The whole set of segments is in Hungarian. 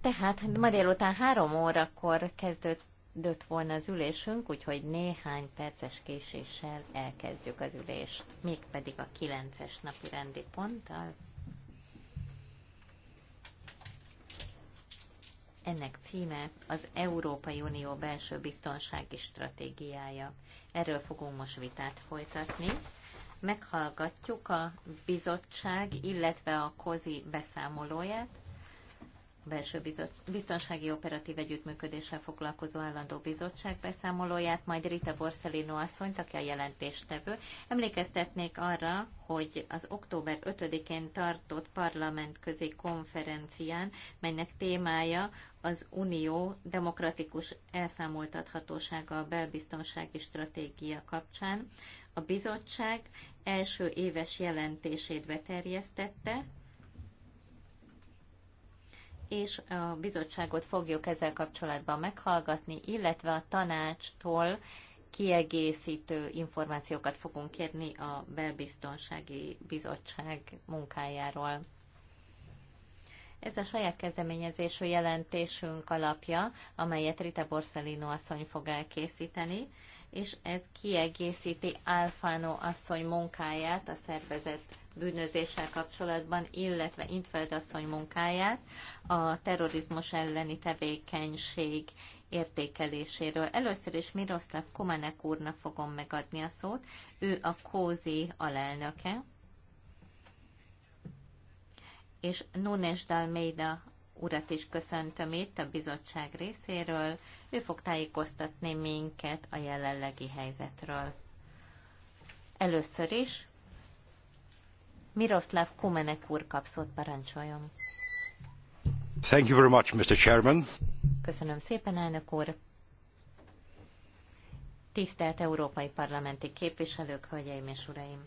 Tehát ma délután három órakor kezdődött volna az ülésünk, úgyhogy néhány perces késéssel elkezdjük az ülést, mégpedig a kilences napi rendi ponttal. Ennek címe az Európai Unió belső biztonsági stratégiája. Erről fogunk most vitát folytatni meghallgatjuk a bizottság, illetve a kozi beszámolóját, a belső bizot, biztonsági operatív együttműködéssel foglalkozó állandó bizottság beszámolóját, majd Rita Borszelino asszonyt, aki a jelentéstevő. Emlékeztetnék arra, hogy az október 5-én tartott parlamentközi konferencián, melynek témája az Unió demokratikus elszámoltathatósága a belbiztonsági stratégia kapcsán a bizottság első éves jelentését beterjesztette, és a bizottságot fogjuk ezzel kapcsolatban meghallgatni, illetve a tanácstól kiegészítő információkat fogunk kérni a Belbiztonsági Bizottság munkájáról. Ez a saját kezdeményezésű jelentésünk alapja, amelyet Rita Borsellino asszony fog elkészíteni és ez kiegészíti Alfano asszony munkáját a szervezet bűnözéssel kapcsolatban, illetve Intfeld asszony munkáját a terrorizmus elleni tevékenység értékeléséről. Először is Miroslav komanek úrnak fogom megadni a szót. Ő a Kózi alelnöke, és Nunes Dalmeida urat is köszöntöm itt a bizottság részéről. Ő fog tájékoztatni minket a jelenlegi helyzetről. Először is Miroslav Kumenek úr kap parancsoljon. Thank you very much, Mr. Chairman. Köszönöm szépen, elnök úr. Tisztelt európai parlamenti képviselők, hölgyeim és uraim!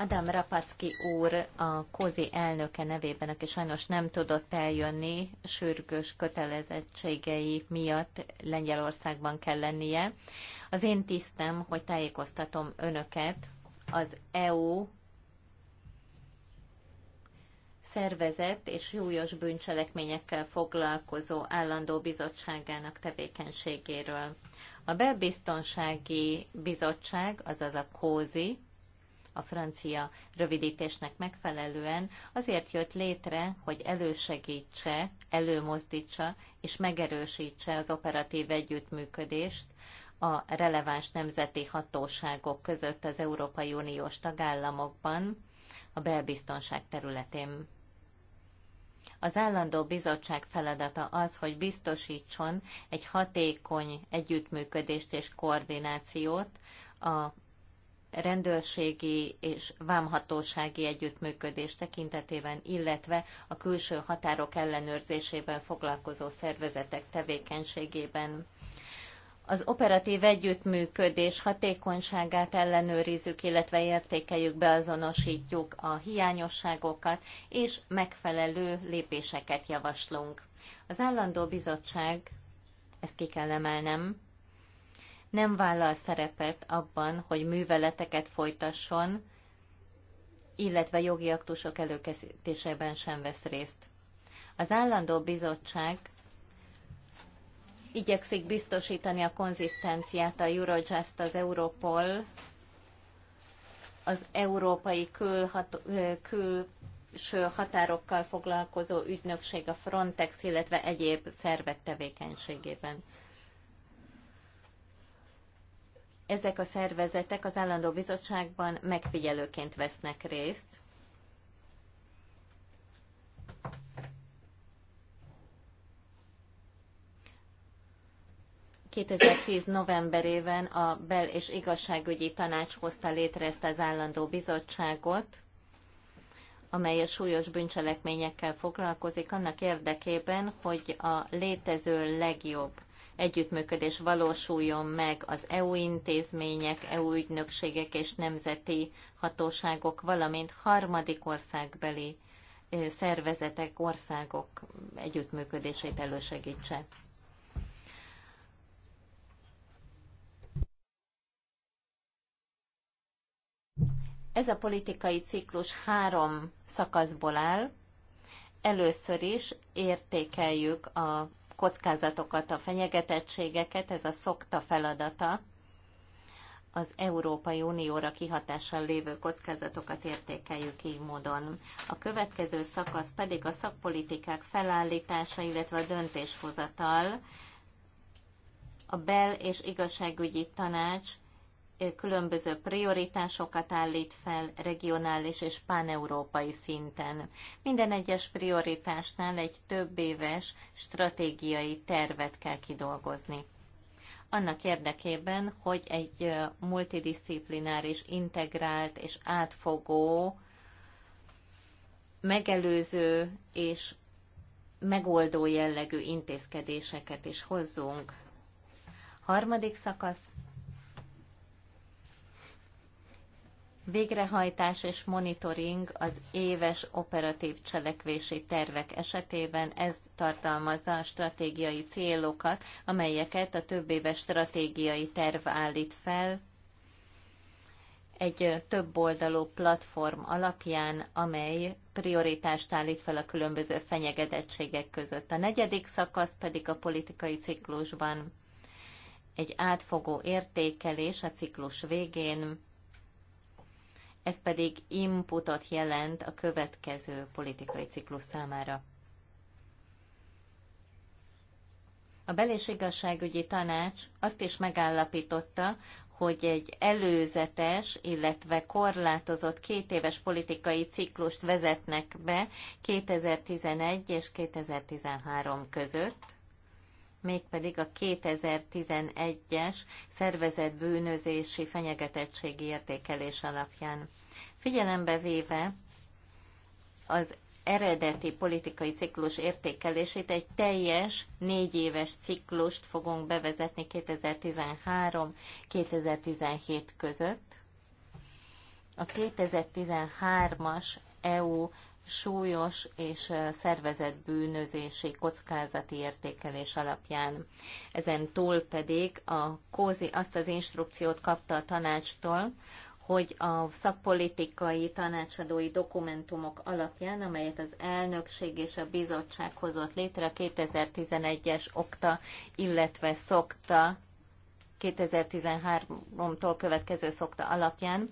Adam Rapacki úr a Kozi elnöke nevében, aki sajnos nem tudott eljönni, sürgős kötelezettségei miatt Lengyelországban kell lennie. Az én tisztem, hogy tájékoztatom önöket az EU szervezett és súlyos bűncselekményekkel foglalkozó állandó bizottságának tevékenységéről. A Belbiztonsági Bizottság, azaz a KÓZI, a francia rövidítésnek megfelelően, azért jött létre, hogy elősegítse, előmozdítsa és megerősítse az operatív együttműködést a releváns nemzeti hatóságok között az Európai Uniós tagállamokban a belbiztonság területén. Az állandó bizottság feladata az, hogy biztosítson egy hatékony együttműködést és koordinációt a rendőrségi és vámhatósági együttműködés tekintetében, illetve a külső határok ellenőrzésében foglalkozó szervezetek tevékenységében. Az operatív együttműködés hatékonyságát ellenőrizzük, illetve értékeljük, beazonosítjuk a hiányosságokat, és megfelelő lépéseket javaslunk. Az állandó bizottság, ezt ki kell emelnem, nem vállal szerepet abban, hogy műveleteket folytasson, illetve jogi aktusok előkészítésében sem vesz részt. Az állandó bizottság igyekszik biztosítani a konzisztenciát a Eurojust, az Europol, az európai külhat, külső határokkal foglalkozó ügynökség, a Frontex, illetve egyéb szervek tevékenységében. ezek a szervezetek az állandó bizottságban megfigyelőként vesznek részt. ...2010 novemberében a Bel- és Igazságügyi Tanács hozta létre ezt az állandó bizottságot, amely a súlyos bűncselekményekkel foglalkozik, annak érdekében, hogy a létező legjobb együttműködés valósuljon meg az EU intézmények, EU ügynökségek és nemzeti hatóságok, valamint harmadik országbeli szervezetek, országok együttműködését elősegítse. Ez a politikai ciklus három szakaszból áll. Először is értékeljük a kockázatokat, a fenyegetettségeket, ez a szokta feladata az Európai Unióra kihatással lévő kockázatokat értékeljük így módon. A következő szakasz pedig a szakpolitikák felállítása, illetve a döntéshozatal. A bel- és igazságügyi tanács különböző prioritásokat állít fel regionális és páneurópai szinten. Minden egyes prioritásnál egy több éves stratégiai tervet kell kidolgozni. Annak érdekében, hogy egy multidisziplináris, integrált és átfogó, megelőző és megoldó jellegű intézkedéseket is hozzunk. Harmadik szakasz Végrehajtás és monitoring az éves operatív cselekvési tervek esetében ez tartalmazza a stratégiai célokat, amelyeket a éves stratégiai terv állít fel egy többoldalú platform alapján, amely prioritást állít fel a különböző fenyegedettségek között. A negyedik szakasz pedig a politikai ciklusban egy átfogó értékelés a ciklus végén, ez pedig inputot jelent a következő politikai ciklus számára. A bel- és igazságügyi tanács azt is megállapította, hogy egy előzetes, illetve korlátozott két éves politikai ciklust vezetnek be 2011 és 2013 között, mégpedig a 2011-es szervezett bűnözési fenyegetettségi értékelés alapján. Figyelembe véve az eredeti politikai ciklus értékelését egy teljes négy éves ciklust fogunk bevezetni 2013-2017 között. A 2013-as EU súlyos és szervezett bűnözési kockázati értékelés alapján. Ezen túl pedig a Kózi azt az instrukciót kapta a tanácstól, hogy a szakpolitikai tanácsadói dokumentumok alapján, amelyet az elnökség és a bizottság hozott létre a 2011-es okta, illetve szokta 2013-tól következő szokta alapján,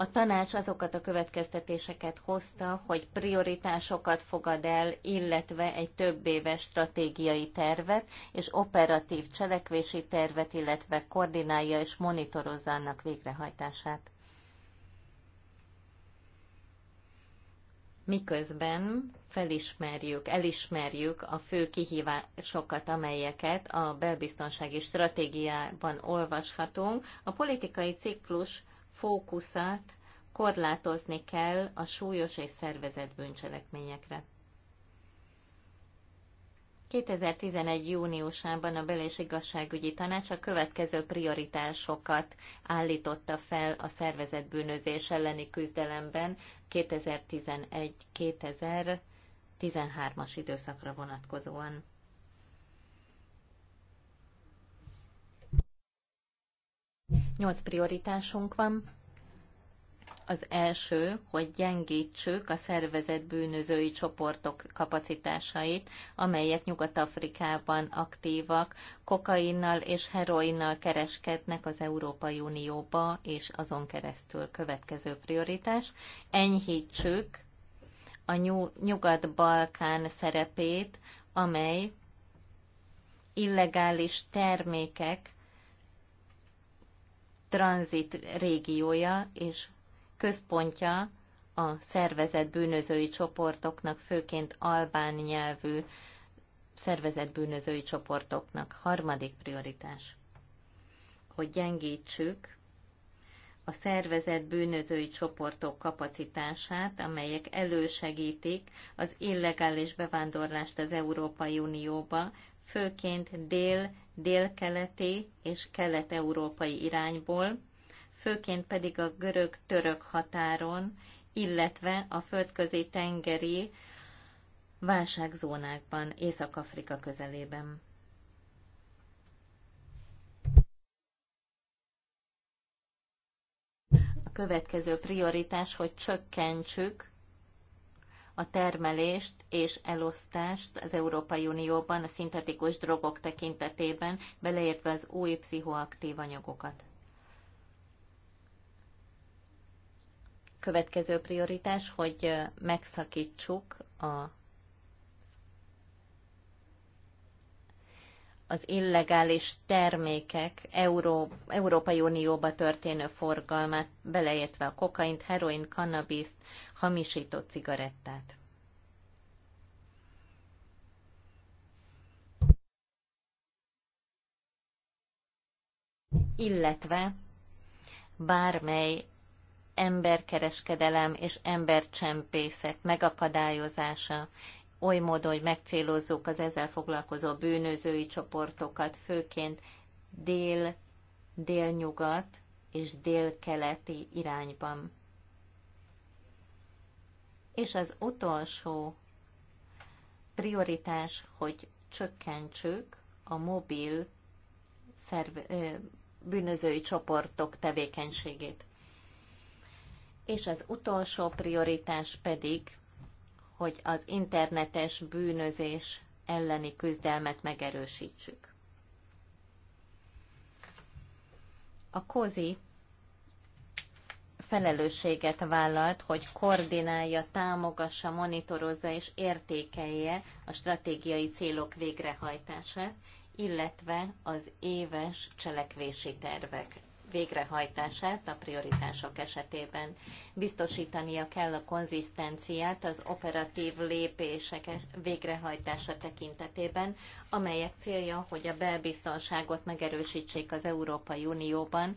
a tanács azokat a következtetéseket hozta, hogy prioritásokat fogad el, illetve egy több éves stratégiai tervet és operatív cselekvési tervet, illetve koordinálja és monitorozza annak végrehajtását. miközben felismerjük, elismerjük a fő kihívásokat, amelyeket a belbiztonsági stratégiában olvashatunk, a politikai ciklus fókuszát korlátozni kell a súlyos és szervezett bűncselekményekre. 2011. júniusában a Bel- és Igazságügyi Tanács a következő prioritásokat állította fel a szervezett bűnözés elleni küzdelemben 2011-2013-as időszakra vonatkozóan. Nyolc prioritásunk van. Az első, hogy gyengítsük a szervezet bűnözői csoportok kapacitásait, amelyek Nyugat-Afrikában aktívak, kokainnal és heroinnal kereskednek az Európai Unióba és azon keresztül következő prioritás. Enyhítsük a Nyugat-Balkán szerepét, amely illegális termékek tranzit régiója és központja a szervezett bűnözői csoportoknak, főként albán nyelvű szervezett bűnözői csoportoknak. Harmadik prioritás, hogy gyengítsük a szervezett bűnözői csoportok kapacitását, amelyek elősegítik az illegális bevándorlást az Európai Unióba, főként dél délkeleti és kelet-európai irányból, főként pedig a görög-török határon, illetve a földközi tengeri válságzónákban, Észak-Afrika közelében. A következő prioritás, hogy csökkentsük a termelést és elosztást az Európai Unióban a szintetikus drogok tekintetében, beleértve az új pszichoaktív anyagokat. Következő prioritás, hogy megszakítsuk a az illegális termékek Euró- Európai Unióba történő forgalmát, beleértve a kokaint, heroin, kannabiszt, hamisított cigarettát. Illetve bármely emberkereskedelem és embercsempészet megakadályozása oly módon, hogy megcélozzuk az ezzel foglalkozó bűnözői csoportokat, főként dél, délnyugat és délkeleti irányban. És az utolsó prioritás, hogy csökkentsük a mobil szerv, bűnözői csoportok tevékenységét. És az utolsó prioritás pedig hogy az internetes bűnözés elleni küzdelmet megerősítsük. A COZI felelősséget vállalt, hogy koordinálja, támogassa, monitorozza és értékelje a stratégiai célok végrehajtását, illetve az éves cselekvési tervek végrehajtását a prioritások esetében. Biztosítania kell a konzisztenciát az operatív lépések végrehajtása tekintetében, amelyek célja, hogy a belbiztonságot megerősítsék az Európai Unióban,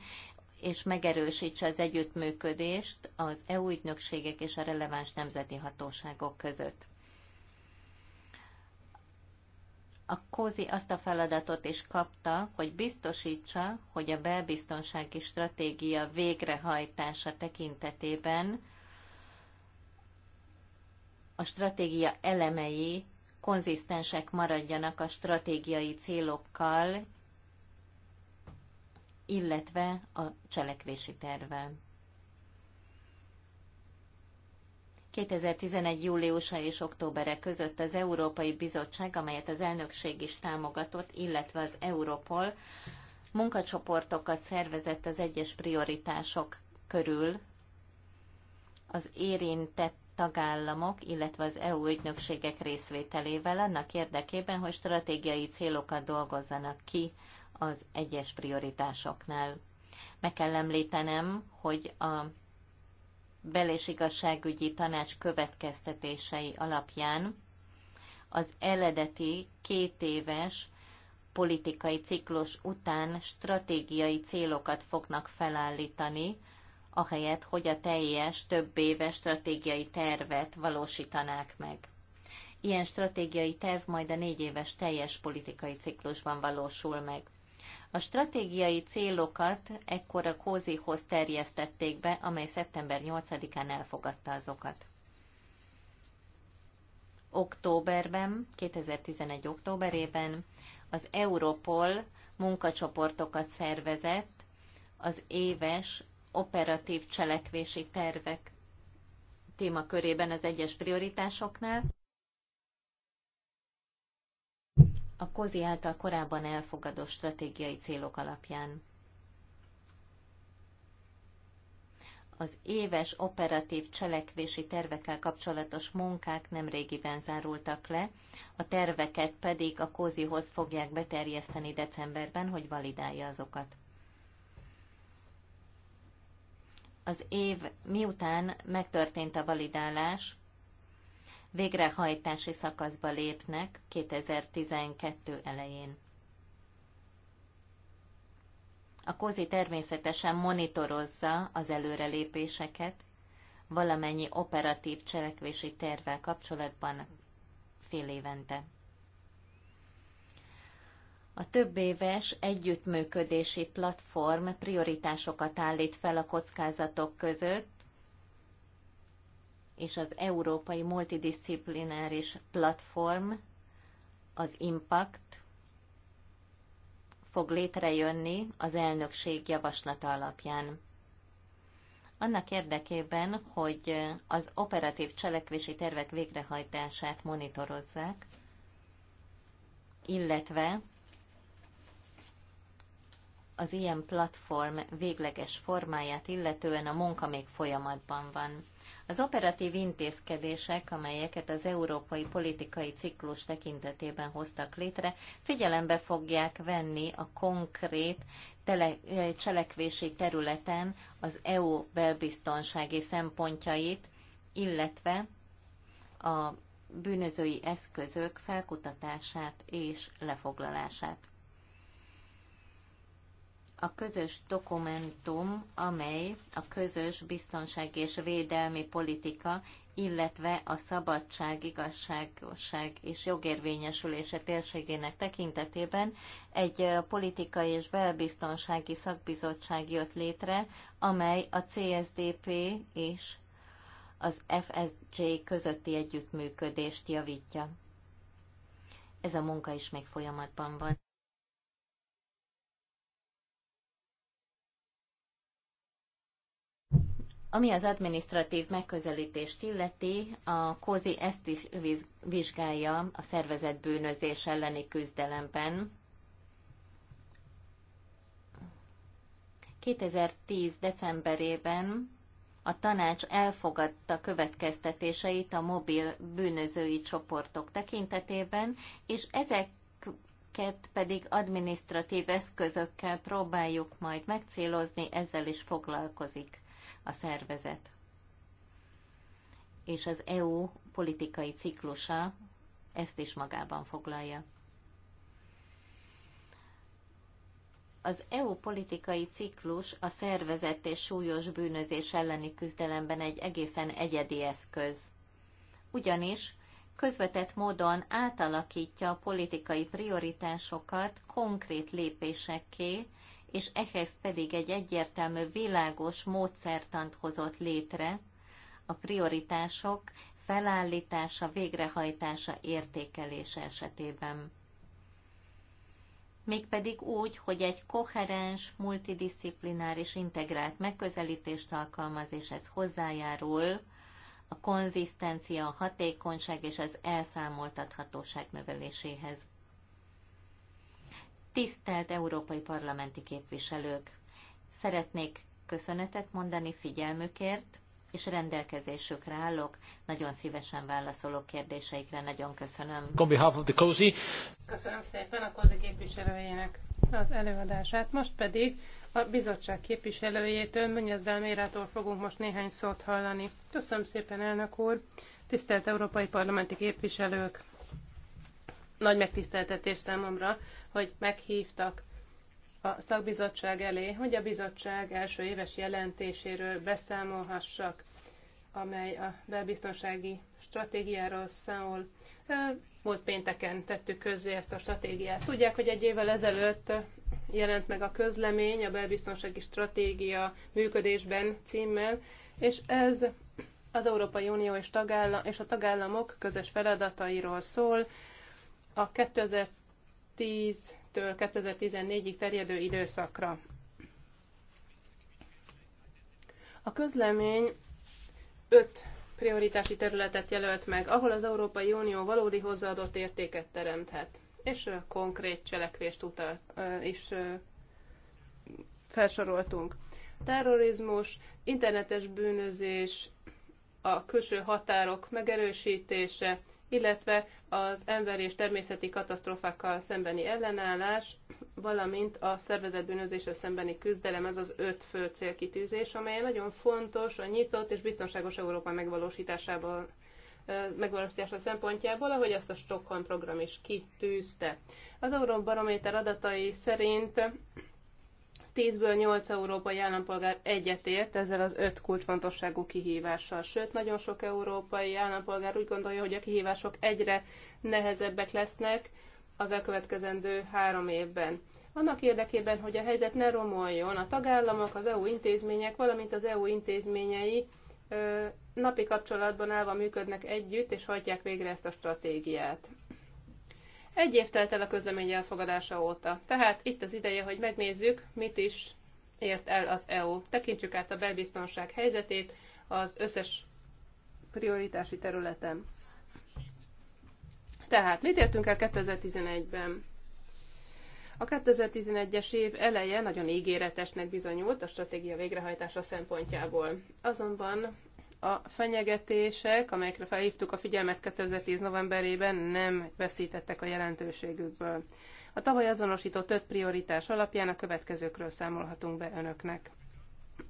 és megerősítse az együttműködést az EU ügynökségek és a releváns nemzeti hatóságok között. a COZI azt a feladatot is kapta, hogy biztosítsa, hogy a belbiztonsági stratégia végrehajtása tekintetében a stratégia elemei konzisztensek maradjanak a stratégiai célokkal, illetve a cselekvési tervvel. 2011. júliusa és októbere között az Európai Bizottság, amelyet az elnökség is támogatott, illetve az Europol munkacsoportokat szervezett az egyes prioritások körül az érintett tagállamok, illetve az EU ügynökségek részvételével annak érdekében, hogy stratégiai célokat dolgozzanak ki az egyes prioritásoknál. Meg kell említenem, hogy a bel- és igazságügyi tanács következtetései alapján az eledeti két éves politikai ciklus után stratégiai célokat fognak felállítani, ahelyett, hogy a teljes több éves stratégiai tervet valósítanák meg. Ilyen stratégiai terv majd a négy éves teljes politikai ciklusban valósul meg. A stratégiai célokat ekkor a Kózihoz terjesztették be, amely szeptember 8-án elfogadta azokat. Októberben, 2011. októberében az Europol munkacsoportokat szervezett az éves operatív cselekvési tervek témakörében az egyes prioritásoknál, a COZI által korábban elfogadott stratégiai célok alapján. Az éves operatív cselekvési tervekkel kapcsolatos munkák nemrégiben zárultak le, a terveket pedig a cozi fogják beterjeszteni decemberben, hogy validálja azokat. Az év miután megtörtént a validálás, végrehajtási szakaszba lépnek 2012 elején. A kozi természetesen monitorozza az előrelépéseket, valamennyi operatív cselekvési tervvel kapcsolatban fél évente. A több éves együttműködési platform prioritásokat állít fel a kockázatok között, és az Európai Multidisziplináris Platform, az Impact fog létrejönni az elnökség javaslata alapján. Annak érdekében, hogy az operatív cselekvési tervek végrehajtását monitorozzák, illetve az ilyen platform végleges formáját illetően a munka még folyamatban van. Az operatív intézkedések, amelyeket az európai politikai ciklus tekintetében hoztak létre, figyelembe fogják venni a konkrét tele, eh, cselekvési területen az EU belbiztonsági szempontjait, illetve a bűnözői eszközök felkutatását és lefoglalását a közös dokumentum, amely a közös biztonsági és védelmi politika, illetve a szabadság, igazságosság és jogérvényesülése térségének tekintetében egy politikai és belbiztonsági szakbizottság jött létre, amely a CSDP és az FSJ közötti együttműködést javítja. Ez a munka is még folyamatban van. Ami az administratív megközelítést illeti, a COZI ezt is vizsgálja a szervezet bűnözés elleni küzdelemben. 2010. decemberében a tanács elfogadta következtetéseit a mobil bűnözői csoportok tekintetében, és ezeket pedig administratív eszközökkel próbáljuk majd megcélozni, ezzel is foglalkozik a szervezet. És az EU politikai ciklusa ezt is magában foglalja. Az EU politikai ciklus a szervezett és súlyos bűnözés elleni küzdelemben egy egészen egyedi eszköz. Ugyanis közvetett módon átalakítja a politikai prioritásokat konkrét lépésekké, és ehhez pedig egy egyértelmű, világos módszertant hozott létre, a prioritások felállítása, végrehajtása, értékelése esetében. Mégpedig úgy, hogy egy koherens, multidisziplináris, integrált megközelítést alkalmaz, és ez hozzájárul a konzisztencia, a hatékonyság és az elszámoltathatóság növeléséhez. Tisztelt európai parlamenti képviselők! Szeretnék köszönetet mondani figyelmükért, és rendelkezésükre állok. Nagyon szívesen válaszolok kérdéseikre. Nagyon köszönöm. On behalf of the COSI. Köszönöm szépen a COSI képviselőjének az előadását. Most pedig a bizottság képviselőjétől, Mönyezzel Mérától fogunk most néhány szót hallani. Köszönöm szépen, elnök úr. Tisztelt európai parlamenti képviselők! Nagy megtiszteltetés számomra, hogy meghívtak a szakbizottság elé, hogy a bizottság első éves jelentéséről beszámolhassak, amely a belbiztonsági stratégiáról szól. Múlt pénteken tettük közzé ezt a stratégiát. Tudják, hogy egy évvel ezelőtt jelent meg a közlemény a belbiztonsági stratégia működésben címmel, és ez az Európai Unió és, tagállam, és a tagállamok közös feladatairól szól. A 2000 2010-től 2014-ig terjedő időszakra. A közlemény öt prioritási területet jelölt meg, ahol az Európai Unió valódi hozzáadott értéket teremthet, és konkrét cselekvést utal, is felsoroltunk. Terrorizmus, internetes bűnözés, a külső határok megerősítése illetve az emberi és természeti katasztrófákkal szembeni ellenállás, valamint a szervezetbűnözésre szembeni küzdelem, ez az öt fő célkitűzés, amely nagyon fontos a nyitott és biztonságos Európa megvalósításában megvalósítása szempontjából, ahogy ezt a Stockholm program is kitűzte. Az Euróbarométer adatai szerint 10-ből 8 európai állampolgár egyetért ezzel az öt kulcsfontosságú kihívással. Sőt, nagyon sok európai állampolgár úgy gondolja, hogy a kihívások egyre nehezebbek lesznek az elkövetkezendő három évben. Annak érdekében, hogy a helyzet ne romoljon, a tagállamok, az EU intézmények, valamint az EU intézményei napi kapcsolatban állva működnek együtt, és hajtják végre ezt a stratégiát. Egy év telt el a közlemény elfogadása óta, tehát itt az ideje, hogy megnézzük, mit is ért el az EU. Tekintsük át a belbiztonság helyzetét az összes prioritási területen. Tehát, mit értünk el 2011-ben? A 2011-es év eleje nagyon ígéretesnek bizonyult a stratégia végrehajtása szempontjából. Azonban a fenyegetések, amelyekre felhívtuk a figyelmet 2010 novemberében, nem veszítettek a jelentőségükből. A tavaly azonosított öt prioritás alapján a következőkről számolhatunk be önöknek.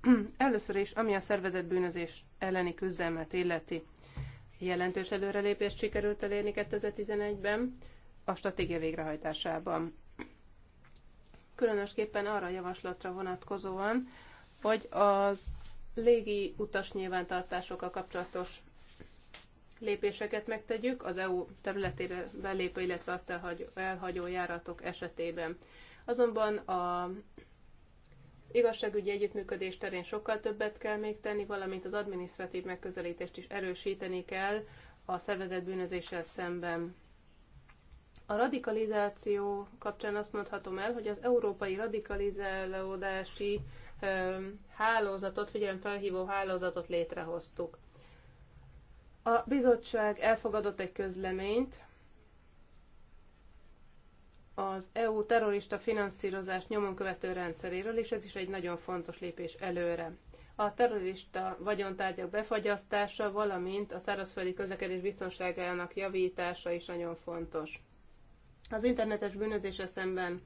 Először is, ami a szervezett bűnözés elleni küzdelmet illeti. Jelentős előrelépést sikerült elérni 2011-ben a stratégia végrehajtásában. Különösképpen arra a javaslatra vonatkozóan, hogy az légi utas nyilvántartásokkal kapcsolatos lépéseket megtegyük az EU területére belépő, illetve azt elhagy, elhagyó járatok esetében. Azonban a, igazságügyi együttműködés terén sokkal többet kell még tenni, valamint az adminisztratív megközelítést is erősíteni kell a szervezett bűnözéssel szemben. A radikalizáció kapcsán azt mondhatom el, hogy az európai radikalizálódási hálózatot, figyelemfelhívó hálózatot létrehoztuk. A bizottság elfogadott egy közleményt az EU terrorista finanszírozás nyomon követő rendszeréről, és ez is egy nagyon fontos lépés előre a terrorista vagyontárgyak befagyasztása, valamint a szárazföldi közlekedés biztonságának javítása is nagyon fontos. Az internetes bűnözése szemben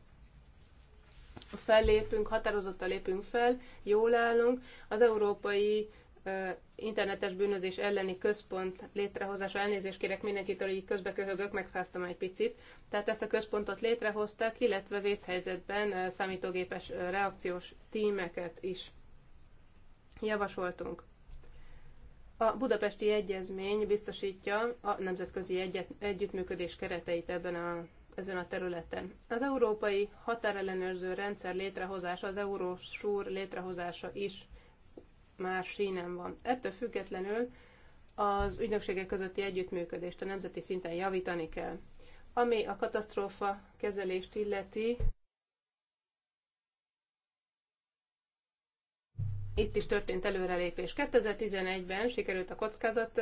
fellépünk, határozottan lépünk fel, jól állunk. Az európai internetes bűnözés elleni központ létrehozása, elnézést kérek mindenkitől, így köhögök, megfáztam egy picit. Tehát ezt a központot létrehozták, illetve vészhelyzetben számítógépes reakciós tímeket is javasoltunk. A budapesti egyezmény biztosítja a nemzetközi egyet, együttműködés kereteit ebben a ezen a területen. Az európai határellenőrző rendszer létrehozása, az Eurosur létrehozása is már sínen van. Ettől függetlenül az ügynökségek közötti együttműködést a nemzeti szinten javítani kell. Ami a katasztrófa kezelést illeti, itt is történt előrelépés. 2011-ben sikerült a kockázat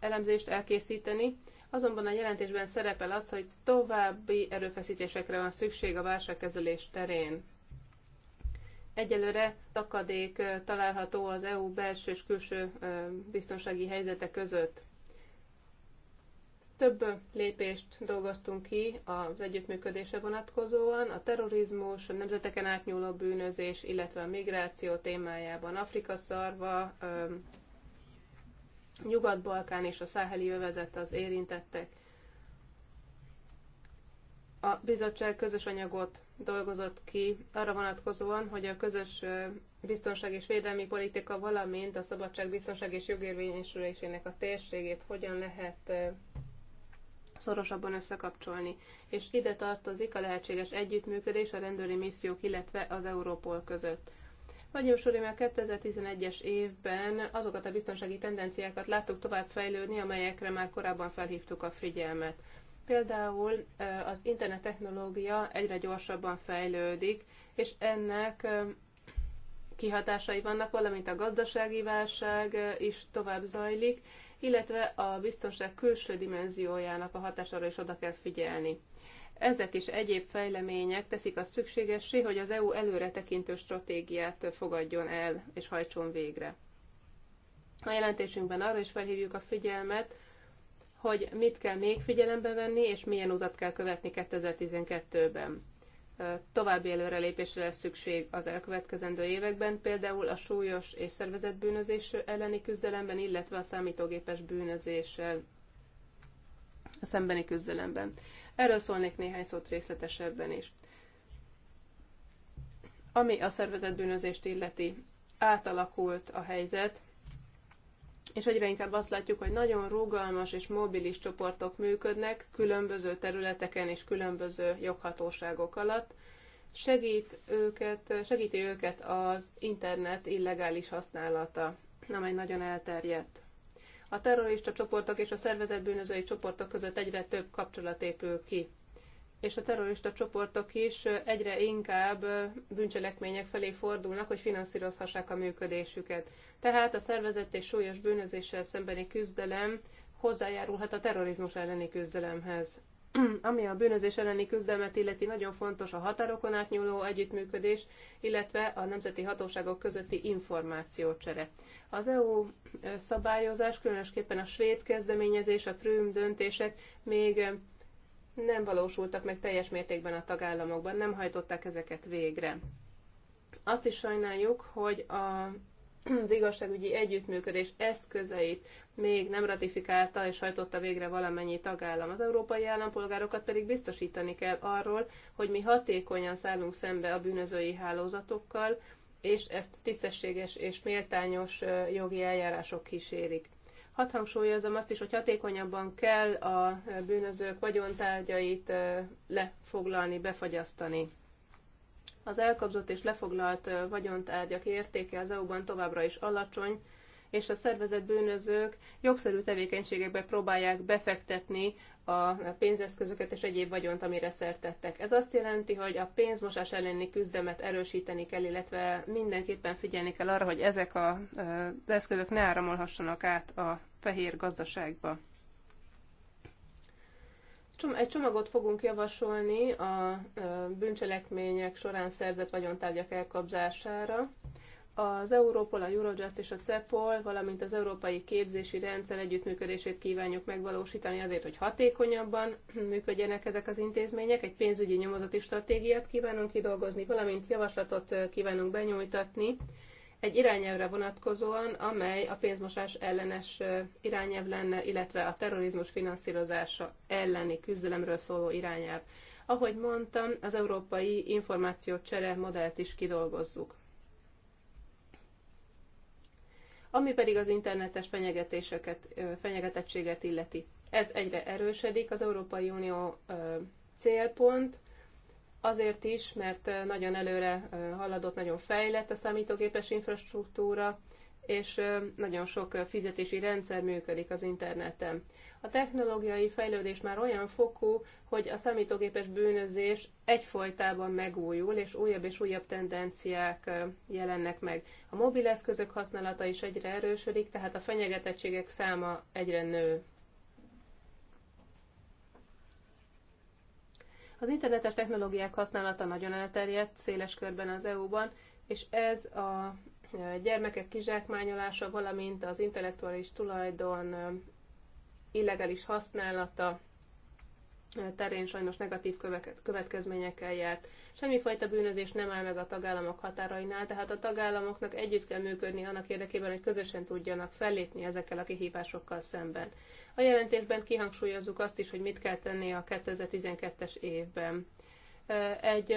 elemzést elkészíteni, Azonban a jelentésben szerepel az, hogy további erőfeszítésekre van szükség a válságkezelés terén. Egyelőre takadék található az EU belső és külső biztonsági helyzete között. Több lépést dolgoztunk ki az együttműködése vonatkozóan, a terrorizmus, a nemzeteken átnyúló bűnözés, illetve a migráció témájában, Afrika szarva, Nyugat-Balkán és a száheli övezet az érintettek. A bizottság közös anyagot dolgozott ki arra vonatkozóan, hogy a közös biztonság és védelmi politika, valamint a szabadság, biztonság és jogérvényesülésének a térségét hogyan lehet szorosabban összekapcsolni. És ide tartozik a lehetséges együttműködés a rendőri missziók, illetve az Európol között. Nagyon sorém a 2011-es évben azokat a biztonsági tendenciákat láttuk tovább fejlődni, amelyekre már korábban felhívtuk a figyelmet. Például az internet technológia egyre gyorsabban fejlődik, és ennek kihatásai vannak, valamint a gazdasági válság is tovább zajlik, illetve a biztonság külső dimenziójának a hatására is oda kell figyelni. Ezek is egyéb fejlemények teszik azt szükségessé, hogy az EU előretekintő stratégiát fogadjon el és hajtson végre. A jelentésünkben arra is felhívjuk a figyelmet, hogy mit kell még figyelembe venni, és milyen utat kell követni 2012-ben. További előrelépésre lesz szükség az elkövetkezendő években, például a súlyos és szervezett bűnözés elleni küzdelemben, illetve a számítógépes bűnözéssel szembeni küzdelemben. Erről szólnék néhány szót részletesebben is. Ami a szervezetbűnözést illeti, átalakult a helyzet, és egyre inkább azt látjuk, hogy nagyon rugalmas és mobilis csoportok működnek különböző területeken és különböző joghatóságok alatt. Segít őket, segíti őket az internet illegális használata, amely nagyon elterjedt. A terrorista csoportok és a szervezett bűnözői csoportok között egyre több kapcsolat épül ki és a terrorista csoportok is egyre inkább bűncselekmények felé fordulnak, hogy finanszírozhassák a működésüket. Tehát a szervezett és súlyos bűnözéssel szembeni küzdelem hozzájárulhat a terrorizmus elleni küzdelemhez. Ami a bűnözés elleni küzdelmet illeti, nagyon fontos a határokon átnyúló együttműködés, illetve a nemzeti hatóságok közötti információcsere. Az EU szabályozás, különösképpen a svéd kezdeményezés, a prüm döntések még nem valósultak meg teljes mértékben a tagállamokban, nem hajtották ezeket végre. Azt is sajnáljuk, hogy a az igazságügyi együttműködés eszközeit még nem ratifikálta és hajtotta végre valamennyi tagállam. Az európai állampolgárokat pedig biztosítani kell arról, hogy mi hatékonyan szállunk szembe a bűnözői hálózatokkal, és ezt tisztességes és méltányos jogi eljárások kísérik. Hadd hangsúlyozom azt is, hogy hatékonyabban kell a bűnözők vagyontárgyait lefoglalni, befagyasztani. Az elkobzott és lefoglalt vagyontárgyak értéke az EU-ban továbbra is alacsony, és a szervezett bűnözők jogszerű tevékenységekbe próbálják befektetni a pénzeszközöket és egyéb vagyont, amire szertettek. Ez azt jelenti, hogy a pénzmosás elleni küzdemet erősíteni kell, illetve mindenképpen figyelni kell arra, hogy ezek az eszközök ne áramolhassanak át a fehér gazdaságba egy csomagot fogunk javasolni a bűncselekmények során szerzett vagyontárgyak elkapzására. Az Europol, a Eurojust és a CEPOL, valamint az Európai Képzési Rendszer együttműködését kívánjuk megvalósítani azért, hogy hatékonyabban működjenek ezek az intézmények. Egy pénzügyi nyomozati stratégiát kívánunk kidolgozni, valamint javaslatot kívánunk benyújtatni egy irányelvre vonatkozóan, amely a pénzmosás ellenes irányelv lenne, illetve a terrorizmus finanszírozása elleni küzdelemről szóló irányelv. Ahogy mondtam, az európai információcsere modellt is kidolgozzuk. Ami pedig az internetes fenyegetéseket, fenyegetettséget illeti. Ez egyre erősödik, az Európai Unió célpont, Azért is, mert nagyon előre haladott, nagyon fejlett a számítógépes infrastruktúra, és nagyon sok fizetési rendszer működik az interneten. A technológiai fejlődés már olyan fokú, hogy a számítógépes bűnözés egyfolytában megújul, és újabb és újabb tendenciák jelennek meg. A mobileszközök használata is egyre erősödik, tehát a fenyegetettségek száma egyre nő. Az internetes technológiák használata nagyon elterjedt széles körben az EU-ban, és ez a gyermekek kizsákmányolása, valamint az intellektuális tulajdon illegális használata terén sajnos negatív következményekkel járt. Semmifajta bűnözés nem áll meg a tagállamok határainál, tehát a tagállamoknak együtt kell működni annak érdekében, hogy közösen tudjanak fellépni ezekkel a kihívásokkal szemben. A jelentésben kihangsúlyozzuk azt is, hogy mit kell tenni a 2012-es évben. Egy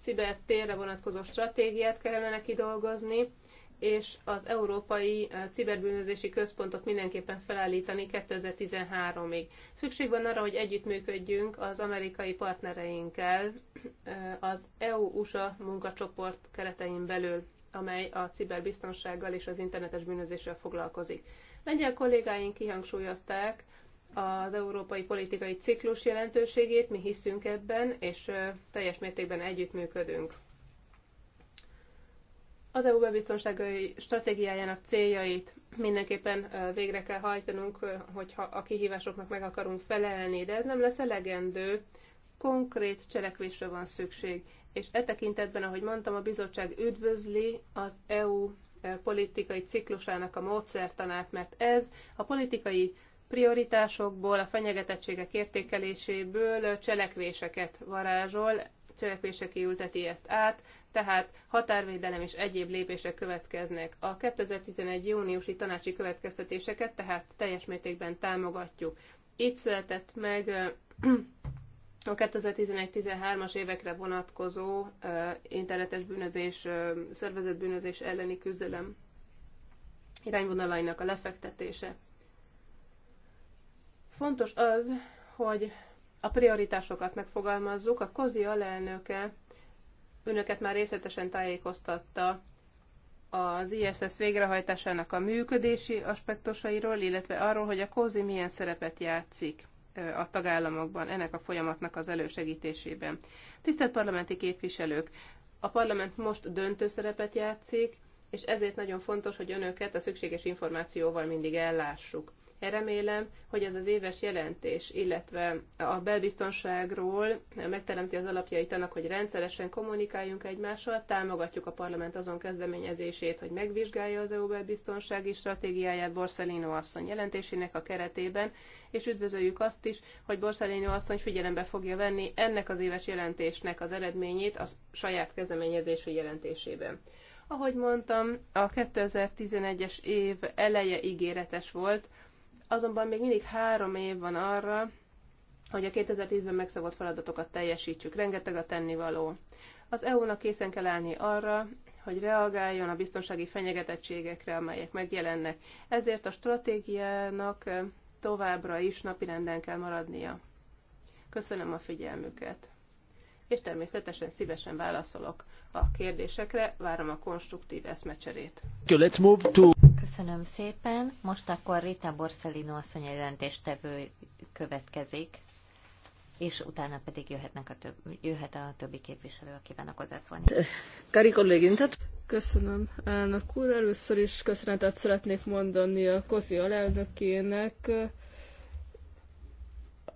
cibertérre vonatkozó stratégiát kellene kidolgozni, és az Európai eh, Ciberbűnözési Központot mindenképpen felállítani 2013-ig. Szükség van arra, hogy együttműködjünk az amerikai partnereinkkel eh, az EU-USA munkacsoport keretein belül, amely a ciberbiztonsággal és az internetes bűnözéssel foglalkozik. Lengyel kollégáink kihangsúlyozták az európai politikai ciklus jelentőségét, mi hiszünk ebben, és eh, teljes mértékben együttműködünk. Az EU belbiztonságai stratégiájának céljait mindenképpen végre kell hajtanunk, hogyha a kihívásoknak meg akarunk felelni, de ez nem lesz elegendő, konkrét cselekvésre van szükség. És e tekintetben, ahogy mondtam, a bizottság üdvözli az EU politikai ciklusának a módszertanát, mert ez a politikai prioritásokból, a fenyegetettségek értékeléséből cselekvéseket varázsol, cselekvések ülteti ezt át, tehát határvédelem és egyéb lépések következnek. A 2011. júniusi tanácsi következtetéseket tehát teljes mértékben támogatjuk. Itt született meg a 2011-13-as évekre vonatkozó internetes bűnözés, szervezetbűnözés elleni küzdelem irányvonalainak a lefektetése. Fontos az, hogy a prioritásokat megfogalmazzuk. A Kozi alelnöke Önöket már részletesen tájékoztatta az ISS végrehajtásának a működési aspektusairól, illetve arról, hogy a kózi milyen szerepet játszik a tagállamokban ennek a folyamatnak az elősegítésében. Tisztelt parlamenti képviselők, a parlament most döntő szerepet játszik, és ezért nagyon fontos, hogy önöket a szükséges információval mindig ellássuk. Remélem, hogy ez az éves jelentés, illetve a belbiztonságról megteremti az alapjait annak, hogy rendszeresen kommunikáljunk egymással, támogatjuk a parlament azon kezdeményezését, hogy megvizsgálja az EU belbiztonsági stratégiáját Borszelino asszony jelentésének a keretében, és üdvözöljük azt is, hogy Borszelino asszony figyelembe fogja venni ennek az éves jelentésnek az eredményét a saját kezdeményezési jelentésében. Ahogy mondtam, a 2011-es év eleje ígéretes volt, azonban még mindig három év van arra, hogy a 2010-ben megszabott feladatokat teljesítsük. Rengeteg a tennivaló. Az EU-nak készen kell állni arra, hogy reagáljon a biztonsági fenyegetettségekre, amelyek megjelennek. Ezért a stratégiának továbbra is napirenden kell maradnia. Köszönöm a figyelmüket. És természetesen szívesen válaszolok a kérdésekre, várom a konstruktív eszmecserét. Köszönöm szépen. Most akkor Rita Borsellino asszony jelentéstevő következik, és utána pedig jöhetnek a több, jöhet a többi képviselő, aki a hozzászólni. Kari kollégintet. Köszönöm, elnök úr. Először is köszönetet szeretnék mondani a Kozi alelnökének,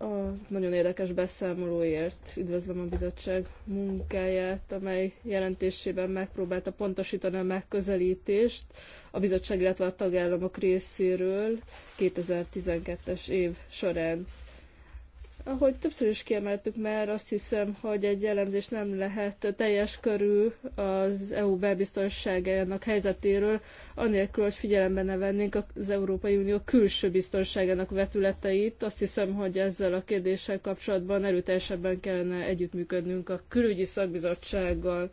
a nagyon érdekes beszámolóért. Üdvözlöm a bizottság munkáját, amely jelentésében megpróbálta pontosítani a megközelítést a bizottság, illetve a tagállamok részéről 2012-es év során. Ahogy többször is kiemeltük mert azt hiszem, hogy egy elemzés nem lehet teljes körű az EU belbiztonságának helyzetéről, anélkül, hogy figyelembe ne vennénk az Európai Unió külső biztonságának vetületeit. Azt hiszem, hogy ezzel a kérdéssel kapcsolatban erőteljesebben kellene együttműködnünk a külügyi szakbizottsággal.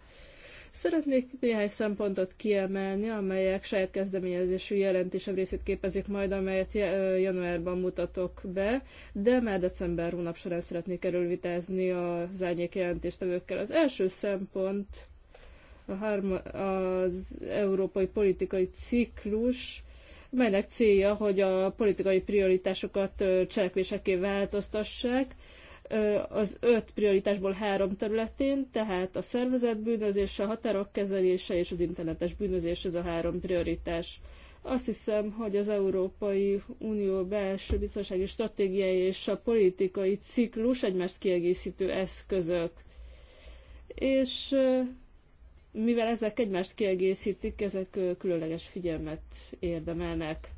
Szeretnék néhány szempontot kiemelni, amelyek saját kezdeményezésű jelentésem részét képezik majd, amelyet januárban mutatok be, de már december hónap során szeretnék erőlvitázni az árnyék jelentéstevőkkel. Az első szempont a harma, az európai politikai ciklus, melynek célja, hogy a politikai prioritásokat cselekvéseké változtassák, az öt prioritásból három területén, tehát a szervezett bűnözés, a határok kezelése és az internetes bűnözés, ez a három prioritás. Azt hiszem, hogy az Európai Unió belső biztonsági stratégiai és a politikai ciklus egymást kiegészítő eszközök. És mivel ezek egymást kiegészítik, ezek különleges figyelmet érdemelnek.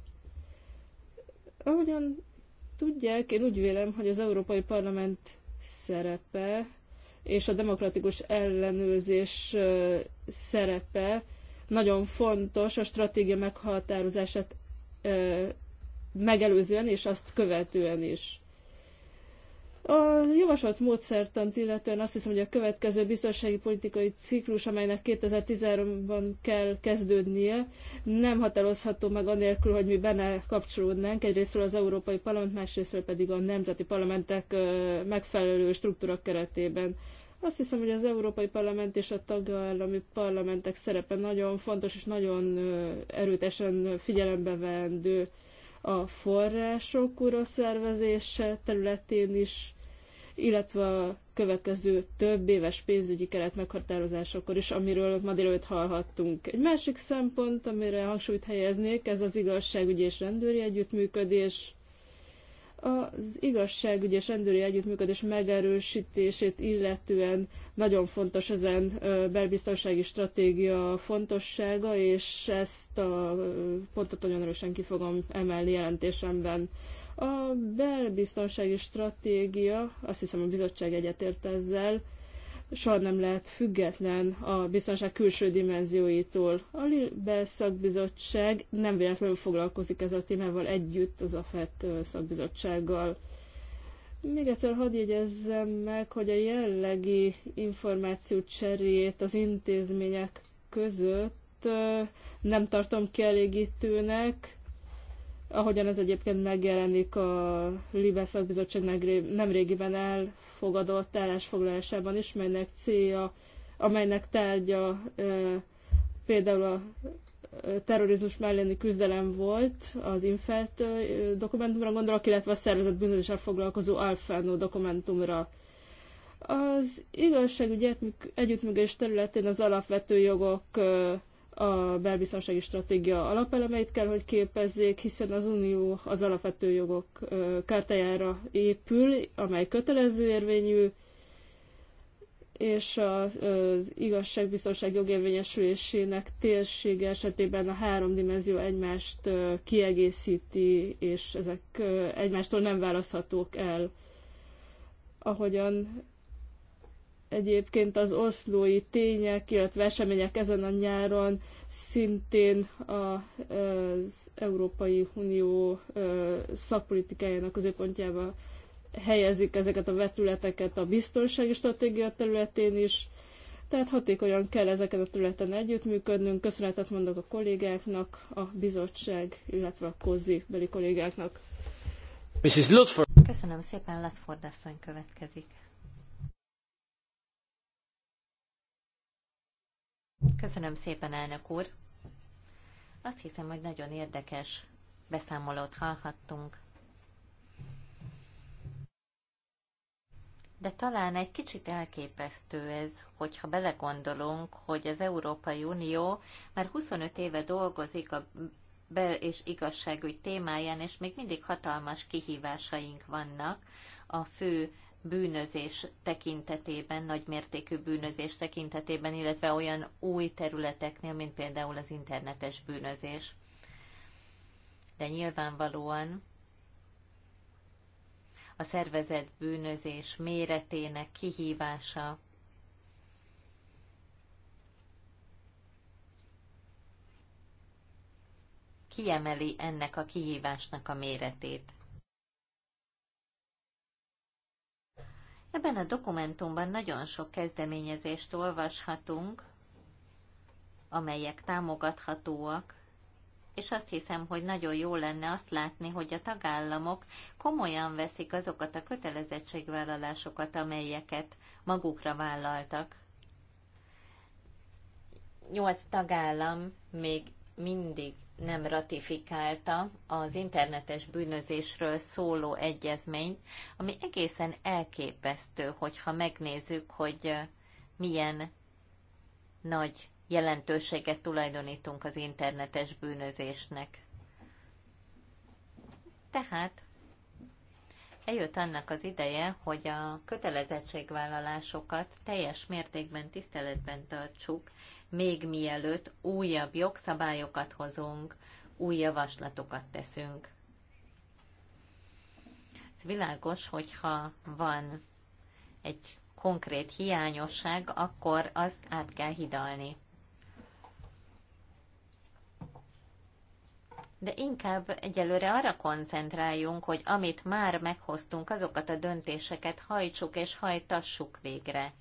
Ahogyan Tudják, én úgy vélem, hogy az Európai Parlament szerepe és a demokratikus ellenőrzés szerepe nagyon fontos a stratégia meghatározását megelőzően és azt követően is. A javasolt módszertant illetően azt hiszem, hogy a következő biztonsági politikai ciklus, amelynek 2013-ban kell kezdődnie, nem határozható meg anélkül, hogy mi benne kapcsolódnánk, egyrésztről az Európai Parlament, másrésztről pedig a nemzeti parlamentek megfelelő struktúra keretében. Azt hiszem, hogy az Európai Parlament és a tagállami parlamentek szerepe nagyon fontos és nagyon erőtesen figyelembe vendő a források újra szervezése területén is, illetve a következő több éves pénzügyi keret meghatározásakor is, amiről ma délőtt hallhattunk. Egy másik szempont, amire hangsúlyt helyeznék, ez az igazságügyi és rendőri együttműködés, az igazságügyi és rendőri együttműködés megerősítését illetően nagyon fontos ezen belbiztonsági stratégia fontossága, és ezt a pontot nagyon erősen ki fogom emelni jelentésemben. A belbiztonsági stratégia, azt hiszem a bizottság egyetért ezzel, soha nem lehet független a biztonság külső dimenzióitól. A Libel szakbizottság nem véletlenül foglalkozik ez a témával együtt az AFET szakbizottsággal. Még egyszer hadd jegyezzem meg, hogy a jellegi információ cserét az intézmények között nem tartom kielégítőnek, ahogyan ez egyébként megjelenik a Libe Szakbizottság nemrégiben elfogadott állásfoglalásában is, melynek célja, amelynek tárgya például a terrorizmus melléni küzdelem volt az Infelt dokumentumra gondolok, illetve a szervezet bűnözéssel foglalkozó Alfano dokumentumra. Az igazságügyi együttműködés területén az alapvető jogok a belbiztonsági stratégia alapelemeit kell, hogy képezzék, hiszen az Unió az alapvető jogok kártájára épül, amely kötelező érvényű, és az igazságbiztonság jogérvényesülésének térsége esetében a három dimenzió egymást kiegészíti, és ezek egymástól nem választhatók el. Ahogyan Egyébként az oszlói tények, illetve események ezen a nyáron szintén az Európai Unió szakpolitikájának középpontjába helyezik ezeket a vetületeket a biztonsági stratégia területén is. Tehát hatékonyan kell ezeken a területen együttműködnünk. Köszönetet mondok a kollégáknak, a bizottság, illetve a kozi beli kollégáknak. Mrs. Ludford. Köszönöm szépen, Lutford asszony következik. Köszönöm szépen, elnök úr. Azt hiszem, hogy nagyon érdekes beszámolót hallhattunk. De talán egy kicsit elképesztő ez, hogyha belegondolunk, hogy az Európai Unió már 25 éve dolgozik a bel- és igazságügy témáján, és még mindig hatalmas kihívásaink vannak a fő bűnözés tekintetében, nagymértékű bűnözés tekintetében, illetve olyan új területeknél, mint például az internetes bűnözés. De nyilvánvalóan a szervezett bűnözés méretének kihívása kiemeli ennek a kihívásnak a méretét. Ebben a dokumentumban nagyon sok kezdeményezést olvashatunk, amelyek támogathatóak, és azt hiszem, hogy nagyon jó lenne azt látni, hogy a tagállamok komolyan veszik azokat a kötelezettségvállalásokat, amelyeket magukra vállaltak. Nyolc tagállam még mindig nem ratifikálta az internetes bűnözésről szóló egyezményt, ami egészen elképesztő, hogyha megnézzük, hogy milyen nagy jelentőséget tulajdonítunk az internetes bűnözésnek. Tehát eljött annak az ideje, hogy a kötelezettségvállalásokat teljes mértékben tiszteletben tartsuk, még mielőtt újabb jogszabályokat hozunk, új javaslatokat teszünk. Ez világos, hogyha van egy konkrét hiányosság, akkor azt át kell hidalni. de inkább egyelőre arra koncentráljunk, hogy amit már meghoztunk, azokat a döntéseket hajtsuk és hajtassuk végre.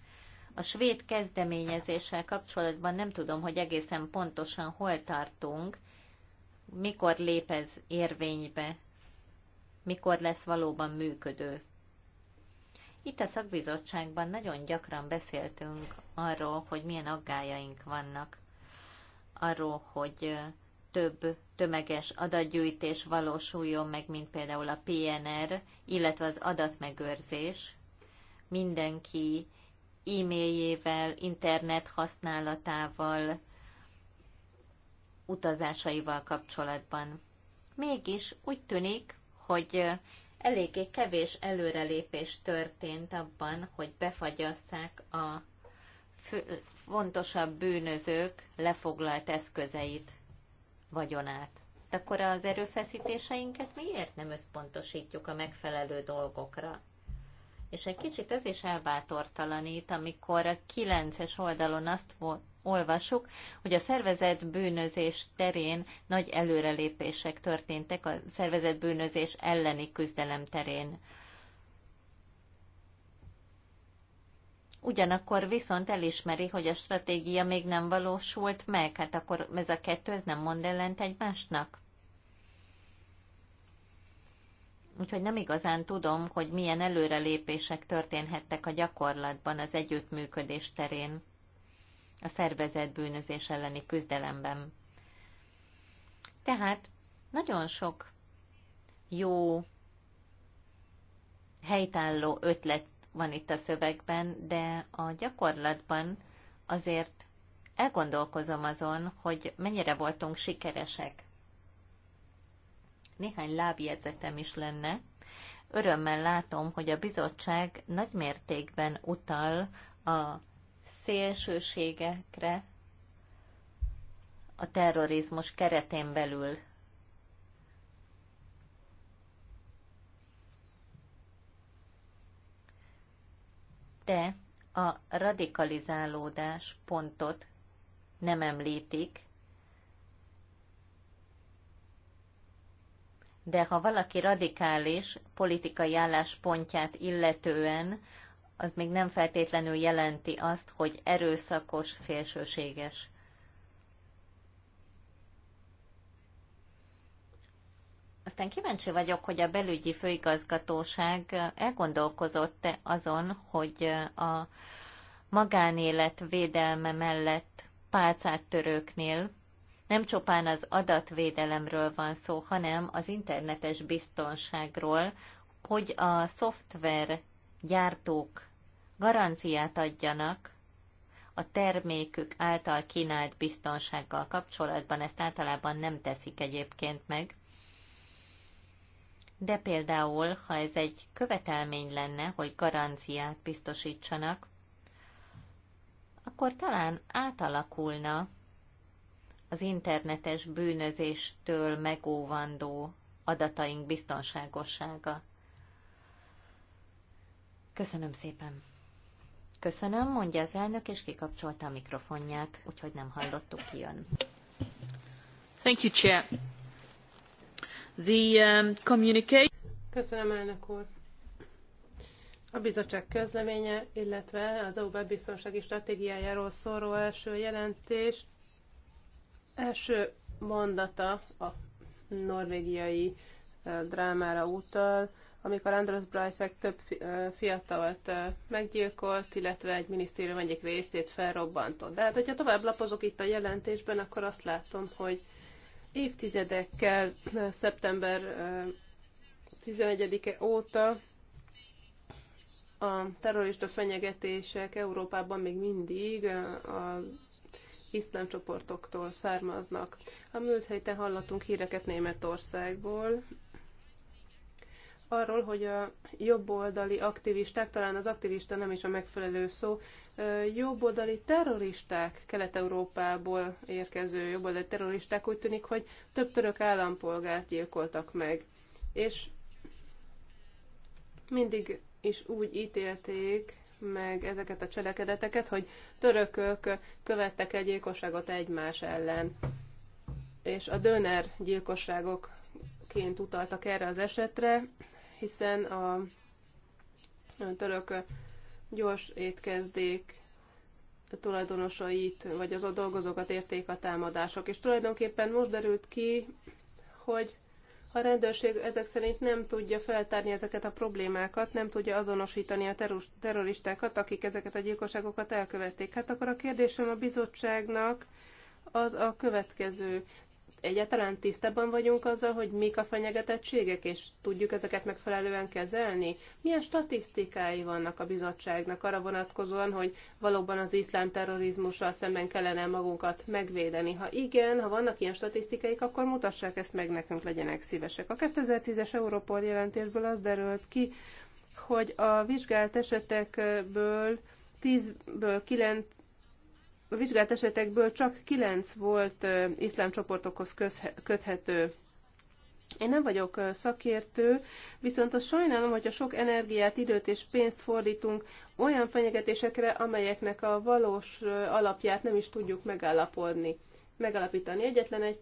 A svéd kezdeményezéssel kapcsolatban nem tudom, hogy egészen pontosan hol tartunk, mikor lép ez érvénybe, mikor lesz valóban működő. Itt a szakbizottságban nagyon gyakran beszéltünk arról, hogy milyen aggájaink vannak, arról, hogy több tömeges adatgyűjtés valósuljon meg, mint például a PNR, illetve az adatmegőrzés. Mindenki e-mailjével, internet használatával, utazásaival kapcsolatban. Mégis úgy tűnik, hogy eléggé kevés előrelépés történt abban, hogy befagyasszák a fontosabb bűnözők lefoglalt eszközeit vagyonát. De akkor az erőfeszítéseinket miért nem összpontosítjuk a megfelelő dolgokra? És egy kicsit ez is elbátortalanít, amikor a kilences oldalon azt olvasuk, hogy a szervezet bűnözés terén nagy előrelépések történtek a szervezet bűnözés elleni küzdelem terén. Ugyanakkor viszont elismeri, hogy a stratégia még nem valósult meg, hát akkor ez a kettő ez nem mond ellent egymásnak. Úgyhogy nem igazán tudom, hogy milyen előrelépések történhettek a gyakorlatban az együttműködés terén, a szervezet bűnözés elleni küzdelemben. Tehát nagyon sok jó helytálló ötlet van itt a szövegben, de a gyakorlatban azért elgondolkozom azon, hogy mennyire voltunk sikeresek. Néhány lábjegyzetem is lenne. Örömmel látom, hogy a bizottság nagy mértékben utal a szélsőségekre a terrorizmus keretén belül de a radikalizálódás pontot nem említik, de ha valaki radikális politikai álláspontját illetően, az még nem feltétlenül jelenti azt, hogy erőszakos, szélsőséges. Aztán kíváncsi vagyok, hogy a belügyi főigazgatóság elgondolkozott-e azon, hogy a magánélet védelme mellett pálcát törőknél nem csupán az adatvédelemről van szó, hanem az internetes biztonságról, hogy a szoftver gyártók garanciát adjanak a termékük által kínált biztonsággal kapcsolatban, ezt általában nem teszik egyébként meg de például, ha ez egy követelmény lenne, hogy garanciát biztosítsanak, akkor talán átalakulna az internetes bűnözéstől megóvandó adataink biztonságossága. Köszönöm szépen. Köszönöm, mondja az elnök, és kikapcsolta a mikrofonját, úgyhogy nem hallottuk ki jön. Thank you, Chair. The um, communication... Köszönöm, elnök úr. A bizottság közleménye, illetve az EU biztonsági stratégiájáról szóló első jelentés első mondata a norvégiai drámára utal, amikor Andros Breivik több fiatalt meggyilkolt, illetve egy minisztérium egyik részét felrobbantott. De hát, hogyha tovább lapozok itt a jelentésben, akkor azt látom, hogy Évtizedekkel, szeptember 11-e óta a terrorista fenyegetések Európában még mindig a iszlám csoportoktól származnak. A múlt héten hallottunk híreket Németországból, arról, hogy a jobboldali aktivisták, talán az aktivista nem is a megfelelő szó, jobboldali terroristák, Kelet-Európából érkező jobboldali terroristák úgy tűnik, hogy több török állampolgárt gyilkoltak meg. És mindig is úgy ítélték meg ezeket a cselekedeteket, hogy törökök követtek egy gyilkosságot egymás ellen. És a döner gyilkosságok ként utaltak erre az esetre hiszen a török gyors étkezdék tulajdonosait, vagy az a dolgozókat érték a támadások. És tulajdonképpen most derült ki, hogy a rendőrség ezek szerint nem tudja feltárni ezeket a problémákat, nem tudja azonosítani a terroristákat, akik ezeket a gyilkosságokat elkövették. Hát akkor a kérdésem a bizottságnak az a következő egyáltalán tisztában vagyunk azzal, hogy mik a fenyegetettségek, és tudjuk ezeket megfelelően kezelni? Milyen statisztikái vannak a bizottságnak arra vonatkozóan, hogy valóban az iszlám terrorizmussal szemben kellene magunkat megvédeni? Ha igen, ha vannak ilyen statisztikáik, akkor mutassák ezt meg nekünk, legyenek szívesek. A 2010-es Európol jelentésből az derült ki, hogy a vizsgált esetekből 10-ből 9 a vizsgált esetekből csak 9 volt iszlám csoportokhoz köthető. Én nem vagyok szakértő, viszont azt sajnálom, hogy a sok energiát, időt és pénzt fordítunk olyan fenyegetésekre, amelyeknek a valós alapját nem is tudjuk megállapodni, megalapítani. Egyetlen egy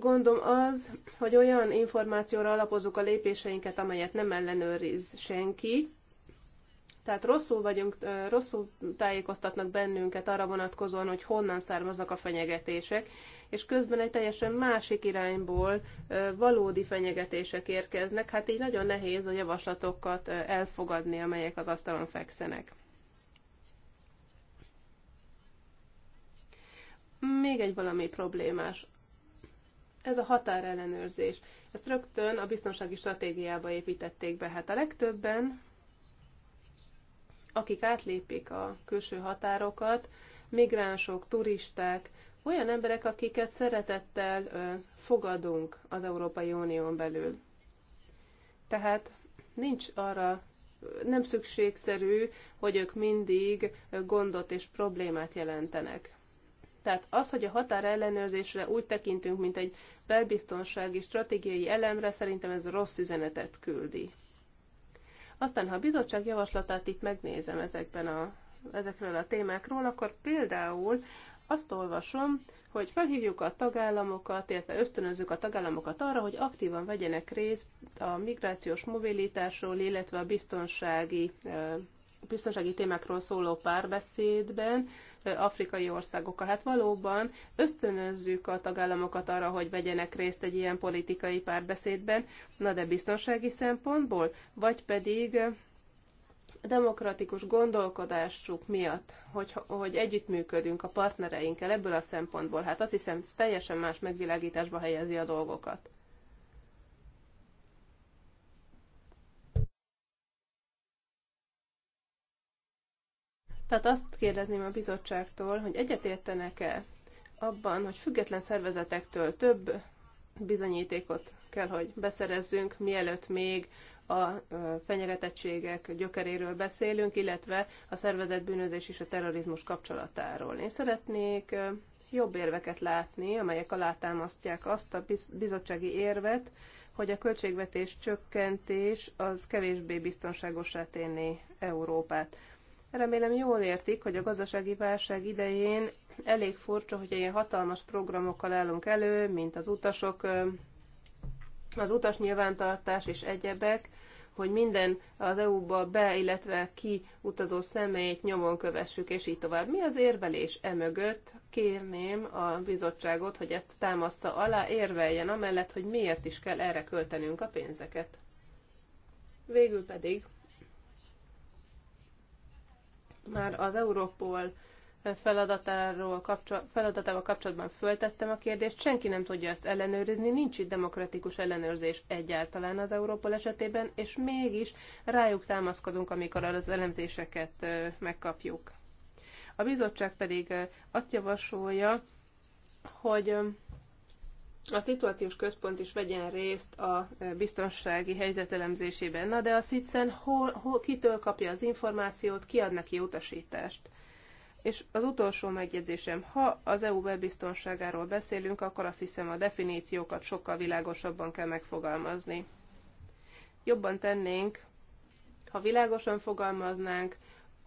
gondom az, hogy olyan információra alapozzuk a lépéseinket, amelyet nem ellenőriz senki, tehát rosszul vagyunk, rosszul tájékoztatnak bennünket arra vonatkozóan, hogy honnan származnak a fenyegetések, és közben egy teljesen másik irányból valódi fenyegetések érkeznek, hát így nagyon nehéz a javaslatokat elfogadni, amelyek az asztalon fekszenek. Még egy valami problémás. Ez a határellenőrzés. Ezt rögtön a biztonsági stratégiába építették be. Hát a legtöbben akik átlépik a külső határokat, migránsok, turisták, olyan emberek, akiket szeretettel fogadunk az Európai Unión belül. Tehát nincs arra, nem szükségszerű, hogy ők mindig gondot és problémát jelentenek. Tehát az, hogy a határellenőrzésre úgy tekintünk, mint egy belbiztonsági stratégiai elemre, szerintem ez rossz üzenetet küldi. Aztán, ha a bizottság javaslatát itt megnézem ezekben a, ezekről a témákról, akkor például azt olvasom, hogy felhívjuk a tagállamokat, illetve ösztönözzük a tagállamokat arra, hogy aktívan vegyenek részt a migrációs mobilitásról, illetve a biztonsági, biztonsági témákról szóló párbeszédben, afrikai országokkal. Hát valóban ösztönözzük a tagállamokat arra, hogy vegyenek részt egy ilyen politikai párbeszédben, na de biztonsági szempontból, vagy pedig demokratikus gondolkodásuk miatt, hogy, hogy együttműködünk a partnereinkkel ebből a szempontból, hát azt hiszem teljesen más megvilágításba helyezi a dolgokat. Tehát azt kérdezném a bizottságtól, hogy egyetértenek-e abban, hogy független szervezetektől több bizonyítékot kell, hogy beszerezzünk, mielőtt még a fenyegetettségek gyökeréről beszélünk, illetve a szervezett bűnözés és a terrorizmus kapcsolatáról. Én szeretnék jobb érveket látni, amelyek alátámasztják azt a bizottsági érvet, hogy a költségvetés csökkentés az kevésbé biztonságosá tenni Európát. Remélem jól értik, hogy a gazdasági válság idején elég furcsa, hogy ilyen hatalmas programokkal állunk elő, mint az utasok, az utas nyilvántartás és egyebek, hogy minden az EU-ba be, illetve ki utazó személyt nyomon kövessük, és így tovább. Mi az érvelés emögött? Kérném a bizottságot, hogy ezt támaszza alá, érveljen amellett, hogy miért is kell erre költenünk a pénzeket. Végül pedig már az Európol feladatáról kapcsol, feladatával kapcsolatban föltettem a kérdést, senki nem tudja ezt ellenőrizni, nincs itt demokratikus ellenőrzés egyáltalán az Európol esetében, és mégis rájuk támaszkodunk, amikor az elemzéseket megkapjuk. A bizottság pedig azt javasolja, hogy a szituációs központ is vegyen részt a e, biztonsági helyzet elemzésében. Na de a SZICEN hol, hol, kitől kapja az információt, ki ad neki utasítást? És az utolsó megjegyzésem, ha az EU webbiztonságáról beszélünk, akkor azt hiszem a definíciókat sokkal világosabban kell megfogalmazni. Jobban tennénk, ha világosan fogalmaznánk,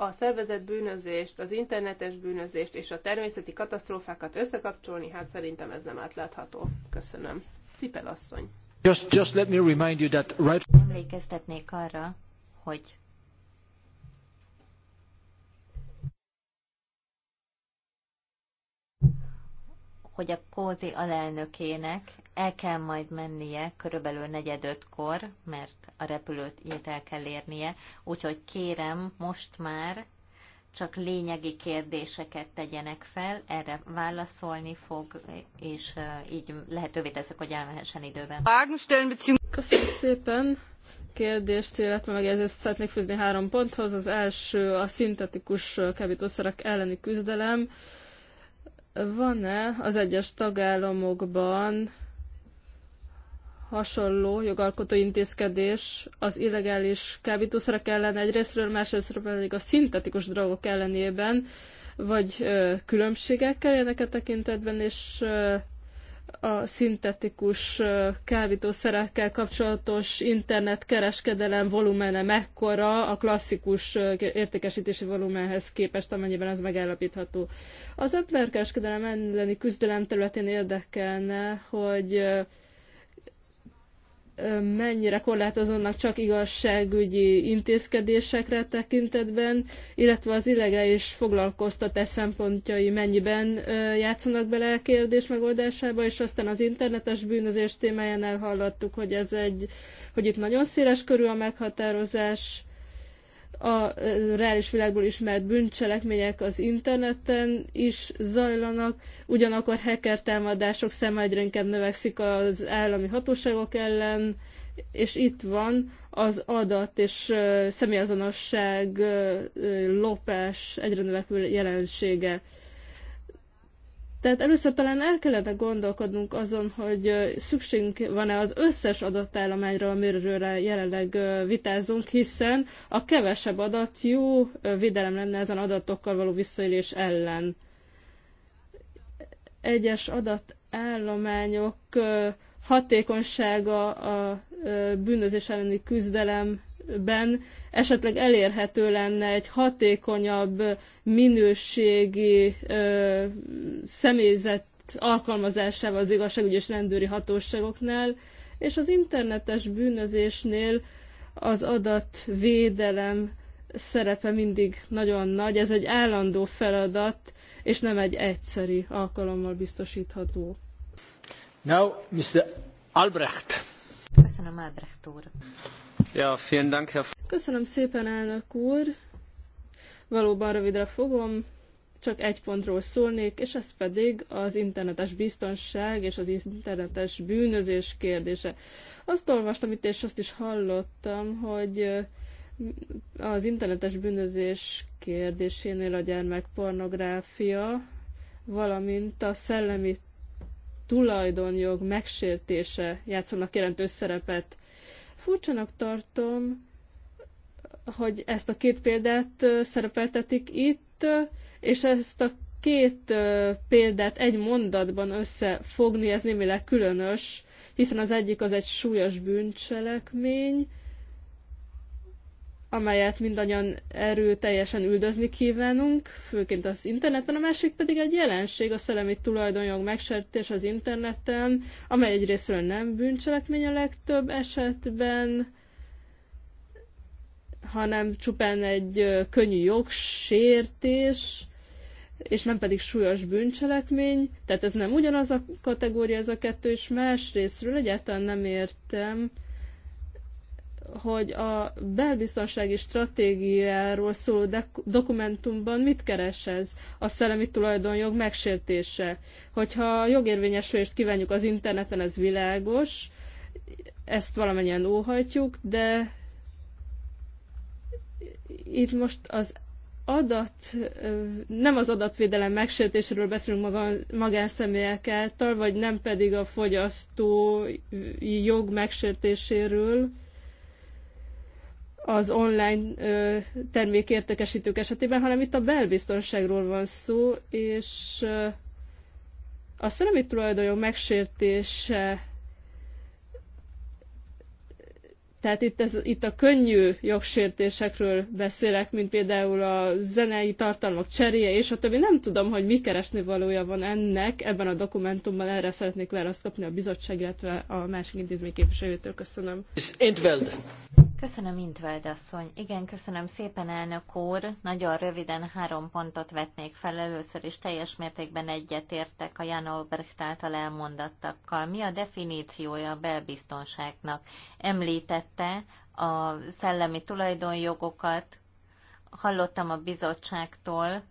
a szervezett bűnözést, az internetes bűnözést és a természeti katasztrófákat összekapcsolni, hát szerintem ez nem átlátható. Köszönöm. Cipel asszony. Just, just let me remind you that right... Emlékeztetnék arra, hogy hogy a Kózi alelnökének el kell majd mennie körülbelül negyedötkor, mert a repülőt el kell érnie, úgyhogy kérem most már csak lényegi kérdéseket tegyenek fel, erre válaszolni fog, és így lehetővé teszek, hogy elmehessen időben. Köszönöm szépen! Kérdést, illetve ezt szeretnék fűzni három ponthoz. Az első a szintetikus kábítószerek elleni küzdelem. Van-e az egyes tagállamokban hasonló jogalkotó intézkedés az illegális kábítószerek ellen egyrésztről, másrésztről pedig a szintetikus drogok ellenében, vagy ö, különbségekkel ennek a e tekintetben, és ö, a szintetikus ö, kábítószerekkel kapcsolatos internetkereskedelem volumene mekkora a klasszikus ö, értékesítési volumenhez képest, amennyiben ez megállapítható. Az emberkereskedelem elleni küzdelem területén érdekelne, hogy ö, mennyire korlátozónak csak igazságügyi intézkedésekre tekintetben, illetve az illegális foglalkoztatás szempontjai mennyiben játszanak bele a kérdés megoldásába, és aztán az internetes bűnözés témáján elhallottuk, hogy ez egy, hogy itt nagyon széles körül a meghatározás, a reális világból ismert bűncselekmények az interneten is zajlanak, ugyanakkor hacker támadások száma egyre inkább növekszik az állami hatóságok ellen, és itt van az adat és személyazonosság lopás egyre növekvő jelensége. Tehát először talán el kellene gondolkodnunk azon, hogy szükségünk van-e az összes állományra, amiről jelenleg vitázunk, hiszen a kevesebb adat jó védelem lenne ezen adatokkal való visszaélés ellen. Egyes adatállományok hatékonysága a bűnözés elleni küzdelem ben esetleg elérhető lenne egy hatékonyabb minőségi ö, személyzet alkalmazásával az igazságügyi és rendőri hatóságoknál, és az internetes bűnözésnél az adatvédelem szerepe mindig nagyon nagy, ez egy állandó feladat, és nem egy egyszeri alkalommal biztosítható. Now, Mr. Albrecht. Köszönöm, Albrecht úr. Ja, vielen Dank, Herr... Köszönöm szépen, elnök úr. Valóban rövidre fogom, csak egy pontról szólnék, és ez pedig az internetes biztonság és az internetes bűnözés kérdése. Azt olvastam itt, és azt is hallottam, hogy az internetes bűnözés kérdésénél a gyermekpornográfia, valamint a szellemi tulajdonjog megsértése játszanak jelentős szerepet. Furcsanak tartom, hogy ezt a két példát szerepeltetik itt, és ezt a két példát egy mondatban összefogni, ez némileg különös, hiszen az egyik az egy súlyos bűncselekmény, amelyet mindannyian erőteljesen üldözni kívánunk, főként az interneten, a másik pedig egy jelenség, a szellemi tulajdonjog megsértés az interneten, amely egyrésztről nem bűncselekmény a legtöbb esetben, hanem csupán egy könnyű jogsértés, és nem pedig súlyos bűncselekmény, tehát ez nem ugyanaz a kategória, ez a kettő, és másrésztről egyáltalán nem értem, hogy a belbiztonsági stratégiáról szóló dokumentumban mit keres ez? A szellemi tulajdonjog megsértése. Hogyha a jogérvényesülést kívánjuk az interneten, ez világos, ezt valamennyien óhajtjuk, de itt most az adat, nem az adatvédelem megsértéséről beszélünk magánszemélyek által, vagy nem pedig a fogyasztói jog megsértéséről, az online termékértekesítők esetében, hanem itt a belbiztonságról van szó, és a szellemi tulajdonjog megsértése, tehát itt, ez, itt a könnyű jogsértésekről beszélek, mint például a zenei tartalmak cseréje, és a többi. Nem tudom, hogy mi keresni valója van ennek ebben a dokumentumban, erre szeretnék választ kapni a bizottság, illetve a másik intézmény képviselőtől. Köszönöm. Köszönöm, Intveld asszony. Igen, köszönöm szépen, elnök úr. Nagyon röviden három pontot vetnék fel. Először is teljes mértékben egyetértek a Jan Albrecht által elmondattakkal. Mi a definíciója a belbiztonságnak? Említette a szellemi tulajdonjogokat. Hallottam a bizottságtól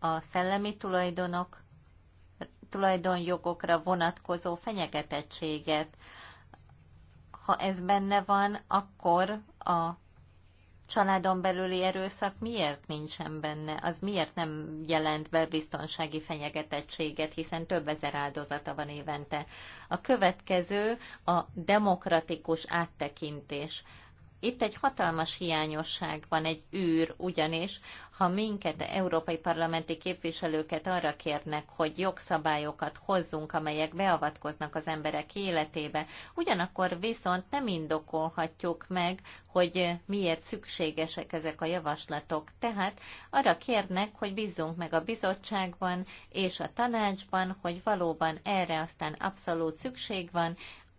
a szellemi tulajdonok, tulajdonjogokra vonatkozó fenyegetettséget ha ez benne van, akkor a családon belüli erőszak miért nincsen benne? Az miért nem jelent be biztonsági fenyegetettséget, hiszen több ezer áldozata van évente. A következő a demokratikus áttekintés. Itt egy hatalmas hiányosság van, egy űr, ugyanis ha minket, európai parlamenti képviselőket arra kérnek, hogy jogszabályokat hozzunk, amelyek beavatkoznak az emberek életébe, ugyanakkor viszont nem indokolhatjuk meg, hogy miért szükségesek ezek a javaslatok. Tehát arra kérnek, hogy bízzunk meg a bizottságban és a tanácsban, hogy valóban erre aztán abszolút szükség van,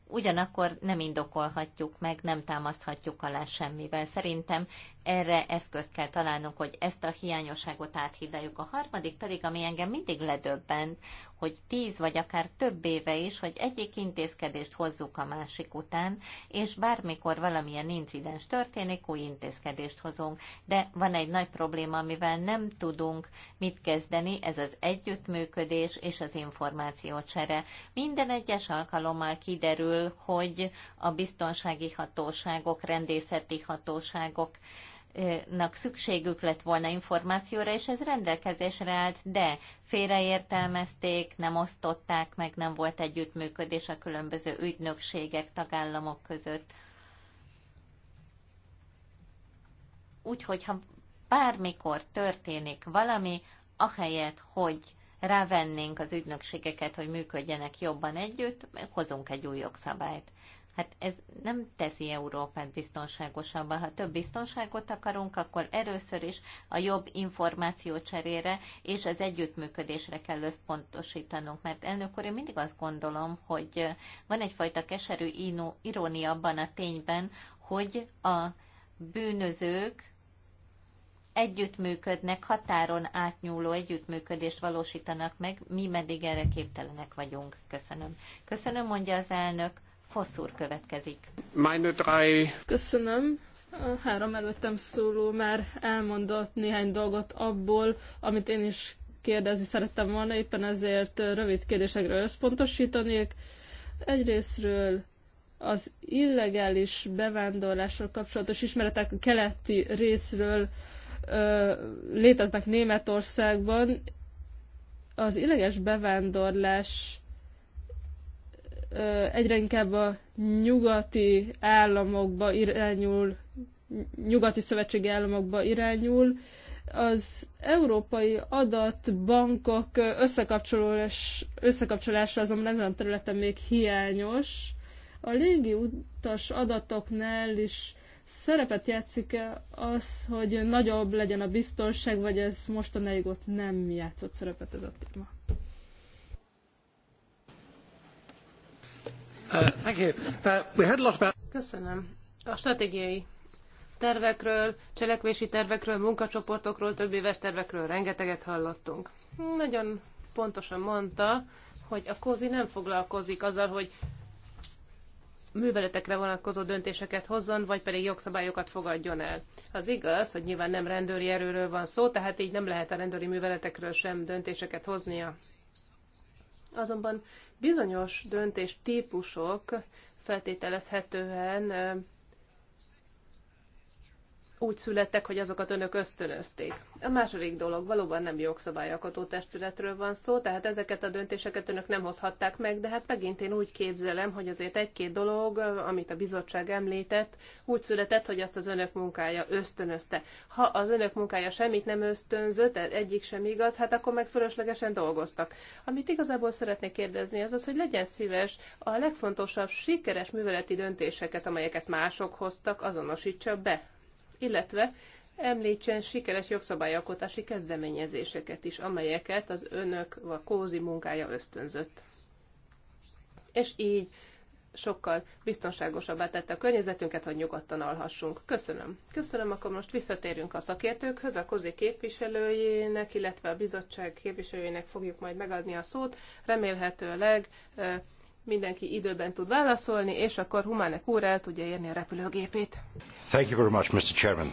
ugyanakkor nem indokolhatjuk meg, nem támaszthatjuk alá semmivel. Szerintem erre eszközt kell találnunk, hogy ezt a hiányosságot áthidaljuk. A harmadik pedig, ami engem mindig ledöbbent, hogy tíz vagy akár több éve is, hogy egyik intézkedést hozzuk a másik után, és bármikor valamilyen incidens történik, új intézkedést hozunk. De van egy nagy probléma, amivel nem tudunk mit kezdeni, ez az együttműködés és az információcsere. Minden egyes alkalommal kiderül, hogy a biztonsági hatóságok, rendészeti hatóságok, nak szükségük lett volna információra, és ez rendelkezésre állt, de félreértelmezték, nem osztották meg, nem volt együttműködés a különböző ügynökségek, tagállamok között. Úgyhogy, ha bármikor történik valami, ahelyett, hogy rávennénk az ügynökségeket, hogy működjenek jobban együtt, hozunk egy új jogszabályt. Hát ez nem teszi Európát biztonságosabban. Ha több biztonságot akarunk, akkor először is a jobb információ cserére és az együttműködésre kell összpontosítanunk. Mert elnök úr, én mindig azt gondolom, hogy van egyfajta keserű irónia abban a tényben, hogy a bűnözők együttműködnek, határon átnyúló együttműködést valósítanak meg, mi meddig erre képtelenek vagyunk. Köszönöm. Köszönöm, mondja az elnök. Hosszúr következik. Meine drei... Köszönöm. A három előttem szóló már elmondott néhány dolgot abból, amit én is kérdezni szerettem volna, éppen ezért rövid kérdésekre összpontosítanék. Egyrésztről az illegális bevándorlással kapcsolatos ismeretek a keleti részről ö, léteznek Németországban. Az illegális bevándorlás egyre inkább a nyugati államokba irányul, nyugati szövetségi államokba irányul, az európai adatbankok összekapcsolás, összekapcsolása azonban ezen a területen még hiányos. A légi utas adatoknál is szerepet játszik -e az, hogy nagyobb legyen a biztonság, vagy ez mostanáig ott nem játszott szerepet ez a téma? Uh, uh, Köszönöm. A stratégiai tervekről, cselekvési tervekről, munkacsoportokról, több éves tervekről rengeteget hallottunk. Nagyon pontosan mondta, hogy a COSI nem foglalkozik azzal, hogy műveletekre vonatkozó döntéseket hozzon, vagy pedig jogszabályokat fogadjon el. Az igaz, hogy nyilván nem rendőri erőről van szó, tehát így nem lehet a rendőri műveletekről sem döntéseket hoznia. Azonban Bizonyos döntés típusok feltételezhetően úgy születtek, hogy azokat önök ösztönözték. A második dolog, valóban nem jogszabályalkotó testületről van szó, tehát ezeket a döntéseket önök nem hozhatták meg, de hát megint én úgy képzelem, hogy azért egy-két dolog, amit a bizottság említett, úgy született, hogy azt az önök munkája ösztönözte. Ha az önök munkája semmit nem ösztönzött, egyik sem igaz, hát akkor meg fölöslegesen dolgoztak. Amit igazából szeretnék kérdezni, az az, hogy legyen szíves a legfontosabb sikeres műveleti döntéseket, amelyeket mások hoztak, azonosítsa be illetve említsen sikeres jogszabályalkotási kezdeményezéseket is, amelyeket az önök vagy kózi munkája ösztönzött. És így sokkal biztonságosabbá tette a környezetünket, hogy nyugodtan alhassunk. Köszönöm. Köszönöm, akkor most visszatérünk a szakértőkhöz, a kozi képviselőjének, illetve a bizottság képviselőjének fogjuk majd megadni a szót. Remélhetőleg mindenki időben tud válaszolni, és akkor Humane úr el tudja érni a repülőgépét. Thank you very much, Mr. Chairman.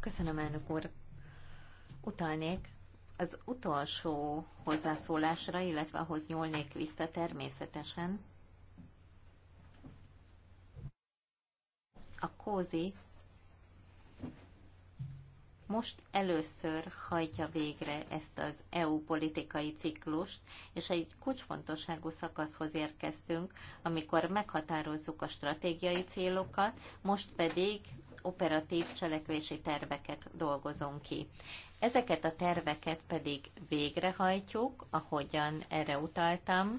Köszönöm, elnök úr. Utalnék az utolsó hozzászólásra, illetve ahhoz nyúlnék vissza természetesen. A Kózi most először hajtja végre ezt az EU politikai ciklust, és egy kulcsfontosságú szakaszhoz érkeztünk, amikor meghatározzuk a stratégiai célokat, most pedig operatív cselekvési terveket dolgozunk ki. Ezeket a terveket pedig végrehajtjuk, ahogyan erre utaltam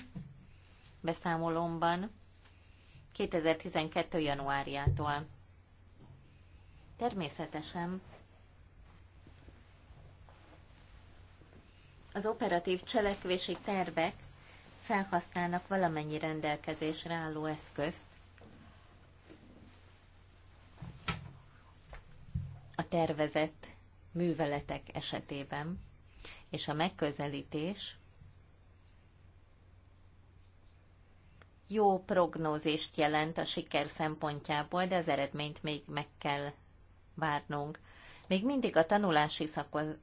beszámolomban, 2012. januárjától. Természetesen az operatív cselekvési tervek felhasználnak valamennyi rendelkezésre álló eszközt. A tervezett műveletek esetében, és a megközelítés jó prognózist jelent a siker szempontjából, de az eredményt még meg kell várnunk. Még mindig a tanulási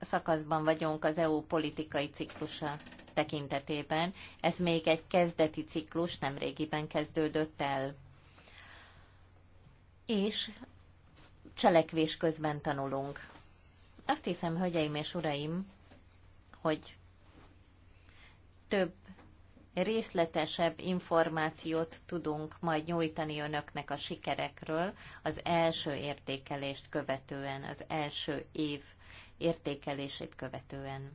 szakaszban vagyunk az EU politikai ciklusa tekintetében. Ez még egy kezdeti ciklus, nem régiben kezdődött el. És cselekvés közben tanulunk. Azt hiszem, hölgyeim és uraim, hogy több részletesebb információt tudunk majd nyújtani önöknek a sikerekről az első értékelést követően, az első év értékelését követően.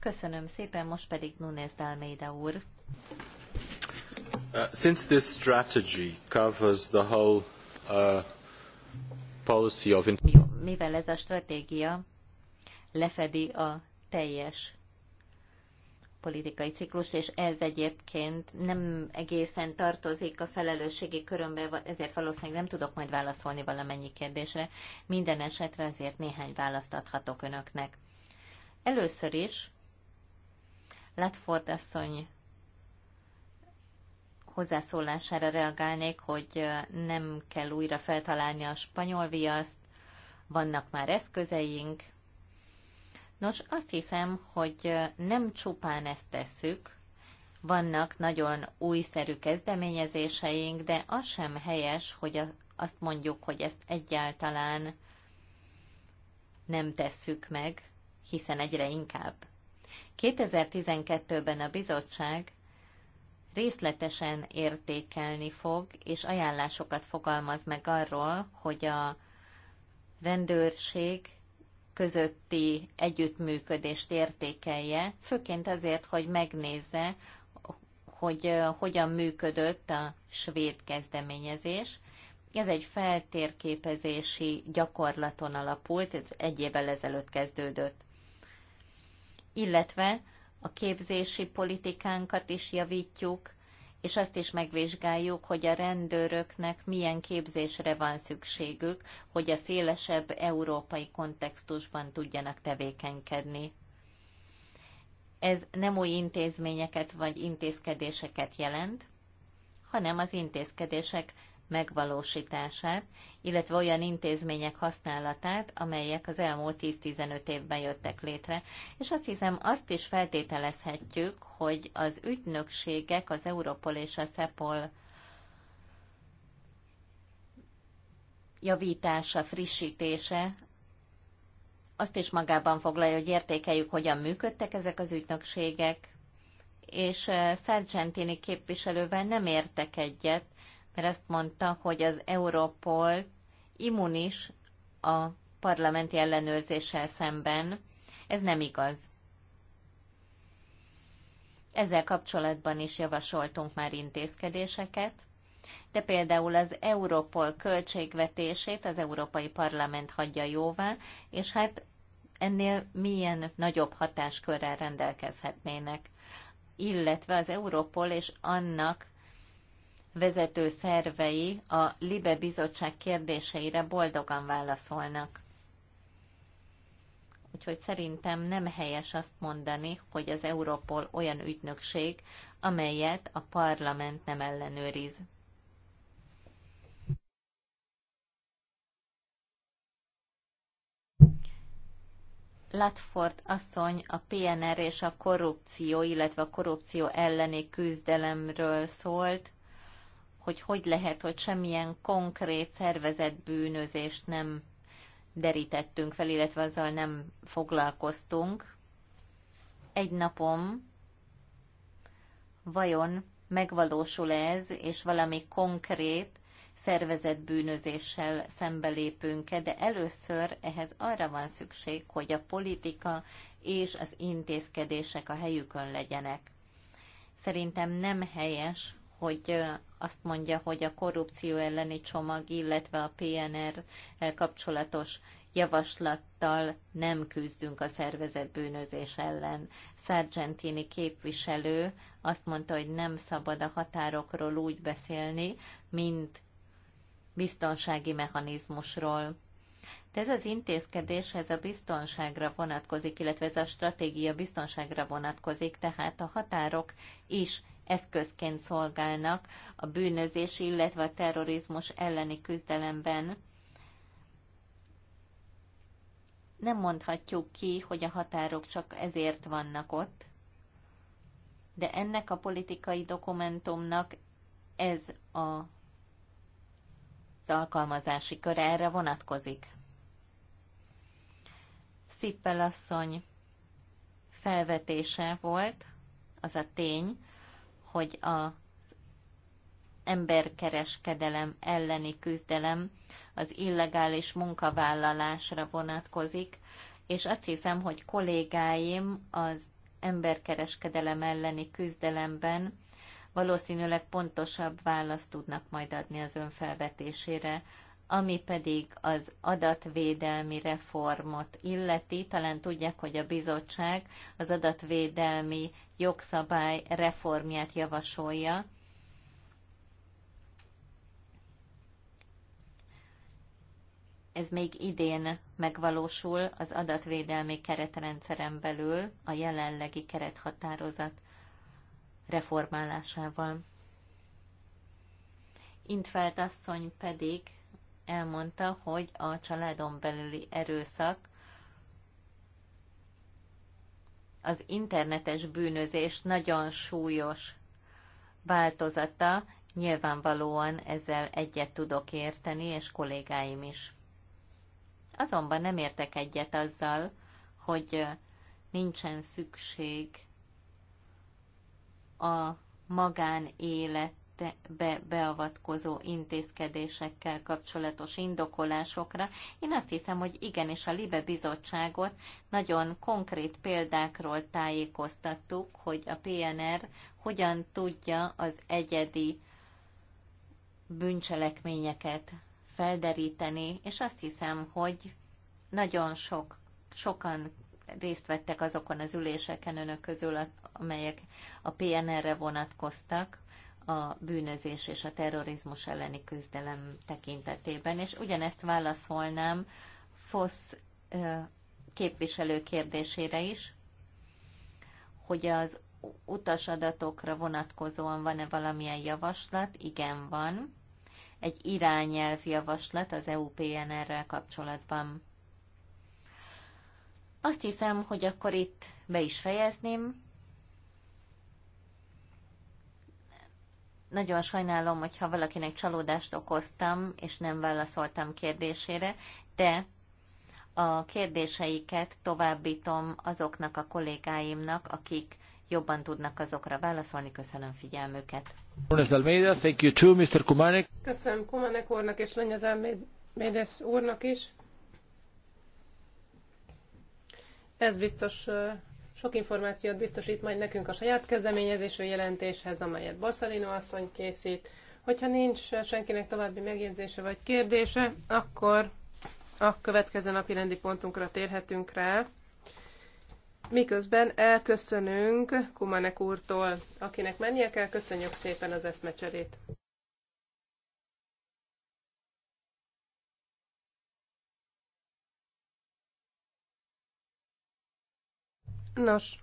Köszönöm szépen, most pedig Nunes Dalmeida úr. Uh, since this strategy covers the whole uh, policy of... Mivel ez a stratégia lefedi a teljes politikai ciklus, és ez egyébként nem egészen tartozik a felelősségi körömbe, ezért valószínűleg nem tudok majd válaszolni valamennyi kérdésre. Minden esetre azért néhány választ adhatok önöknek. Először is Latford asszony hozzászólására reagálnék, hogy nem kell újra feltalálni a spanyol viaszt, vannak már eszközeink, Nos, azt hiszem, hogy nem csupán ezt tesszük, vannak nagyon újszerű kezdeményezéseink, de az sem helyes, hogy azt mondjuk, hogy ezt egyáltalán nem tesszük meg, hiszen egyre inkább. 2012-ben a bizottság részletesen értékelni fog, és ajánlásokat fogalmaz meg arról, hogy a rendőrség közötti együttműködést értékelje, főként azért, hogy megnézze, hogy hogyan működött a svéd kezdeményezés. Ez egy feltérképezési gyakorlaton alapult, ez egy évvel ezelőtt kezdődött. Illetve a képzési politikánkat is javítjuk, és azt is megvizsgáljuk, hogy a rendőröknek milyen képzésre van szükségük, hogy a szélesebb európai kontextusban tudjanak tevékenykedni. Ez nem új intézményeket vagy intézkedéseket jelent, hanem az intézkedések megvalósítását, illetve olyan intézmények használatát, amelyek az elmúlt 10-15 évben jöttek létre. És azt hiszem, azt is feltételezhetjük, hogy az ügynökségek, az Europol és a Szepol javítása, frissítése azt is magában foglalja, hogy értékeljük, hogyan működtek ezek az ügynökségek, és eh, Sargentini képviselővel nem értek egyet, mert azt mondta, hogy az Europol immunis a parlamenti ellenőrzéssel szemben. Ez nem igaz. Ezzel kapcsolatban is javasoltunk már intézkedéseket, de például az Europol költségvetését az Európai Parlament hagyja jóvá, és hát ennél milyen nagyobb hatáskörrel rendelkezhetnének. Illetve az Europol és annak vezető szervei a Libe Bizottság kérdéseire boldogan válaszolnak. Úgyhogy szerintem nem helyes azt mondani, hogy az Europol olyan ügynökség, amelyet a parlament nem ellenőriz. Latford asszony a PNR és a korrupció, illetve a korrupció elleni küzdelemről szólt hogy hogy lehet, hogy semmilyen konkrét szervezett bűnözést nem derítettünk fel, illetve azzal nem foglalkoztunk. Egy napom vajon megvalósul ez, és valami konkrét szervezett bűnözéssel szembelépünk-e, de először ehhez arra van szükség, hogy a politika és az intézkedések a helyükön legyenek. Szerintem nem helyes, hogy azt mondja, hogy a korrupció elleni csomag, illetve a PNR kapcsolatos javaslattal nem küzdünk a szervezet bűnözés ellen. Sargentini képviselő azt mondta, hogy nem szabad a határokról úgy beszélni, mint biztonsági mechanizmusról. De ez az intézkedés, ez a biztonságra vonatkozik, illetve ez a stratégia biztonságra vonatkozik, tehát a határok is eszközként szolgálnak a bűnözés, illetve a terrorizmus elleni küzdelemben. Nem mondhatjuk ki, hogy a határok csak ezért vannak ott, de ennek a politikai dokumentumnak ez a, az alkalmazási köre erre vonatkozik. Szippel asszony felvetése volt, az a tény, hogy a emberkereskedelem elleni küzdelem az illegális munkavállalásra vonatkozik, és azt hiszem, hogy kollégáim az emberkereskedelem elleni küzdelemben valószínűleg pontosabb választ tudnak majd adni az önfelvetésére. Ami pedig az adatvédelmi reformot illeti, talán tudják, hogy a bizottság az adatvédelmi jogszabály reformját javasolja. Ez még idén megvalósul az adatvédelmi keretrendszeren belül a jelenlegi kerethatározat reformálásával. Intfeld asszony pedig elmondta, hogy a családon belüli erőszak az internetes bűnözés nagyon súlyos változata, nyilvánvalóan ezzel egyet tudok érteni, és kollégáim is. Azonban nem értek egyet azzal, hogy nincsen szükség a magánélet be, beavatkozó intézkedésekkel kapcsolatos indokolásokra. Én azt hiszem, hogy igenis a Libe bizottságot nagyon konkrét példákról tájékoztattuk, hogy a PNR hogyan tudja az egyedi bűncselekményeket felderíteni, és azt hiszem, hogy nagyon sok, sokan részt vettek azokon az üléseken önök közül, amelyek a PNR-re vonatkoztak a bűnözés és a terrorizmus elleni küzdelem tekintetében. És ugyanezt válaszolnám FOSZ képviselő kérdésére is, hogy az utasadatokra vonatkozóan van-e valamilyen javaslat? Igen, van. Egy irányelv javaslat az eupnr rel kapcsolatban. Azt hiszem, hogy akkor itt be is fejezném. Nagyon sajnálom, hogyha valakinek csalódást okoztam, és nem válaszoltam kérdésére, de a kérdéseiket továbbítom azoknak a kollégáimnak, akik jobban tudnak azokra válaszolni. Köszönöm figyelmüket. Thank you too, Mr. Kumanek. Köszönöm Kumanek úrnak és Lenyez Médesz úrnak is. Ez biztos sok információt biztosít majd nekünk a saját kezdeményezésű jelentéshez, amelyet Borsalino asszony készít. Hogyha nincs senkinek további megjegyzése vagy kérdése, akkor a következő napi rendi pontunkra térhetünk rá. Miközben elköszönünk Kumanek úrtól, akinek mennie kell, köszönjük szépen az eszmecserét. Nos,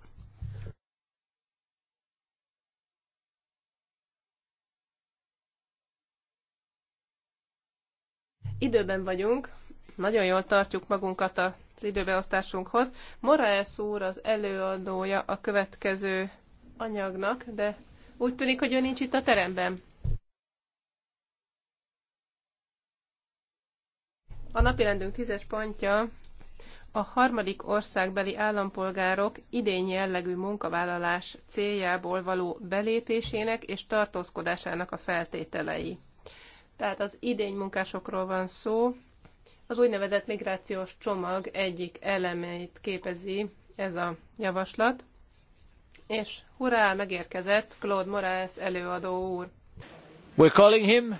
időben vagyunk, nagyon jól tartjuk magunkat az időbeosztásunkhoz. Moraes úr az előadója a következő anyagnak, de úgy tűnik, hogy ő nincs itt a teremben. A napirendünk tízes pontja a harmadik országbeli állampolgárok idény jellegű munkavállalás céljából való belépésének és tartózkodásának a feltételei. Tehát az idény munkásokról van szó, az úgynevezett migrációs csomag egyik elemeit képezi ez a javaslat, és hurrá, megérkezett Claude Moraes előadó úr. We're calling him.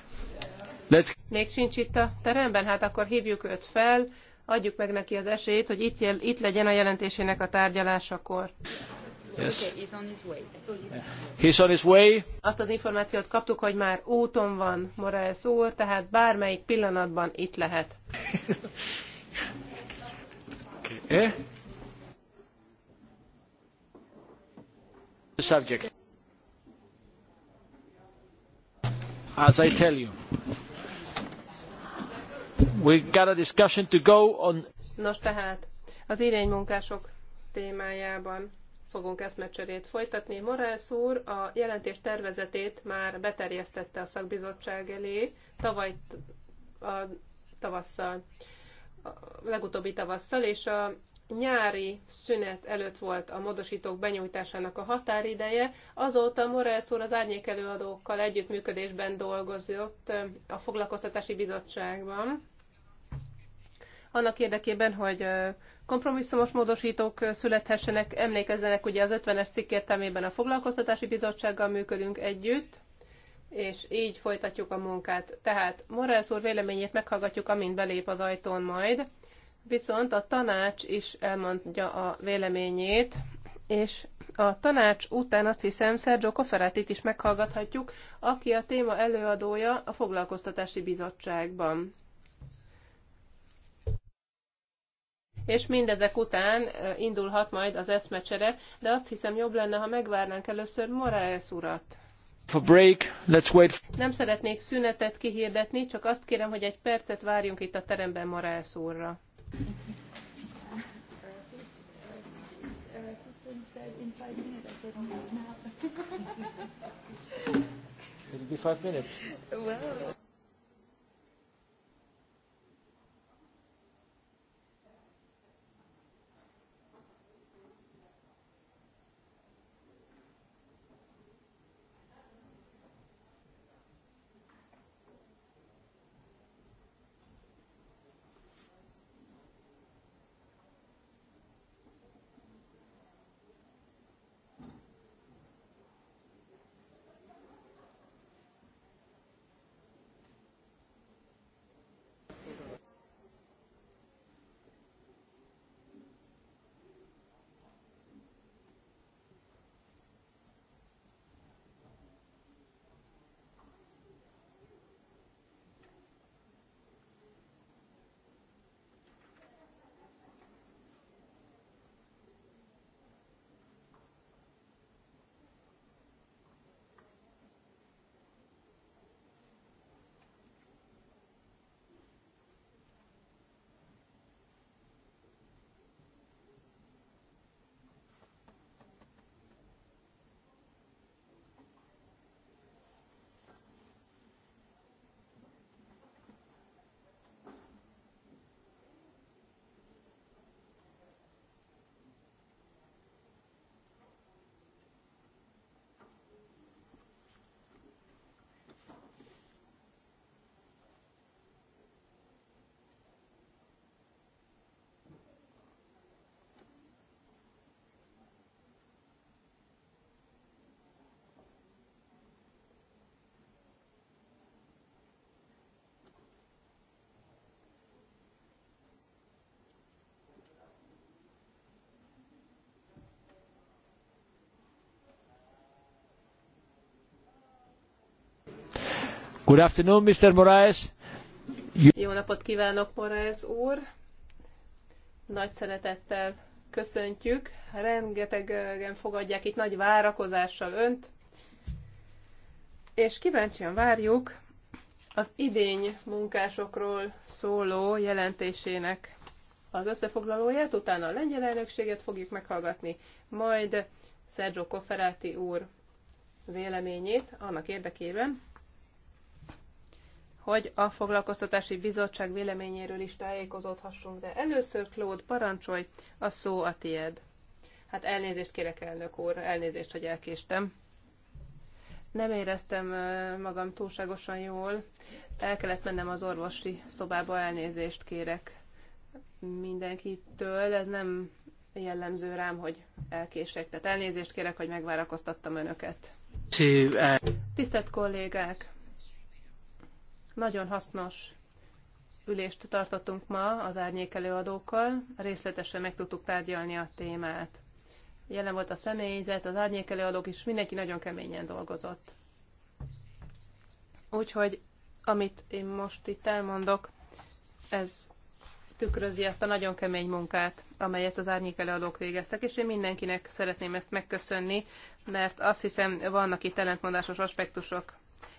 Let's... Még sincs itt a teremben, hát akkor hívjuk őt fel, adjuk meg neki az esélyt, hogy itt, jel, itt legyen a jelentésének a tárgyalásakor. Yes. Okay, he's on his way. He's on his way. Azt az információt kaptuk, hogy már úton van Moraes úr, tehát bármelyik pillanatban itt lehet. okay. Eh? The subject. As I tell you. We got a discussion to go on. Nos tehát, az iránymunkások témájában fogunk eszmecserét folytatni. Morales úr a jelentés tervezetét már beterjesztette a szakbizottság elé tavaly a tavasszal, a legutóbbi tavasszal, és a nyári szünet előtt volt a módosítók benyújtásának a határideje, azóta Morales úr az árnyék előadókkal együttműködésben dolgozott a foglalkoztatási bizottságban. Annak érdekében, hogy kompromisszumos módosítók születhessenek, emlékezzenek ugye az 50-es cikk értelmében a foglalkoztatási bizottsággal működünk együtt, és így folytatjuk a munkát. Tehát Morales úr véleményét meghallgatjuk, amint belép az ajtón majd Viszont a tanács is elmondja a véleményét, és a tanács után azt hiszem Sergio Koferátit is meghallgathatjuk, aki a téma előadója a Foglalkoztatási Bizottságban. És mindezek után indulhat majd az eszmecsere, de azt hiszem jobb lenne, ha megvárnánk először Moraes urat. For break, let's wait. Nem szeretnék szünetet kihirdetni, csak azt kérem, hogy egy percet várjunk itt a teremben Moraes úrra. It'll be five minutes. Well. Good afternoon, Mr. Moraes. Jó napot kívánok, Moraes úr! Nagy szeretettel köszöntjük. Rengetegen fogadják itt nagy várakozással önt. És kíváncsian várjuk az idény munkásokról szóló jelentésének az összefoglalóját, utána a lengyel elnökséget fogjuk meghallgatni, majd Sergio Cofferati úr véleményét annak érdekében, hogy a foglalkoztatási bizottság véleményéről is tájékozódhassunk, de először Klód, parancsolj, a szó a tied. Hát elnézést kérek, elnök úr, elnézést, hogy elkéstem. Nem éreztem magam túlságosan jól. El kellett mennem az orvosi szobába, elnézést kérek mindenkitől. Ez nem jellemző rám, hogy elkések. Tehát elnézést kérek, hogy megvárakoztattam önöket. Uh, Tisztelt kollégák! Nagyon hasznos ülést tartottunk ma az árnyék előadókkal, részletesen meg tudtuk tárgyalni a témát. Jelen volt a személyzet, az árnyék előadók is, mindenki nagyon keményen dolgozott. Úgyhogy amit én most itt elmondok, ez tükrözi ezt a nagyon kemény munkát, amelyet az árnyék előadók végeztek, és én mindenkinek szeretném ezt megköszönni, mert azt hiszem vannak itt ellentmondásos aspektusok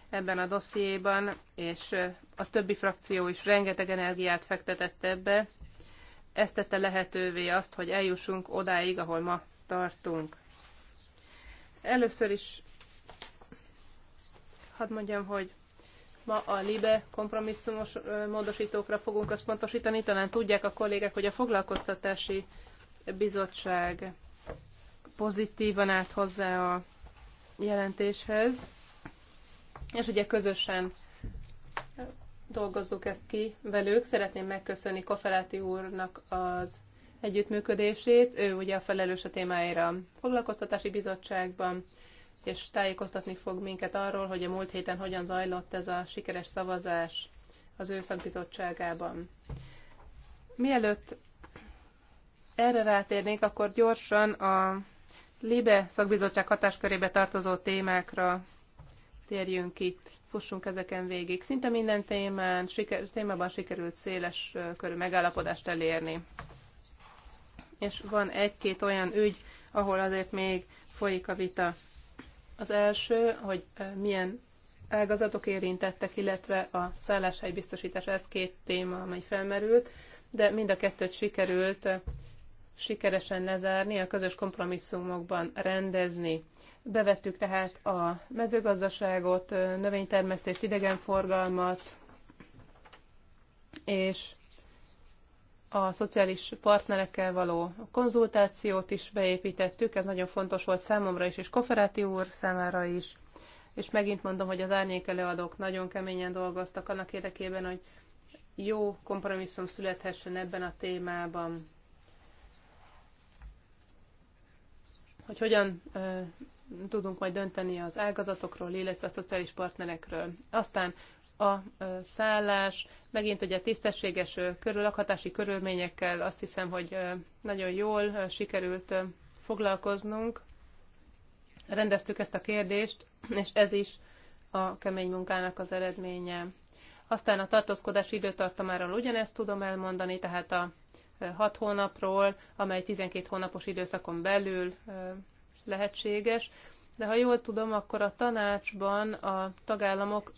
ebben a dossziéban, és a többi frakció is rengeteg energiát fektetett ebbe. Ez tette lehetővé azt, hogy eljussunk odáig, ahol ma tartunk. Először is hadd mondjam, hogy ma a LIBE kompromisszumos módosítókra fogunk azt pontosítani, Talán tudják a kollégek, hogy a foglalkoztatási bizottság pozitívan állt hozzá a jelentéshez és ugye közösen dolgozzuk ezt ki velük. Szeretném megköszönni Koferáti úrnak az együttműködését. Ő ugye a felelős a témáira a foglalkoztatási bizottságban, és tájékoztatni fog minket arról, hogy a múlt héten hogyan zajlott ez a sikeres szavazás az ő szakbizottságában. Mielőtt erre rátérnénk, akkor gyorsan a LIBE szakbizottság hatáskörébe tartozó témákra térjünk ki, fussunk ezeken végig. Szinte minden témán, siker, témában sikerült széles körű megállapodást elérni. És van egy-két olyan ügy, ahol azért még folyik a vita. Az első, hogy milyen ágazatok érintettek, illetve a szálláshelybiztosítás, biztosítás ez két téma, amely felmerült, de mind a kettőt sikerült sikeresen lezárni, a közös kompromisszumokban rendezni. Bevettük tehát a mezőgazdaságot, növénytermesztést, idegenforgalmat, és a szociális partnerekkel való konzultációt is beépítettük, ez nagyon fontos volt számomra is, és Koferáti úr számára is. És megint mondom, hogy az árnyék előadók nagyon keményen dolgoztak annak érdekében, hogy jó kompromisszum születhessen ebben a témában. Hogy hogyan tudunk majd dönteni az ágazatokról, illetve a szociális partnerekről. Aztán a szállás, megint ugye tisztességes körül, lakhatási körülményekkel azt hiszem, hogy nagyon jól sikerült foglalkoznunk. Rendeztük ezt a kérdést, és ez is a kemény munkának az eredménye. Aztán a tartózkodás időtartamáról ugyanezt tudom elmondani, tehát a 6 hónapról, amely 12 hónapos időszakon belül lehetséges, de ha jól tudom, akkor a tanácsban a tagállamok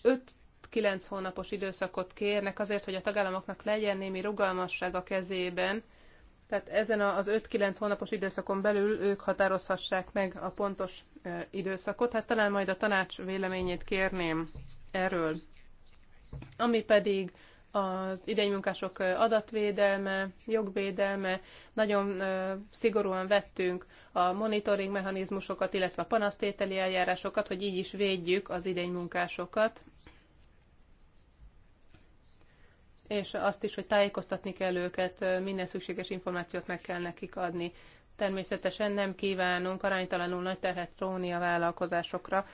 5-9 hónapos időszakot kérnek azért, hogy a tagállamoknak legyen némi rugalmasság a kezében, tehát ezen az 5-9 hónapos időszakon belül ők határozhassák meg a pontos időszakot. Hát talán majd a tanács véleményét kérném erről. Ami pedig az munkások adatvédelme, jogvédelme, nagyon szigorúan vettünk a monitoring mechanizmusokat, illetve a panasztételi eljárásokat, hogy így is védjük az munkásokat. És azt is, hogy tájékoztatni kell őket, minden szükséges információt meg kell nekik adni. Természetesen nem kívánunk aránytalanul nagy terhet róni a vállalkozásokra,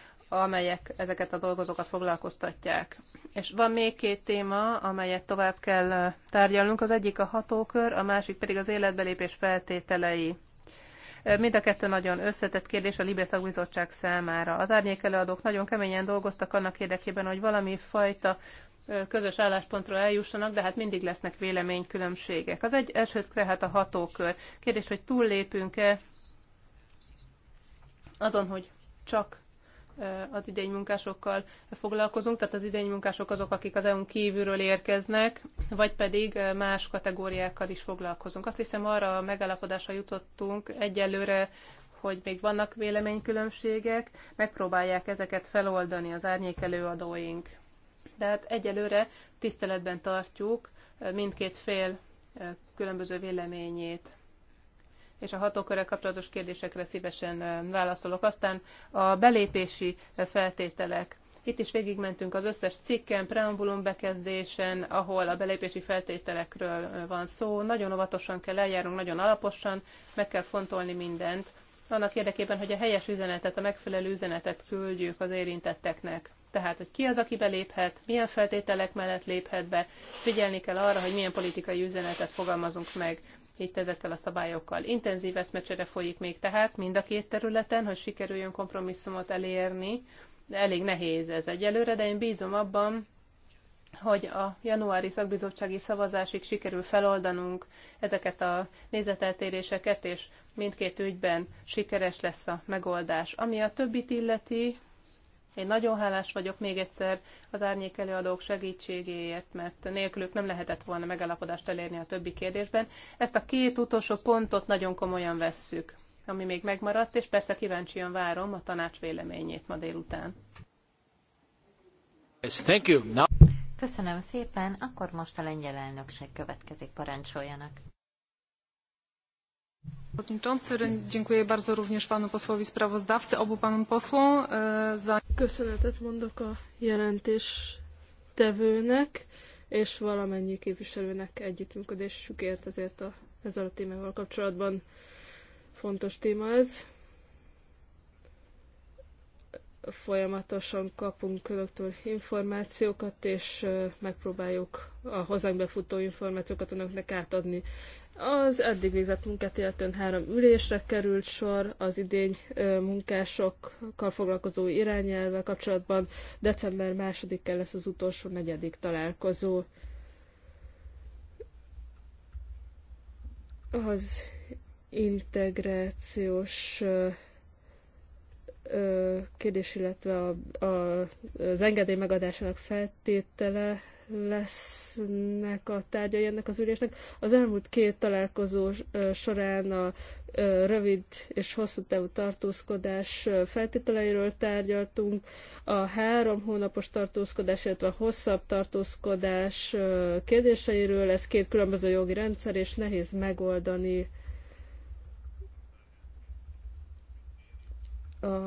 amelyek ezeket a dolgozókat foglalkoztatják. És van még két téma, amelyet tovább kell tárgyalnunk. Az egyik a hatókör, a másik pedig az életbelépés feltételei. Mind a kettő nagyon összetett kérdés a Libé Szakbizottság számára. Az árnyékelőadók nagyon keményen dolgoztak annak érdekében, hogy valami fajta közös álláspontra eljussanak, de hát mindig lesznek véleménykülönbségek. Az egy első tehát a hatókör. Kérdés, hogy túllépünk-e azon, hogy csak az idénymunkásokkal foglalkozunk, tehát az idénymunkások azok, akik az EU-n kívülről érkeznek, vagy pedig más kategóriákkal is foglalkozunk. Azt hiszem arra a megállapodásra jutottunk egyelőre, hogy még vannak véleménykülönbségek, megpróbálják ezeket feloldani az árnyékelő adóink. De hát egyelőre tiszteletben tartjuk mindkét fél különböző véleményét és a hatókörrel kapcsolatos kérdésekre szívesen válaszolok. Aztán a belépési feltételek. Itt is végigmentünk az összes cikken, preambulum bekezdésen, ahol a belépési feltételekről van szó. Nagyon óvatosan kell eljárnunk, nagyon alaposan, meg kell fontolni mindent, annak érdekében, hogy a helyes üzenetet, a megfelelő üzenetet küldjük az érintetteknek. Tehát, hogy ki az, aki beléphet, milyen feltételek mellett léphet be, figyelni kell arra, hogy milyen politikai üzenetet fogalmazunk meg itt ezekkel a szabályokkal. Intenzív eszmecsere folyik még tehát mind a két területen, hogy sikerüljön kompromisszumot elérni. De elég nehéz ez egyelőre, de én bízom abban, hogy a januári szakbizottsági szavazásig sikerül feloldanunk ezeket a nézeteltéréseket, és mindkét ügyben sikeres lesz a megoldás. Ami a többit illeti, én nagyon hálás vagyok még egyszer az árnyék előadók segítségéért, mert nélkülük nem lehetett volna megalapodást elérni a többi kérdésben. Ezt a két utolsó pontot nagyon komolyan vesszük, ami még megmaradt, és persze kíváncsian várom a tanács véleményét ma délután. Köszönöm szépen, akkor most a lengyel elnökség következik, parancsoljanak. Köszönetet mondok a jelentés tevőnek és valamennyi képviselőnek együttműködésükért ezért a, ezzel a témával kapcsolatban fontos téma ez. Folyamatosan kapunk önöktől információkat, és e, megpróbáljuk a hozzánk befutó információkat önöknek átadni. Az eddig végzett munkát illetően három ülésre került sor az idény munkásokkal foglalkozó irányelvvel kapcsolatban. December másodikán lesz az utolsó negyedik találkozó. Az integrációs kérdés, illetve a, a, az engedély megadásának feltétele lesznek a tárgyai ennek az ülésnek. Az elmúlt két találkozó során a rövid és hosszú távú tartózkodás feltételeiről tárgyaltunk, a három hónapos tartózkodás, illetve a hosszabb tartózkodás kérdéseiről. Ez két különböző jogi rendszer, és nehéz megoldani a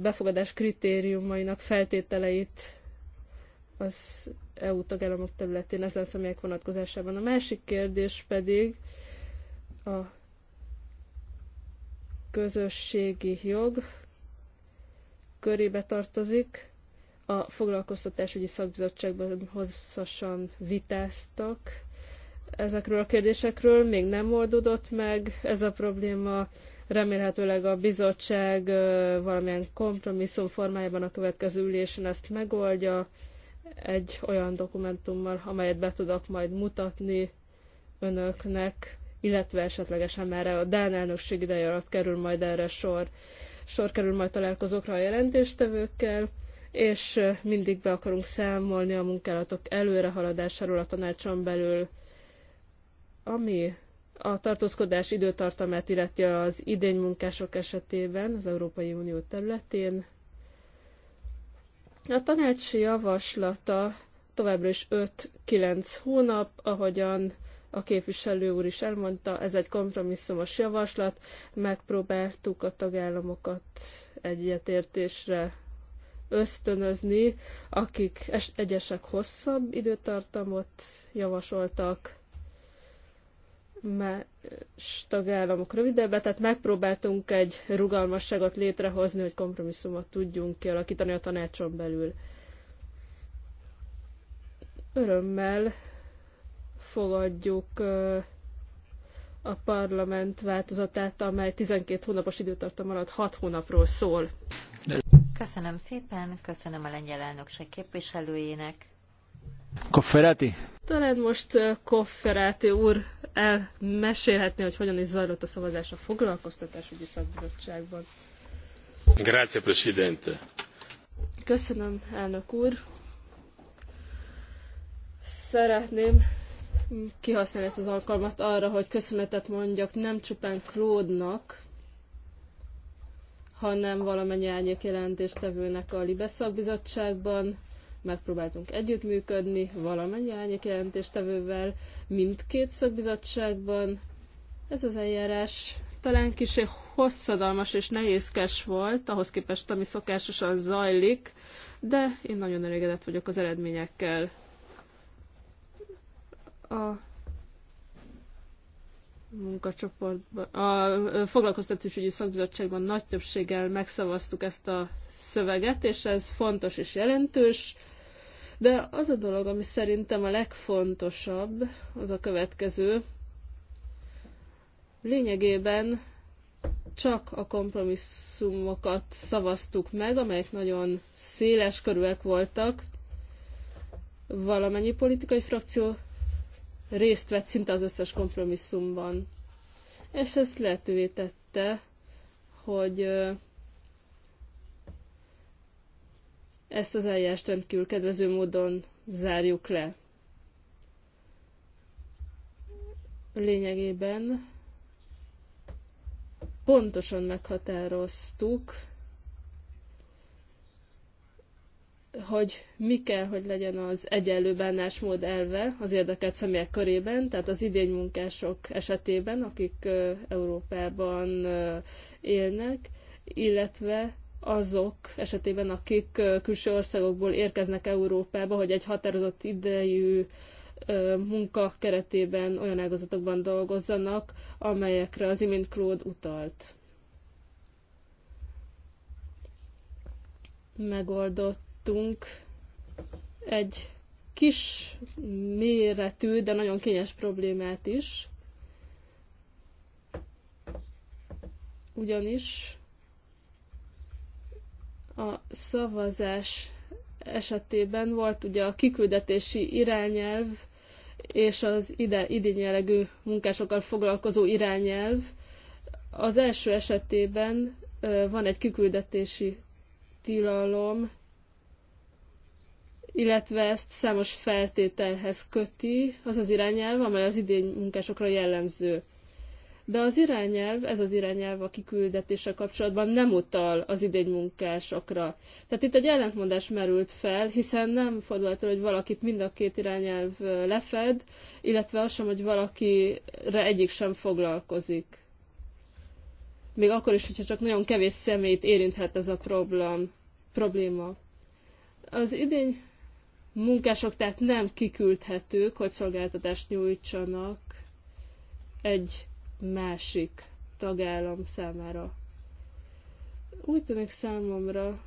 befogadás kritériumainak feltételeit az EU tagállamok területén ezen személyek vonatkozásában. A másik kérdés pedig a közösségi jog körébe tartozik. A foglalkoztatásügyi szakbizottságban hosszasan vitáztak ezekről a kérdésekről, még nem oldódott meg ez a probléma. Remélhetőleg a bizottság valamilyen kompromisszum formájában a következő ülésen ezt megoldja egy olyan dokumentummal, amelyet be tudok majd mutatni önöknek, illetve esetlegesen már a Dán elnökség ideje alatt kerül majd erre sor, sor kerül majd találkozókra a jelentéstevőkkel, és mindig be akarunk számolni a munkálatok előrehaladásáról a tanácson belül, ami a tartózkodás időtartamát illeti az idénymunkások esetében az Európai Unió területén. A tanácsi javaslata továbbra is 5-9 hónap, ahogyan a képviselő úr is elmondta, ez egy kompromisszumos javaslat, megpróbáltuk a tagállamokat egyetértésre ösztönözni, akik egyesek hosszabb időtartamot javasoltak, más tagállamok rövidebbre, tehát megpróbáltunk egy rugalmasságot létrehozni, hogy kompromisszumot tudjunk kialakítani a tanácson belül. Örömmel fogadjuk a parlament változatát, amely 12 hónapos időtartam alatt 6 hónapról szól. Köszönöm szépen, köszönöm a lengyel elnökség képviselőjének Kofferati? Talán most Kofferati uh, úr elmesélhetné, hogy hogyan is zajlott a szavazás a foglalkoztatásügyi szakbizottságban. Grazie, Presidente. Köszönöm, elnök úr. Szeretném kihasználni ezt az alkalmat arra, hogy köszönetet mondjak nem csupán Klódnak, hanem valamennyi árnyék tevőnek a Libeszak bizottságban, megpróbáltunk együttműködni valamennyi árnyék jelentéstevővel mindkét szakbizottságban. Ez az eljárás talán kicsit hosszadalmas és nehézkes volt, ahhoz képest, ami szokásosan zajlik, de én nagyon elégedett vagyok az eredményekkel. A munkacsoportban, a foglalkoztatásügyi szakbizottságban nagy többséggel megszavaztuk ezt a szöveget, és ez fontos és jelentős. De az a dolog, ami szerintem a legfontosabb, az a következő. Lényegében csak a kompromisszumokat szavaztuk meg, amelyek nagyon széles körűek voltak. Valamennyi politikai frakció részt vett szinte az összes kompromisszumban. És ezt lehetővé tette, hogy ezt az eljárást rendkívül kedvező módon zárjuk le. Lényegében pontosan meghatároztuk, hogy mi kell, hogy legyen az egyenlő bánásmód elve az érdekelt személyek körében, tehát az idénymunkások esetében, akik Európában élnek, illetve azok esetében, akik külső országokból érkeznek Európába, hogy egy határozott idejű munka keretében olyan ágazatokban dolgozzanak, amelyekre az imént Claude utalt. Megoldottunk egy kis méretű, de nagyon kényes problémát is. Ugyanis a szavazás esetében volt ugye a kiküldetési irányelv és az ide, jellegű munkásokkal foglalkozó irányelv. Az első esetében van egy kiküldetési tilalom, illetve ezt számos feltételhez köti az az irányelv, amely az idény munkásokra jellemző de az irányelv, ez az irányelv a kiküldetése kapcsolatban nem utal az idény munkásokra. Tehát itt egy ellentmondás merült fel, hiszen nem fordulhat hogy valakit mind a két irányelv lefed, illetve az sem, hogy valakire egyik sem foglalkozik. Még akkor is, hogyha csak nagyon kevés szemét érinthet ez a problém, probléma. Az idény munkások tehát nem kiküldhetők, hogy szolgáltatást nyújtsanak egy másik tagállam számára. Úgy tűnik számomra,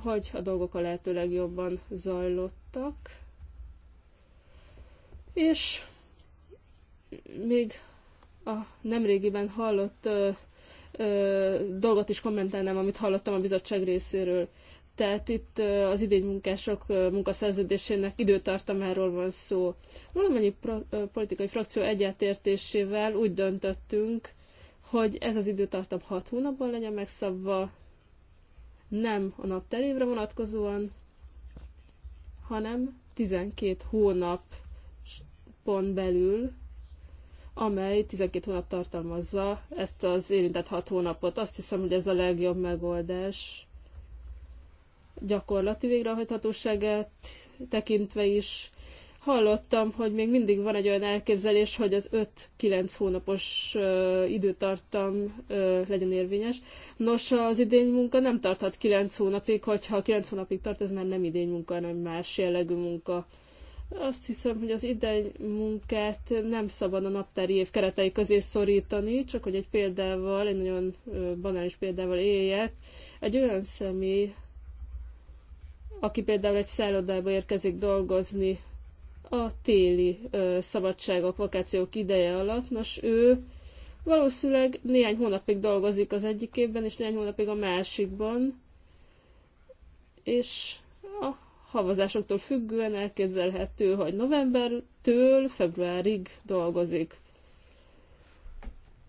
hogy a dolgok a lehető legjobban zajlottak, és még a nemrégiben hallott ö, ö, dolgot is kommentálnám, amit hallottam a bizottság részéről. Tehát itt az idény munkások munkaszerződésének időtartamáról van szó. Valamennyi politikai frakció egyetértésével úgy döntöttünk, hogy ez az időtartam 6 hónapban legyen megszabva, nem a napterévre vonatkozóan, hanem 12 hónap pont belül, amely 12 hónap tartalmazza ezt az érintett 6 hónapot. Azt hiszem, hogy ez a legjobb megoldás gyakorlati végrehajthatóságát tekintve is hallottam, hogy még mindig van egy olyan elképzelés, hogy az 5-9 hónapos ö, időtartam ö, legyen érvényes. Nos, az idény munka nem tarthat 9 hónapig, hogyha 9 hónapig tart, ez már nem idény munka, hanem más jellegű munka. Azt hiszem, hogy az idény munkát nem szabad a naptári év keretei közé szorítani, csak hogy egy példával, egy nagyon banális példával éljek. Egy olyan személy, aki például egy szállodába érkezik dolgozni a téli ö, szabadságok, vakációk ideje alatt, nos ő valószínűleg néhány hónapig dolgozik az egyik évben, és néhány hónapig a másikban, és a havazásoktól függően elképzelhető, hogy novembertől februárig dolgozik.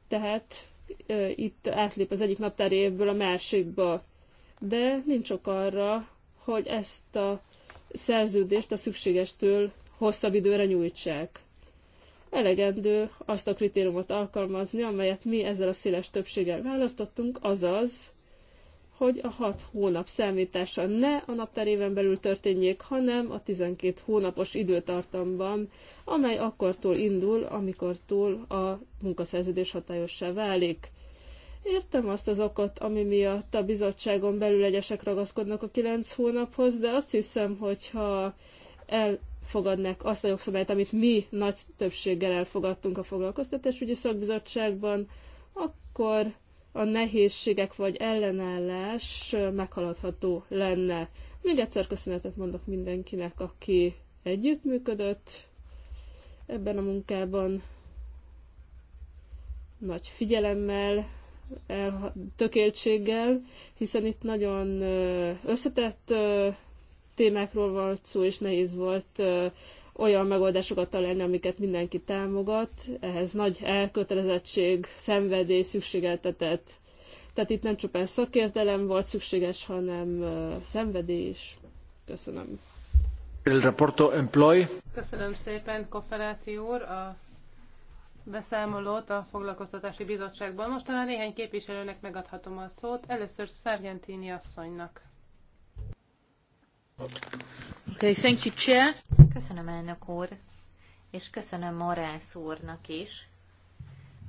Tehát itt átlép az egyik naptári évből a másikba, de nincs ok arra, hogy ezt a szerződést a szükségestől hosszabb időre nyújtsák. Elegendő azt a kritériumot alkalmazni, amelyet mi ezzel a széles többséggel választottunk, azaz, hogy a 6 hónap számítása ne a naptáréven belül történjék, hanem a 12 hónapos időtartamban, amely akkortól indul, amikortól a munkaszerződés hatályossá válik. Értem azt az okot, ami miatt a bizottságon belül egyesek ragaszkodnak a kilenc hónaphoz, de azt hiszem, hogyha elfogadnák azt a jogszabályt, amit mi nagy többséggel elfogadtunk a foglalkoztatásügyi szakbizottságban, akkor a nehézségek vagy ellenállás meghaladható lenne. Még egyszer köszönetet mondok mindenkinek, aki együttműködött ebben a munkában, nagy figyelemmel tökéltséggel, hiszen itt nagyon összetett témákról volt szó, és nehéz volt olyan megoldásokat találni, amiket mindenki támogat. Ehhez nagy elkötelezettség, szenvedély szükségeltetett. Tehát itt nem csupán szakértelem volt szükséges, hanem szenvedély is. Köszönöm. El raporto employ. Köszönöm szépen, Koferáti úr, a beszámolót a Foglalkoztatási Bizottságban. Most talán néhány képviselőnek megadhatom a szót. Először Sargentini asszonynak. Okay, thank you, Chair. Köszönöm, elnök úr, és köszönöm Morász úrnak is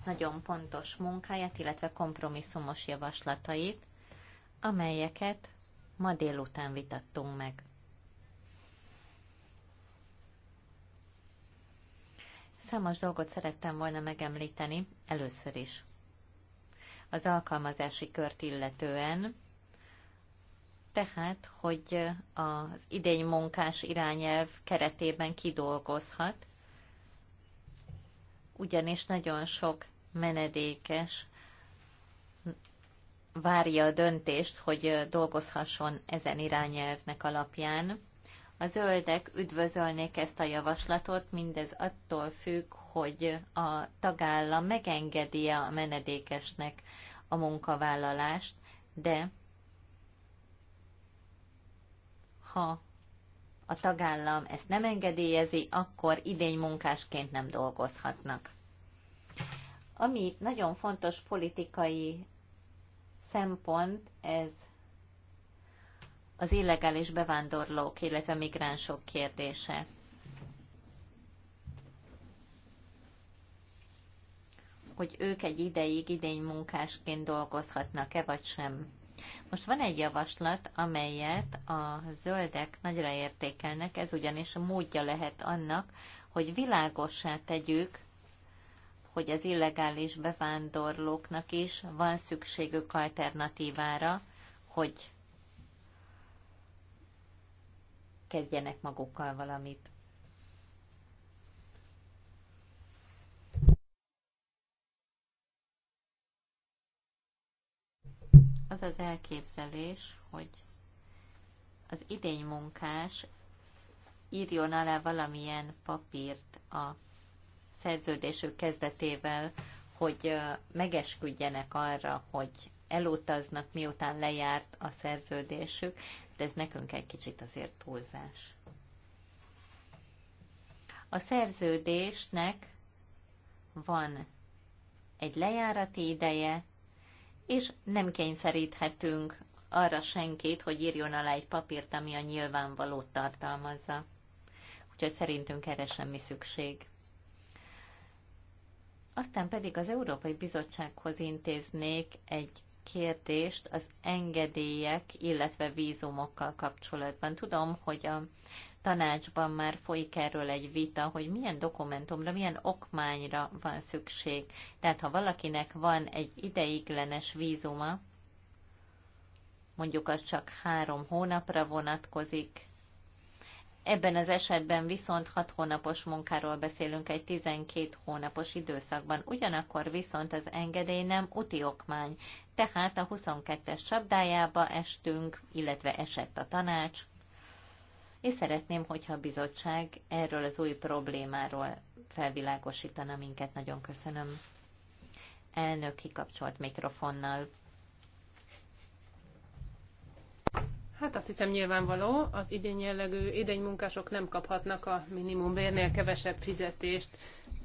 nagyon pontos munkáját, illetve kompromisszumos javaslatait, amelyeket ma délután vitattunk meg. Számos dolgot szerettem volna megemlíteni először is. Az alkalmazási kört illetően, tehát, hogy az idény munkás irányelv keretében kidolgozhat, ugyanis nagyon sok menedékes várja a döntést, hogy dolgozhasson ezen irányelvnek alapján. A zöldek üdvözölnék ezt a javaslatot, mindez attól függ, hogy a tagállam megengedi a menedékesnek a munkavállalást, de ha a tagállam ezt nem engedélyezi, akkor idény munkásként nem dolgozhatnak. Ami nagyon fontos politikai szempont, ez az illegális bevándorlók, illetve migránsok kérdése. Hogy ők egy ideig idény munkásként dolgozhatnak-e, vagy sem. Most van egy javaslat, amelyet a zöldek nagyra értékelnek, ez ugyanis a módja lehet annak, hogy világossá tegyük, hogy az illegális bevándorlóknak is van szükségük alternatívára, hogy kezdjenek magukkal valamit. Az az elképzelés, hogy az idény munkás írjon alá valamilyen papírt a szerződésük kezdetével, hogy megesküdjenek arra, hogy elutaznak, miután lejárt a szerződésük, de hát ez nekünk egy kicsit azért túlzás. A szerződésnek van egy lejárati ideje, és nem kényszeríthetünk arra senkit, hogy írjon alá egy papírt, ami a nyilvánvalót tartalmazza. Úgyhogy szerintünk erre semmi szükség. Aztán pedig az Európai Bizottsághoz intéznék egy kérdést az engedélyek, illetve vízumokkal kapcsolatban. Tudom, hogy a tanácsban már folyik erről egy vita, hogy milyen dokumentumra, milyen okmányra van szükség. Tehát ha valakinek van egy ideiglenes vízuma, mondjuk az csak három hónapra vonatkozik, Ebben az esetben viszont 6 hónapos munkáról beszélünk egy 12 hónapos időszakban, ugyanakkor viszont az engedély nem úti okmány, tehát a 22-es csapdájába estünk, illetve esett a tanács, és szeretném, hogyha a bizottság erről az új problémáról felvilágosítana minket. Nagyon köszönöm. Elnök kikapcsolt mikrofonnal. Hát azt hiszem nyilvánvaló, az idén jellegű idénymunkások nem kaphatnak a minimumbérnél kevesebb fizetést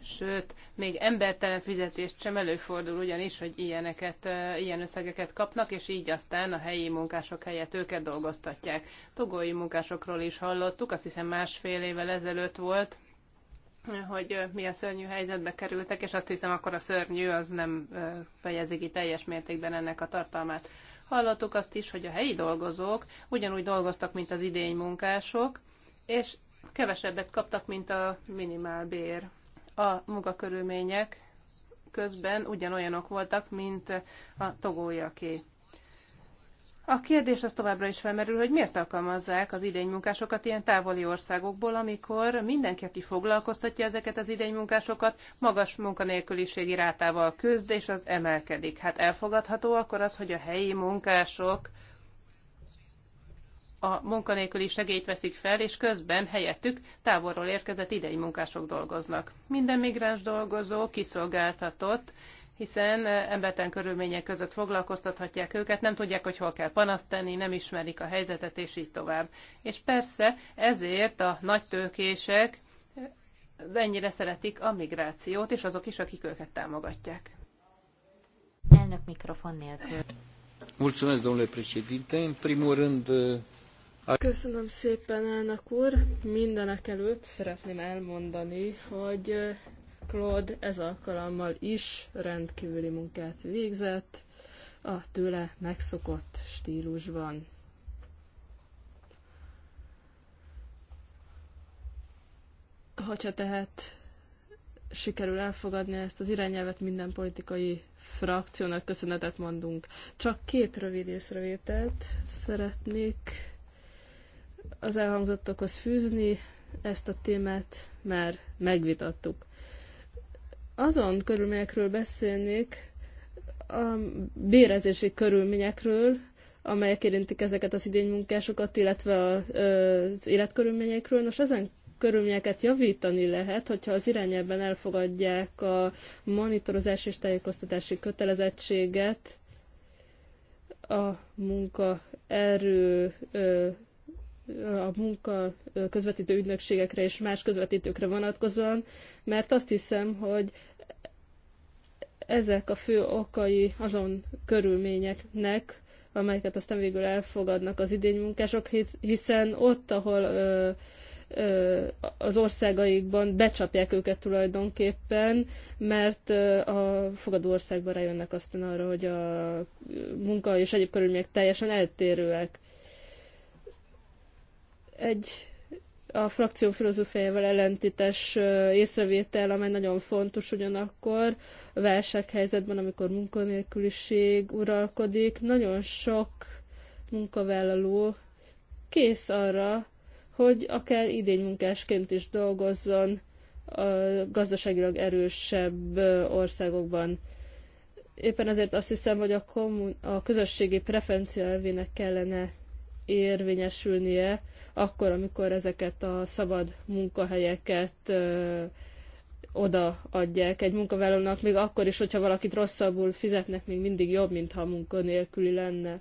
sőt, még embertelen fizetést sem előfordul ugyanis, hogy ilyeneket, ilyen összegeket kapnak, és így aztán a helyi munkások helyett őket dolgoztatják. Togói munkásokról is hallottuk, azt hiszem másfél évvel ezelőtt volt, hogy mi a szörnyű helyzetbe kerültek, és azt hiszem akkor a szörnyű az nem fejezi ki teljes mértékben ennek a tartalmát. Hallottuk azt is, hogy a helyi dolgozók ugyanúgy dolgoztak, mint az idény munkások, és kevesebbet kaptak, mint a minimálbér a munkakörülmények közben ugyanolyanok voltak, mint a togójaké. A kérdés az továbbra is felmerül, hogy miért alkalmazzák az idénymunkásokat ilyen távoli országokból, amikor mindenki, aki foglalkoztatja ezeket az idénymunkásokat, magas munkanélküliségi rátával küzd, és az emelkedik. Hát elfogadható akkor az, hogy a helyi munkások a munkanélküli segélyt veszik fel, és közben helyettük távolról érkezett idei munkások dolgoznak. Minden migráns dolgozó kiszolgáltatott, hiszen eh, embertelen körülmények között foglalkoztathatják őket, nem tudják, hogy hol kell panaszt tenni, nem ismerik a helyzetet, és így tovább. És persze ezért a nagy tőkések eh, ennyire szeretik a migrációt, és azok is, akik őket támogatják. Elnök mikrofon nélkül. Mulțumesc, domnule președinte. În primul rând, eh, Köszönöm szépen, elnök úr. Mindenek előtt szeretném elmondani, hogy Claude ez alkalommal is rendkívüli munkát végzett a tőle megszokott stílusban. Hogyha tehát sikerül elfogadni ezt az irányelvet, minden politikai frakciónak köszönetet mondunk. Csak két rövid észrevételt szeretnék az elhangzottakhoz fűzni, ezt a témát már megvitattuk. Azon körülményekről beszélnék, a bérezési körülményekről, amelyek érintik ezeket az idénymunkásokat, illetve az életkörülményekről. Nos, ezen körülményeket javítani lehet, hogyha az irányelben elfogadják a monitorozás és tájékoztatási kötelezettséget a munkaerő a munka közvetítő ügynökségekre és más közvetítőkre vonatkozóan, mert azt hiszem, hogy ezek a fő okai azon körülményeknek, amelyeket aztán végül elfogadnak az idénymunkások, hiszen ott, ahol ö, ö, az országaikban becsapják őket tulajdonképpen, mert ö, a fogadó országban rájönnek aztán arra, hogy a munka és egyéb körülmények teljesen eltérőek. Egy a frakció filozófiájával ellentétes észrevétel, amely nagyon fontos ugyanakkor a válsághelyzetben, amikor munkanélküliség uralkodik, nagyon sok munkavállaló kész arra, hogy akár idénymunkásként is dolgozzon a gazdaságilag erősebb országokban. Éppen ezért azt hiszem, hogy a, kommun- a közösségi preferencia elvének kellene érvényesülnie, akkor, amikor ezeket a szabad munkahelyeket ö, odaadják egy munkavállalónak, még akkor is, hogyha valakit rosszabbul fizetnek, még mindig jobb, mint ha munkanélküli lenne.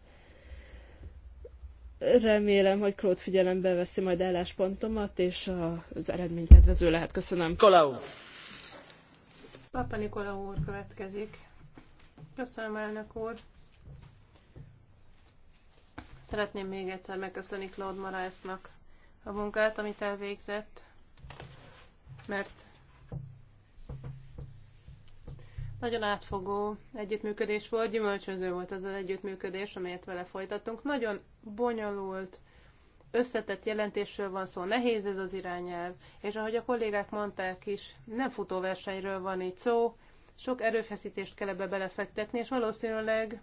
Remélem, hogy Claude figyelembe veszi majd álláspontomat, és az eredmény kedvező lehet. Köszönöm. Kolau. Papa Nikola úr következik. Köszönöm, elnök úr. Szeretném még egyszer megköszönni Claude Moraesnak a munkát, amit elvégzett, mert nagyon átfogó együttműködés volt, gyümölcsöző volt az az együttműködés, amelyet vele folytattunk. Nagyon bonyolult, összetett jelentésről van szó, nehéz ez az irányelv, és ahogy a kollégák mondták is, nem futóversenyről van itt szó, sok erőfeszítést kell ebbe belefektetni, és valószínűleg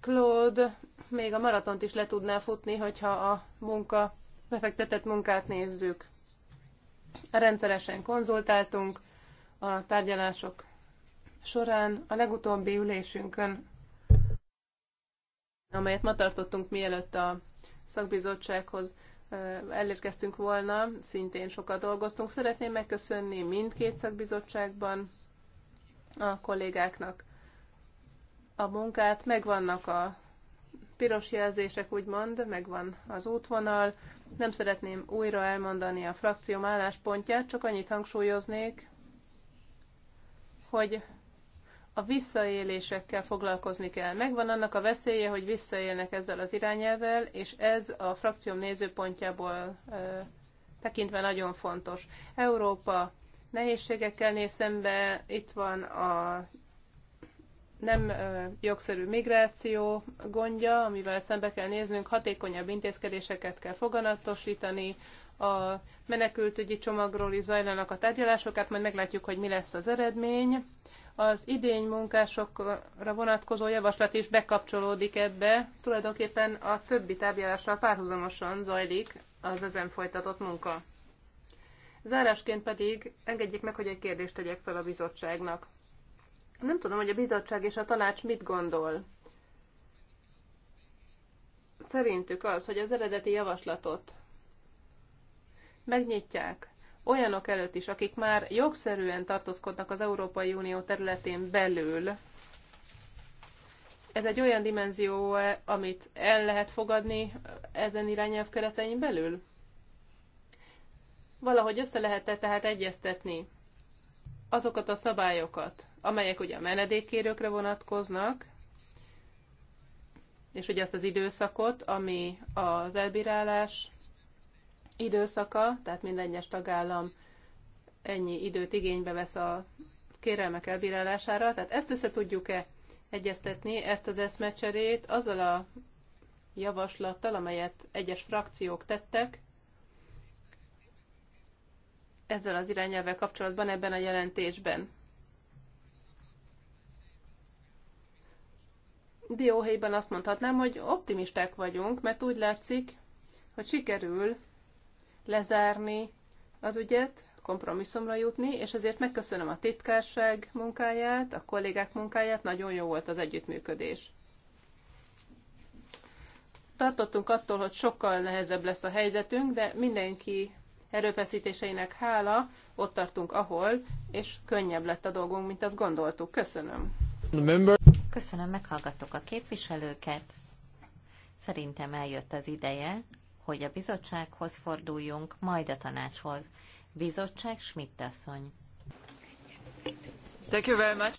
Claude még a maratont is le tudná futni, hogyha a munka, befektetett munkát nézzük. Rendszeresen konzultáltunk a tárgyalások során a legutóbbi ülésünkön, amelyet ma tartottunk mielőtt a szakbizottsághoz elérkeztünk volna, szintén sokat dolgoztunk. Szeretném megköszönni mindkét szakbizottságban a kollégáknak a munkát, megvannak a piros jelzések, úgymond, megvan az útvonal. Nem szeretném újra elmondani a frakcióm álláspontját, csak annyit hangsúlyoznék, hogy a visszaélésekkel foglalkozni kell. Megvan annak a veszélye, hogy visszaélnek ezzel az irányelvel, és ez a frakcióm nézőpontjából ö, tekintve nagyon fontos. Európa nehézségekkel néz szembe, itt van a nem jogszerű migráció gondja, amivel szembe kell néznünk, hatékonyabb intézkedéseket kell foganatosítani, a menekültügyi csomagról is zajlanak a tárgyalások, hát majd meglátjuk, hogy mi lesz az eredmény. Az idény munkásokra vonatkozó javaslat is bekapcsolódik ebbe, tulajdonképpen a többi tárgyalással párhuzamosan zajlik az ezen folytatott munka. Zárásként pedig engedjék meg, hogy egy kérdést tegyek fel a bizottságnak. Nem tudom, hogy a bizottság és a tanács mit gondol. Szerintük az, hogy az eredeti javaslatot megnyitják olyanok előtt is, akik már jogszerűen tartózkodnak az Európai Unió területén belül, ez egy olyan dimenzió, amit el lehet fogadni ezen irányelv keretein belül? Valahogy össze lehet -e tehát egyeztetni azokat a szabályokat, amelyek ugye a menedékkérőkre vonatkoznak, és ugye azt az időszakot, ami az elbírálás időszaka, tehát minden egyes tagállam ennyi időt igénybe vesz a kérelmek elbírálására, tehát ezt össze tudjuk-e egyeztetni, ezt az eszmecserét azzal a javaslattal, amelyet egyes frakciók tettek, ezzel az irányelvvel kapcsolatban ebben a jelentésben. dióhéjban azt mondhatnám, hogy optimisták vagyunk, mert úgy látszik, hogy sikerül lezárni az ügyet, kompromisszumra jutni, és ezért megköszönöm a titkárság munkáját, a kollégák munkáját, nagyon jó volt az együttműködés. Tartottunk attól, hogy sokkal nehezebb lesz a helyzetünk, de mindenki erőfeszítéseinek hála, ott tartunk ahol, és könnyebb lett a dolgunk, mint azt gondoltuk. Köszönöm. Köszönöm, meghallgattuk a képviselőket. Szerintem eljött az ideje, hogy a bizottsághoz forduljunk, majd a tanácshoz. Bizottság Schmidt asszony. Thank you very much.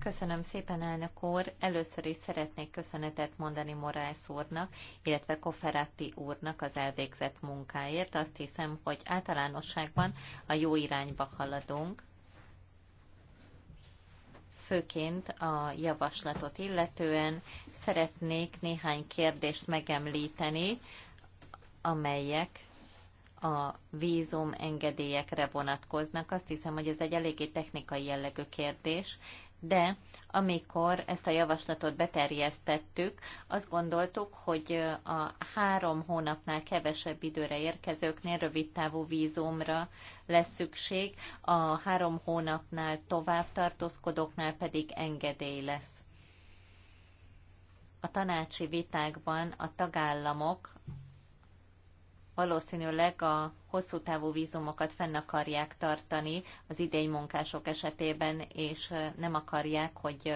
Köszönöm szépen, elnök úr. Először is szeretnék köszönetet mondani Morász úrnak, illetve Koferatti úrnak az elvégzett munkáért. Azt hiszem, hogy általánosságban a jó irányba haladunk főként a javaslatot illetően szeretnék néhány kérdést megemlíteni, amelyek a vízum engedélyekre vonatkoznak. Azt hiszem, hogy ez egy eléggé technikai jellegű kérdés, de amikor ezt a javaslatot beterjesztettük, azt gondoltuk, hogy a három hónapnál kevesebb időre érkezőknél rövidtávú vízumra lesz szükség, a három hónapnál tovább tartózkodóknál pedig engedély lesz. A tanácsi vitákban a tagállamok valószínűleg a hosszú távú vízumokat fenn akarják tartani az idei munkások esetében, és nem akarják, hogy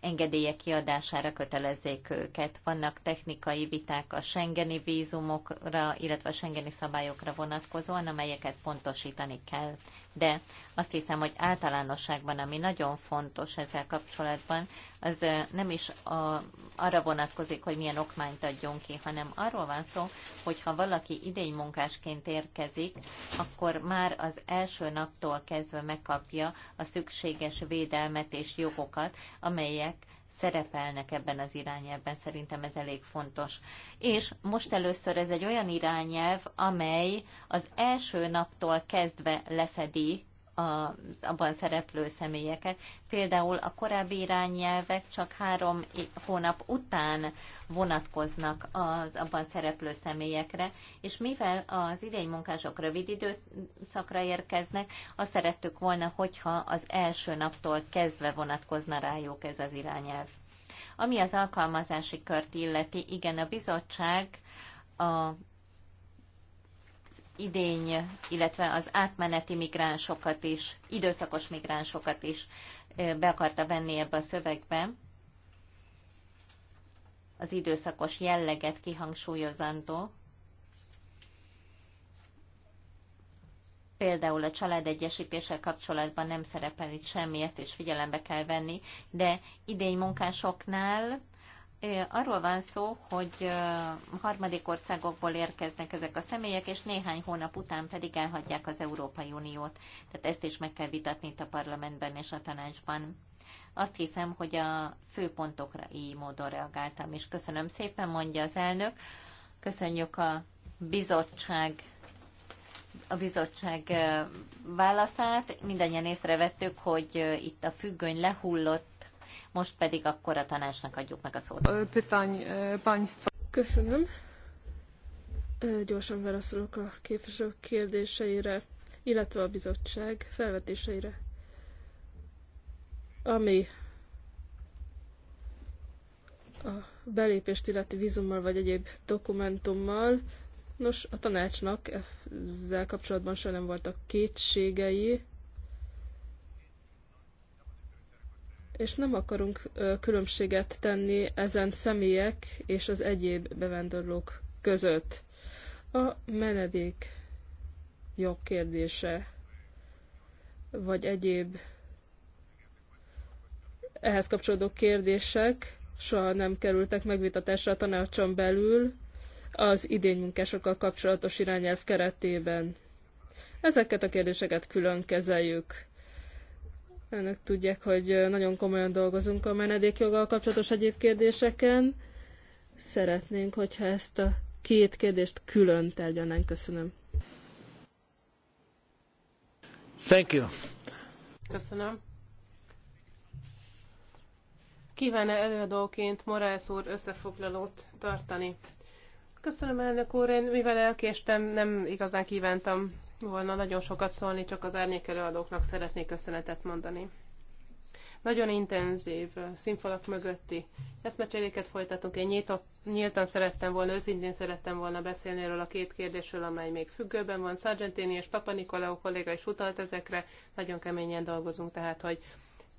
engedélyek kiadására kötelezzék őket. Vannak technikai viták a Schengeni vízumokra, illetve a Schengeni szabályokra vonatkozóan, amelyeket pontosítani kell de azt hiszem, hogy általánosságban, ami nagyon fontos ezzel kapcsolatban, az nem is a, arra vonatkozik, hogy milyen okmányt adjon ki, hanem arról van szó, hogy ha valaki idénymunkásként érkezik, akkor már az első naptól kezdve megkapja a szükséges védelmet és jogokat, amelyek szerepelnek ebben az irányelvben, szerintem ez elég fontos. És most először ez egy olyan irányelv, amely az első naptól kezdve lefedi a, abban szereplő személyeket. Például a korábbi irányelvek csak három hónap után vonatkoznak az abban szereplő személyekre, és mivel az idei munkások rövid időszakra érkeznek, azt szerettük volna, hogyha az első naptól kezdve vonatkozna rájuk ez az irányelv. Ami az alkalmazási kört illeti, igen, a bizottság a idény, illetve az átmeneti migránsokat is, időszakos migránsokat is be akarta venni ebbe a szövegbe. Az időszakos jelleget kihangsúlyozandó. Például a családegyesítéssel kapcsolatban nem szerepel itt semmi, ezt is figyelembe kell venni, de idény munkásoknál Arról van szó, hogy harmadik országokból érkeznek ezek a személyek, és néhány hónap után pedig elhagyják az Európai Uniót. Tehát ezt is meg kell vitatni itt a parlamentben és a tanácsban. Azt hiszem, hogy a főpontokra így módon reagáltam, és köszönöm szépen, mondja az elnök. Köszönjük a bizottság a bizottság válaszát. Mindannyian észrevettük, hogy itt a függöny lehullott most pedig akkor a tanácsnak adjuk meg a szót. Köszönöm. Gyorsan válaszolok a képviselők kérdéseire, illetve a bizottság felvetéseire. Ami a belépést illeti vízummal vagy egyéb dokumentummal, nos, a tanácsnak ezzel kapcsolatban soha nem voltak kétségei, és nem akarunk különbséget tenni ezen személyek és az egyéb bevándorlók között. A menedék jogkérdése, vagy egyéb ehhez kapcsolódó kérdések soha nem kerültek megvitatásra a tanácson belül az idénymunkásokkal kapcsolatos irányelv keretében. Ezeket a kérdéseket külön kezeljük. Önök tudják, hogy nagyon komolyan dolgozunk a menedékjoggal kapcsolatos egyéb kérdéseken. Szeretnénk, hogyha ezt a két kérdést külön tárgyalnánk. Köszönöm. Thank you. Köszönöm. Kívánne előadóként Morales úr összefoglalót tartani? Köszönöm, elnök úr. Én mivel elkéstem, nem igazán kívántam volna nagyon sokat szólni, csak az árnyék előadóknak szeretnék köszönetet mondani. Nagyon intenzív, színfalak mögötti eszmecseréket folytatunk. Én nyitott, nyíltan szerettem volna, őszintén szerettem volna beszélni erről a két kérdésről, amely még függőben van. Sargentini és Papa Nikolaou kolléga is utalt ezekre. Nagyon keményen dolgozunk, tehát hogy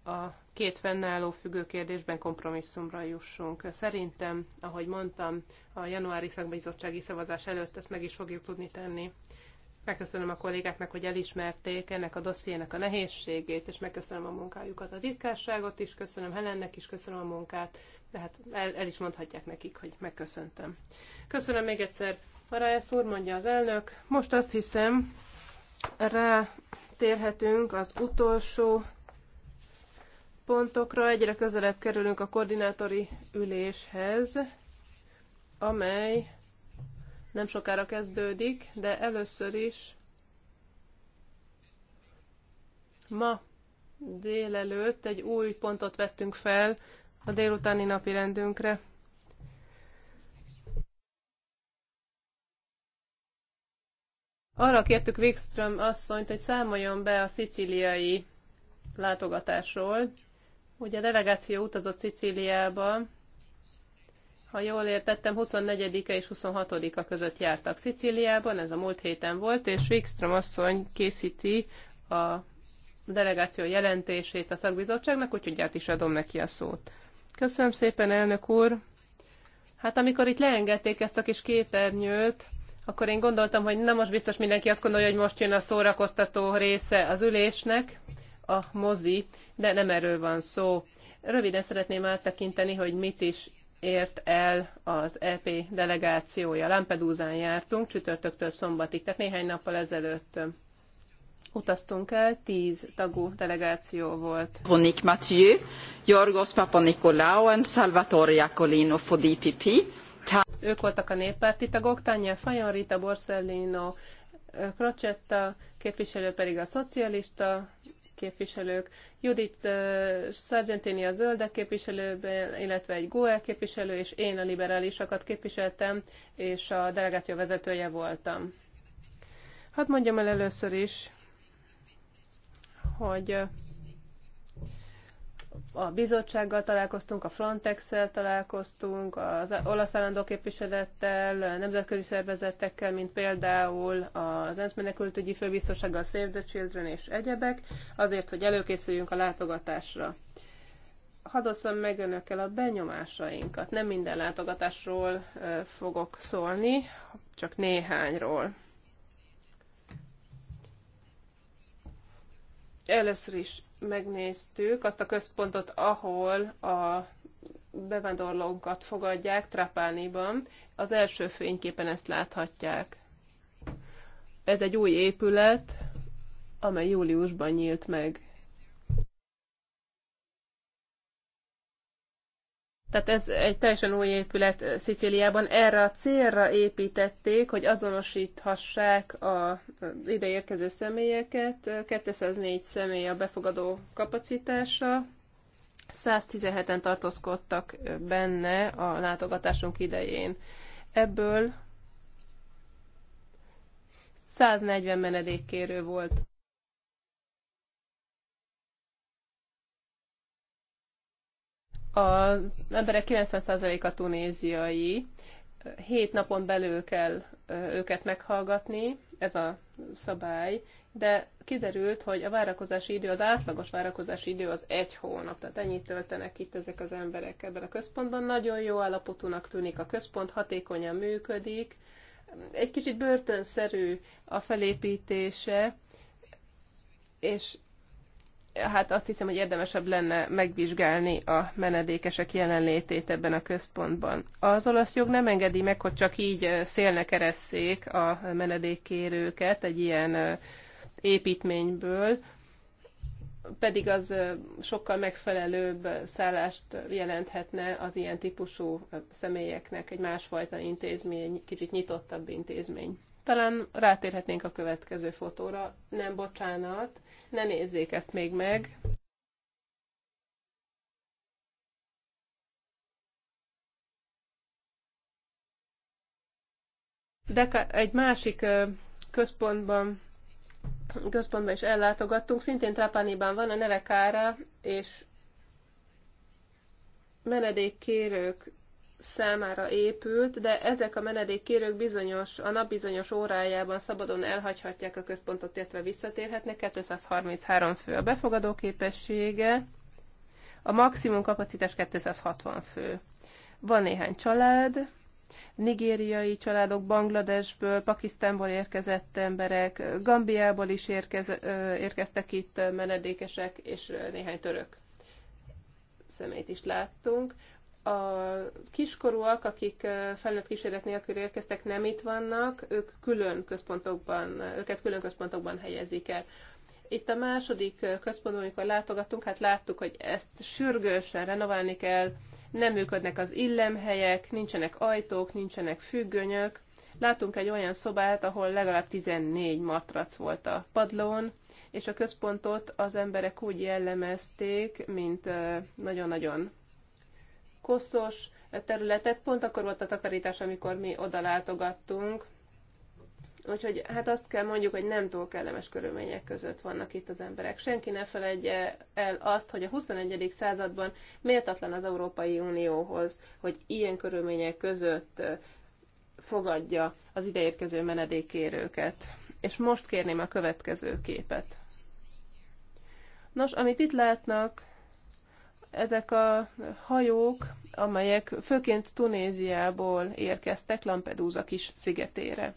a két fennálló függő kérdésben kompromisszumra jussunk. Szerintem, ahogy mondtam, a januári szakbizottsági szavazás előtt ezt meg is fogjuk tudni tenni. Megköszönöm a kollégáknak, hogy elismerték ennek a dossziének a nehézségét, és megköszönöm a munkájukat, a titkárságot is, köszönöm Helennek is, köszönöm a munkát, de hát el, el is mondhatják nekik, hogy megköszöntem. Köszönöm még egyszer, Marályesz úr, mondja az elnök. Most azt hiszem, térhetünk az utolsó pontokra, egyre közelebb kerülünk a koordinátori üléshez, amely nem sokára kezdődik, de először is ma délelőtt egy új pontot vettünk fel a délutáni napi rendünkre. Arra kértük Wikström asszonyt, hogy számoljon be a szicíliai látogatásról. Ugye a delegáció utazott Szicíliába ha jól értettem, 24-e és 26-a között jártak Szicíliában, ez a múlt héten volt, és Wikström asszony készíti a delegáció jelentését a szakbizottságnak, úgyhogy át is adom neki a szót. Köszönöm szépen, elnök úr! Hát amikor itt leengedték ezt a kis képernyőt, akkor én gondoltam, hogy nem most biztos mindenki azt gondolja, hogy most jön a szórakoztató része az ülésnek, a mozi, de nem erről van szó. Röviden szeretném áttekinteni, hogy mit is ért el az EP delegációja. Lampedúzán jártunk, csütörtöktől szombatig, tehát néhány nappal ezelőtt utaztunk el, tíz tagú delegáció volt. Vonik Mathieu, Jorgos Papa and Salvatore Jacolino for DPP. E Ők voltak a néppárti tagok, Tanya Fajon, Rita Borsellino, Crocetta, képviselő pedig a szocialista képviselők, Judit Sargentini a zöldek képviselőben, illetve egy GUE képviselő, és én a liberálisakat képviseltem, és a delegáció vezetője voltam. Hadd mondjam el először is, hogy a bizottsággal találkoztunk, a Frontex-el találkoztunk, az olasz állandó képviselettel, nemzetközi szervezetekkel, mint például az ENSZ menekültügyi főbiztossággal, a Save the Children és egyebek, azért, hogy előkészüljünk a látogatásra. Hadd osszam meg önökkel a benyomásainkat. Nem minden látogatásról fogok szólni, csak néhányról. Először is megnéztük azt a központot, ahol a bevándorlókat fogadják Trapániban. Az első fényképen ezt láthatják. Ez egy új épület, amely júliusban nyílt meg. Tehát ez egy teljesen új épület eh, Szicíliában. Erre a célra építették, hogy azonosíthassák a eh, ide érkező személyeket. 204 eh, személy a befogadó kapacitása. 117-en tartózkodtak benne a látogatásunk idején. Ebből 140 menedékkérő volt. Az emberek 90%-a tunéziai, hét napon belül kell őket meghallgatni, ez a szabály, de kiderült, hogy a várakozási idő, az átlagos várakozási idő az egy hónap, tehát ennyit töltenek itt ezek az emberek ebben a központban. Nagyon jó állapotúnak tűnik a központ, hatékonyan működik, egy kicsit börtönszerű a felépítése, és hát azt hiszem, hogy érdemesebb lenne megvizsgálni a menedékesek jelenlétét ebben a központban. Az olasz jog nem engedi meg, hogy csak így szélnek keresszék a menedékkérőket egy ilyen építményből, pedig az sokkal megfelelőbb szállást jelenthetne az ilyen típusú személyeknek egy másfajta intézmény, kicsit nyitottabb intézmény. Talán rátérhetnénk a következő fotóra. Nem, bocsánat, ne nézzék ezt még meg. De egy másik központban központban is ellátogattunk, szintén Trapaniban van a neve Kára, és menedékkérők számára épült, de ezek a menedékkérők bizonyos, a nap bizonyos órájában szabadon elhagyhatják a központot, illetve visszatérhetnek. 233 fő a befogadó képessége, a maximum kapacitás 260 fő. Van néhány család, nigériai családok, Bangladesből, Pakisztánból érkezett emberek, Gambiából is érkez, érkeztek itt menedékesek, és néhány török szemét is láttunk a kiskorúak, akik felnőtt kísérlet nélkül érkeztek, nem itt vannak, ők külön központokban, őket külön központokban helyezik el. Itt a második központban, amikor látogattunk, hát láttuk, hogy ezt sürgősen renoválni kell, nem működnek az illemhelyek, nincsenek ajtók, nincsenek függönyök. Látunk egy olyan szobát, ahol legalább 14 matrac volt a padlón, és a központot az emberek úgy jellemezték, mint nagyon-nagyon koszos területet, pont akkor volt a takarítás, amikor mi oda látogattunk. Úgyhogy hát azt kell mondjuk, hogy nem túl kellemes körülmények között vannak itt az emberek. Senki ne feledje el azt, hogy a 21. században méltatlan az Európai Unióhoz, hogy ilyen körülmények között fogadja az ideérkező menedékkérőket. És most kérném a következő képet. Nos, amit itt látnak, ezek a hajók, amelyek főként Tunéziából érkeztek Lampedusa kis szigetére.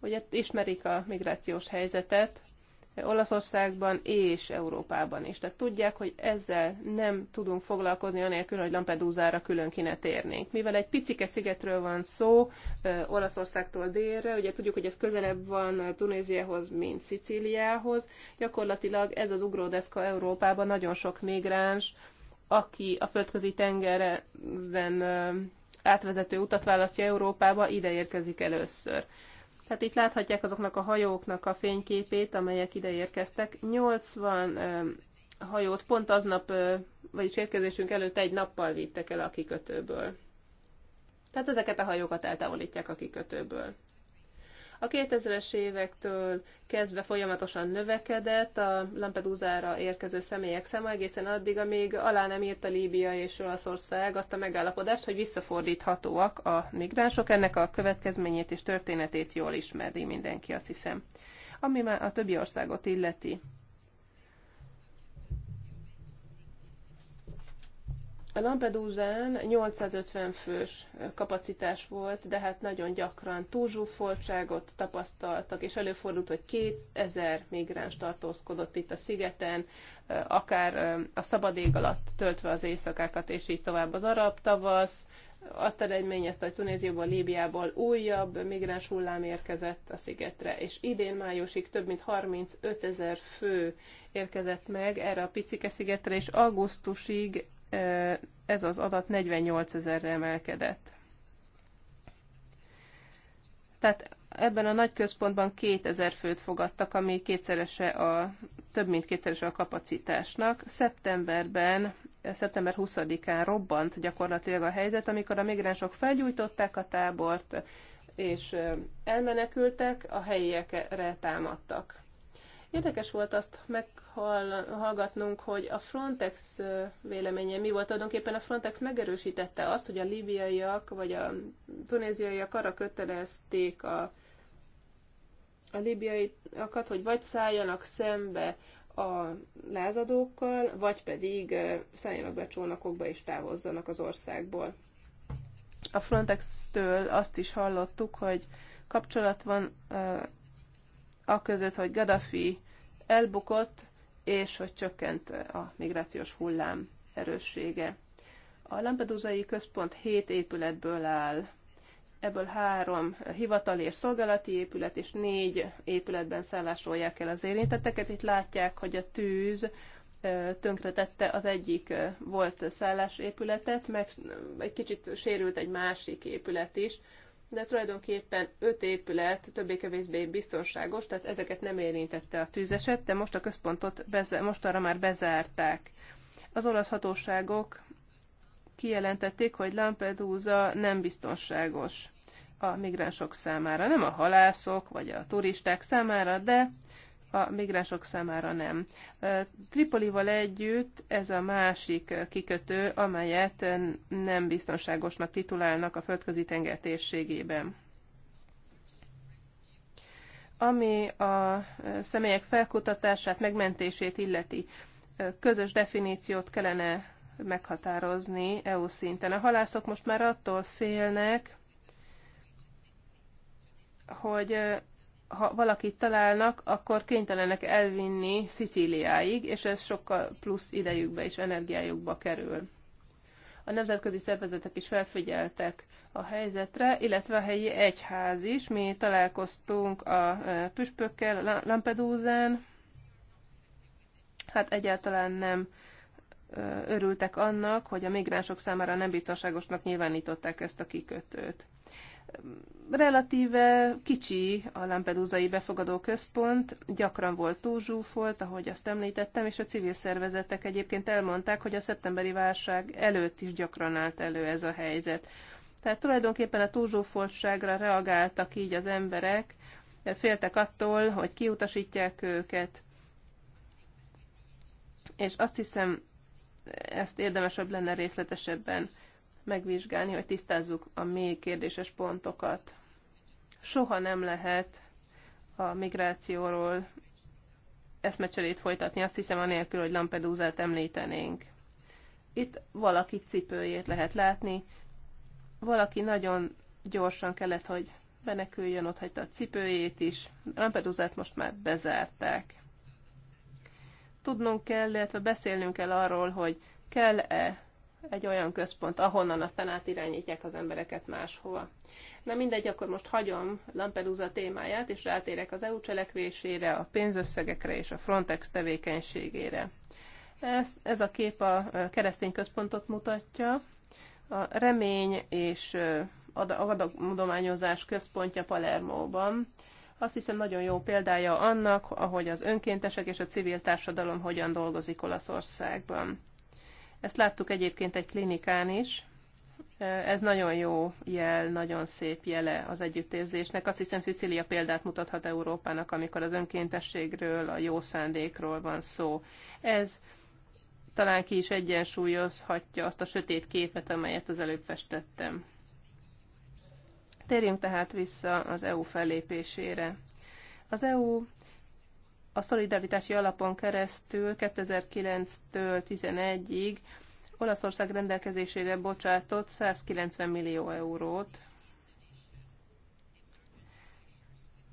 Ugye ismerik a migrációs helyzetet, Olaszországban és Európában is. Tehát tudják, hogy ezzel nem tudunk foglalkozni anélkül, hogy Lampedusa-ra külön kéne térnénk. Mivel egy picike szigetről van szó, Olaszországtól délre, ugye tudjuk, hogy ez közelebb van Tunéziához, mint Szicíliához, gyakorlatilag ez az ugródeszka Európában nagyon sok migráns, aki a földközi tengeren átvezető utat választja Európába, ide érkezik először. Tehát itt láthatják azoknak a hajóknak a fényképét, amelyek ide érkeztek. 80 hajót pont aznap, vagyis érkezésünk előtt egy nappal vittek el a kikötőből. Tehát ezeket a hajókat eltávolítják a kikötőből. A 2000-es évektől kezdve folyamatosan növekedett a Lampedusa-ra érkező személyek száma egészen addig, amíg alá nem a Líbia és Olaszország azt a megállapodást, hogy visszafordíthatóak a migránsok. Ennek a következményét és történetét jól ismeri mindenki, azt hiszem. Ami már a többi országot illeti. Lampedusán 850 fős kapacitás volt, de hát nagyon gyakran túlzsúfoltságot tapasztaltak, és előfordult, hogy 2000 migráns tartózkodott itt a szigeten, akár a szabad ég alatt töltve az éjszakákat, és így tovább az arab tavasz, azt eredményezte, hogy Tunéziából, Líbiából újabb migráns hullám érkezett a szigetre, és idén májusig több mint 35 ezer fő érkezett meg erre a picike szigetre, és augusztusig ez az adat 48 ezerre emelkedett. Tehát ebben a nagy központban 2000 főt fogadtak, ami kétszerese a, több mint kétszerese a kapacitásnak. Szeptemberben, szeptember 20-án robbant gyakorlatilag a helyzet, amikor a migránsok felgyújtották a tábort, és elmenekültek, a helyiekre támadtak. Érdekes volt azt meghallgatnunk, hogy a Frontex véleménye mi volt. Tulajdonképpen a Frontex megerősítette azt, hogy a libiaiak vagy a tunéziaiak arra kötelezték a, a libiaiakat, hogy vagy szálljanak szembe a lázadókkal, vagy pedig szálljanak be csónakokba és távozzanak az országból. A Frontex-től azt is hallottuk, hogy kapcsolat van a között, hogy Gaddafi elbukott, és hogy csökkent a migrációs hullám erőssége. A Lampedusai központ 7 épületből áll. Ebből három hivatali és szolgálati épület, és négy épületben szállásolják el az érintetteket. Itt látják, hogy a tűz tönkretette az egyik volt szállásépületet, meg egy kicsit sérült egy másik épület is, de tulajdonképpen öt épület többé-kevésbé biztonságos, tehát ezeket nem érintette a tűzeset, de most a központot beze- most arra már bezárták. Az olasz hatóságok kijelentették, hogy Lampedusa nem biztonságos a migránsok számára, nem a halászok vagy a turisták számára, de a migránsok számára nem. Tripolival együtt ez a másik kikötő, amelyet nem biztonságosnak titulálnak a földközi tenger térségében. Ami a személyek felkutatását, megmentését illeti, közös definíciót kellene meghatározni EU szinten. A halászok most már attól félnek, hogy ha valakit találnak, akkor kénytelenek elvinni Szicíliáig, és ez sokkal plusz idejükbe és energiájukba kerül. A nemzetközi szervezetek is felfigyeltek a helyzetre, illetve a helyi egyház is. Mi találkoztunk a e, püspökkel Lampedúzán. hát egyáltalán nem e, örültek annak, hogy a migránsok számára nem biztonságosnak nyilvánították ezt a kikötőt. Relatíve kicsi a Lampedusai befogadó központ, gyakran volt túlzsúfolt, ahogy azt említettem, és a civil szervezetek egyébként elmondták, hogy a szeptemberi válság előtt is gyakran állt elő ez a helyzet. Tehát tulajdonképpen a túlzsúfoltságra reagáltak így az emberek, féltek attól, hogy kiutasítják őket. És azt hiszem, ezt érdemesebb lenne részletesebben megvizsgálni, hogy tisztázzuk a mély kérdéses pontokat. Soha nem lehet a migrációról eszmecserét folytatni, azt hiszem anélkül, hogy Lampedúzát említenénk. Itt valaki cipőjét lehet látni, valaki nagyon gyorsan kellett, hogy beneküljön, ott hagyta a cipőjét is. Lampedúzát most már bezárták. Tudnunk kell, illetve beszélnünk kell arról, hogy kell-e egy olyan központ, ahonnan aztán átirányítják az embereket máshova. Na mindegy, akkor most hagyom Lampedusa témáját, és rátérek az EU cselekvésére, a pénzösszegekre és a Frontex tevékenységére. Ez, ez a kép a keresztény központot mutatja. A remény és adagmudományozás központja Palermóban. Azt hiszem nagyon jó példája annak, ahogy az önkéntesek és a civil társadalom hogyan dolgozik Olaszországban. Ezt láttuk egyébként egy klinikán is. Ez nagyon jó jel, nagyon szép jele az együttérzésnek. Azt hiszem, Szicília példát mutathat Európának, amikor az önkéntességről, a jó szándékról van szó. Ez talán ki is egyensúlyozhatja azt a sötét képet, amelyet az előbb festettem. Térjünk tehát vissza az EU fellépésére. Az EU a szolidaritási alapon keresztül 2009-től 11-ig Olaszország rendelkezésére bocsátott 190 millió eurót,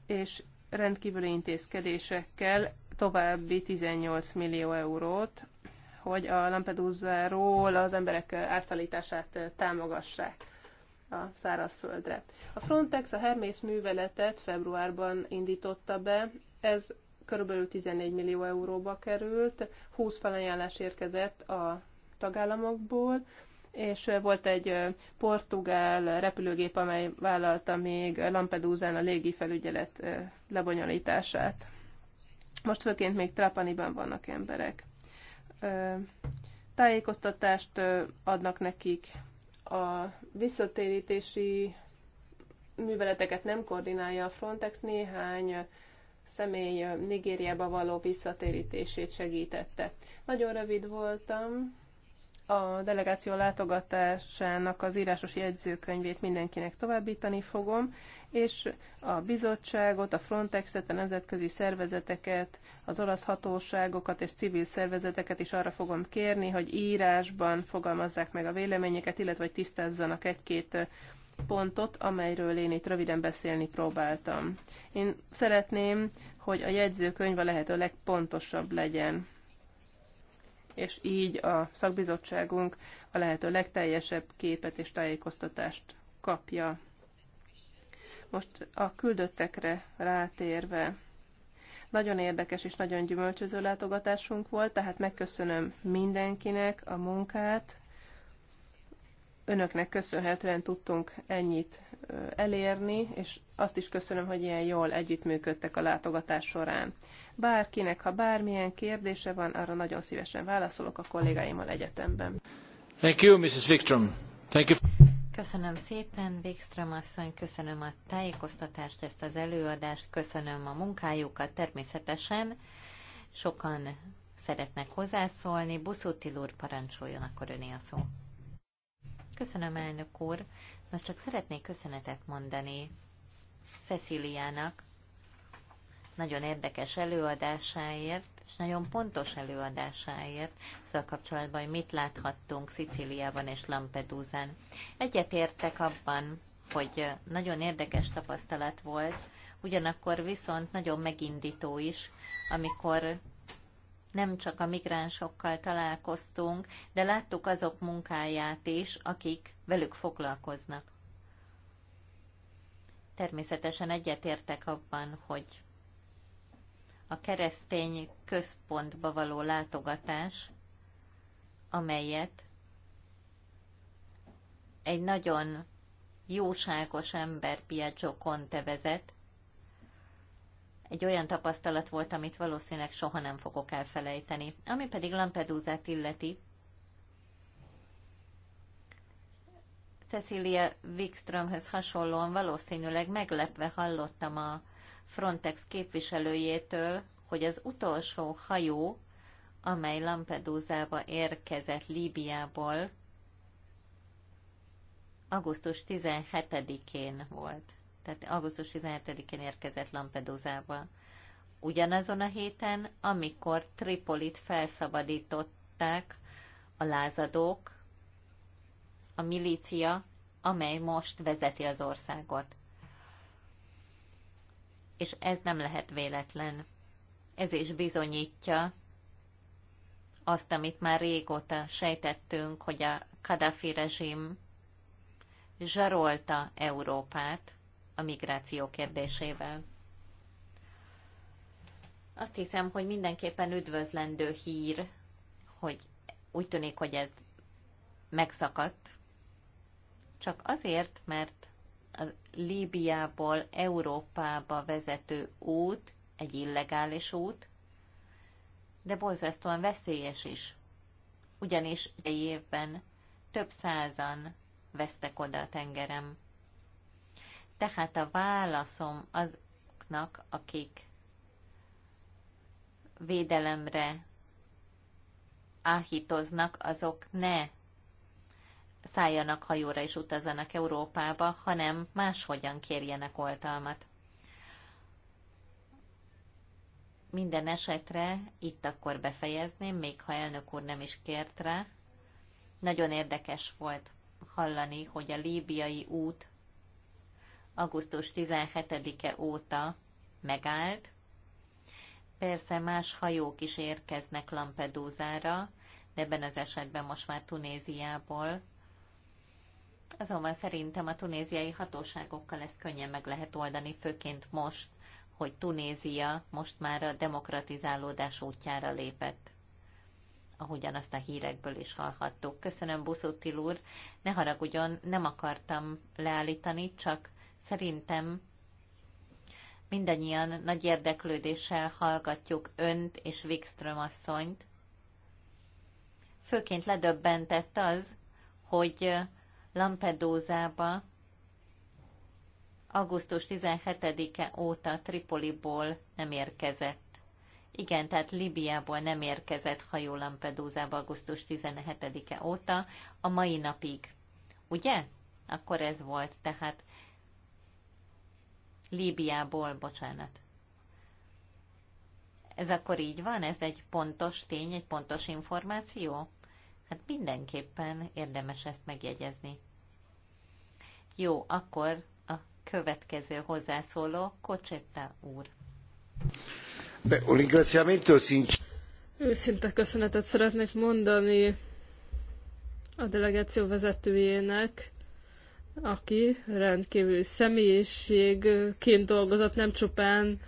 és rendkívüli intézkedésekkel további 18 millió eurót, hogy a Lampedusa-ról az emberek átszállítását támogassák a szárazföldre. A Frontex a Hermész műveletet februárban indította be, ez körülbelül 14 millió euróba került, 20 felajánlás érkezett a tagállamokból, és volt egy portugál repülőgép, amely vállalta még Lampedusán a légi felügyelet lebonyolítását. Most főként még Trapaniban vannak emberek. Tájékoztatást adnak nekik, a visszatérítési műveleteket nem koordinálja a Frontex, néhány személy Nigériába való visszatérítését segítette. Nagyon rövid voltam, a delegáció látogatásának az írásos jegyzőkönyvét mindenkinek továbbítani fogom, és a bizottságot, a Frontexet, a nemzetközi szervezeteket, az olasz hatóságokat és civil szervezeteket is arra fogom kérni, hogy írásban fogalmazzák meg a véleményeket, illetve hogy tisztázzanak egy-két pontot, amelyről én itt röviden beszélni próbáltam. Én szeretném, hogy a jegyzőkönyv a lehető legpontosabb legyen, és így a szakbizottságunk a lehető legteljesebb képet és tájékoztatást kapja. Most a küldöttekre rátérve. Nagyon érdekes és nagyon gyümölcsöző látogatásunk volt, tehát megköszönöm mindenkinek a munkát, önöknek köszönhetően tudtunk ennyit elérni, és azt is köszönöm, hogy ilyen jól együttműködtek a látogatás során. Bárkinek, ha bármilyen kérdése van, arra nagyon szívesen válaszolok a kollégáimmal egyetemben. Thank you, Mrs. Wikström. Thank you. Köszönöm szépen, Wikström asszony, köszönöm a tájékoztatást, ezt az előadást, köszönöm a munkájukat természetesen. Sokan szeretnek hozzászólni. Buszútil úr, parancsoljon, akkor öné a szó. Köszönöm, elnök úr. Most csak szeretnék köszönetet mondani Ceciliának nagyon érdekes előadásáért, és nagyon pontos előadásáért, szóval kapcsolatban, hogy mit láthattunk Sziciliában és Lampedusán. Egyetértek abban, hogy nagyon érdekes tapasztalat volt, ugyanakkor viszont nagyon megindító is, amikor nem csak a migránsokkal találkoztunk, de láttuk azok munkáját is, akik velük foglalkoznak. Természetesen egyetértek abban, hogy a keresztény központba való látogatás, amelyet egy nagyon jóságos ember Piaggio Conte vezet, egy olyan tapasztalat volt, amit valószínűleg soha nem fogok elfelejteni. Ami pedig Lampedúzát illeti, Cecilia Wikströmhöz hasonlóan valószínűleg meglepve hallottam a Frontex képviselőjétől, hogy az utolsó hajó, amely Lampedúzába érkezett Líbiából, augusztus 17-én volt tehát augusztus 17-én érkezett Lampedusába. Ugyanazon a héten, amikor Tripolit felszabadították a lázadók, a milícia, amely most vezeti az országot. És ez nem lehet véletlen. Ez is bizonyítja azt, amit már régóta sejtettünk, hogy a Kadhafi rezsim zsarolta Európát, a migráció kérdésével. Azt hiszem, hogy mindenképpen üdvözlendő hír, hogy úgy tűnik, hogy ez megszakadt. Csak azért, mert a Líbiából Európába vezető út egy illegális út, de borzasztóan veszélyes is. Ugyanis egy évben több százan vesztek oda a tengerem. Tehát a válaszom azoknak, akik védelemre áhítoznak, azok ne szálljanak hajóra és utazzanak Európába, hanem máshogyan kérjenek oltalmat. Minden esetre itt akkor befejezném, még ha elnök úr nem is kért rá. Nagyon érdekes volt hallani, hogy a líbiai út augusztus 17-e óta megállt. Persze más hajók is érkeznek Lampedúzára, de ebben az esetben most már Tunéziából. Azonban szerintem a tunéziai hatóságokkal ezt könnyen meg lehet oldani, főként most, hogy Tunézia most már a demokratizálódás útjára lépett ahogyan azt a hírekből is hallhattuk. Köszönöm, Buszutil úr, ne haragudjon, nem akartam leállítani, csak Szerintem mindannyian nagy érdeklődéssel hallgatjuk önt és Wikström asszonyt. Főként ledöbbentett az, hogy Lampedózába augusztus 17-e óta Tripoliból nem érkezett. Igen, tehát Libiából nem érkezett hajó lampedusa augusztus 17-e óta, a mai napig. Ugye? Akkor ez volt. Tehát Líbiából, bocsánat. Ez akkor így van? Ez egy pontos tény, egy pontos információ? Hát mindenképpen érdemes ezt megjegyezni. Jó, akkor a következő hozzászóló Kocsetta úr. Őszinte köszönetet szeretnék mondani a delegáció vezetőjének aki rendkívül személyiségként dolgozott, nem csupán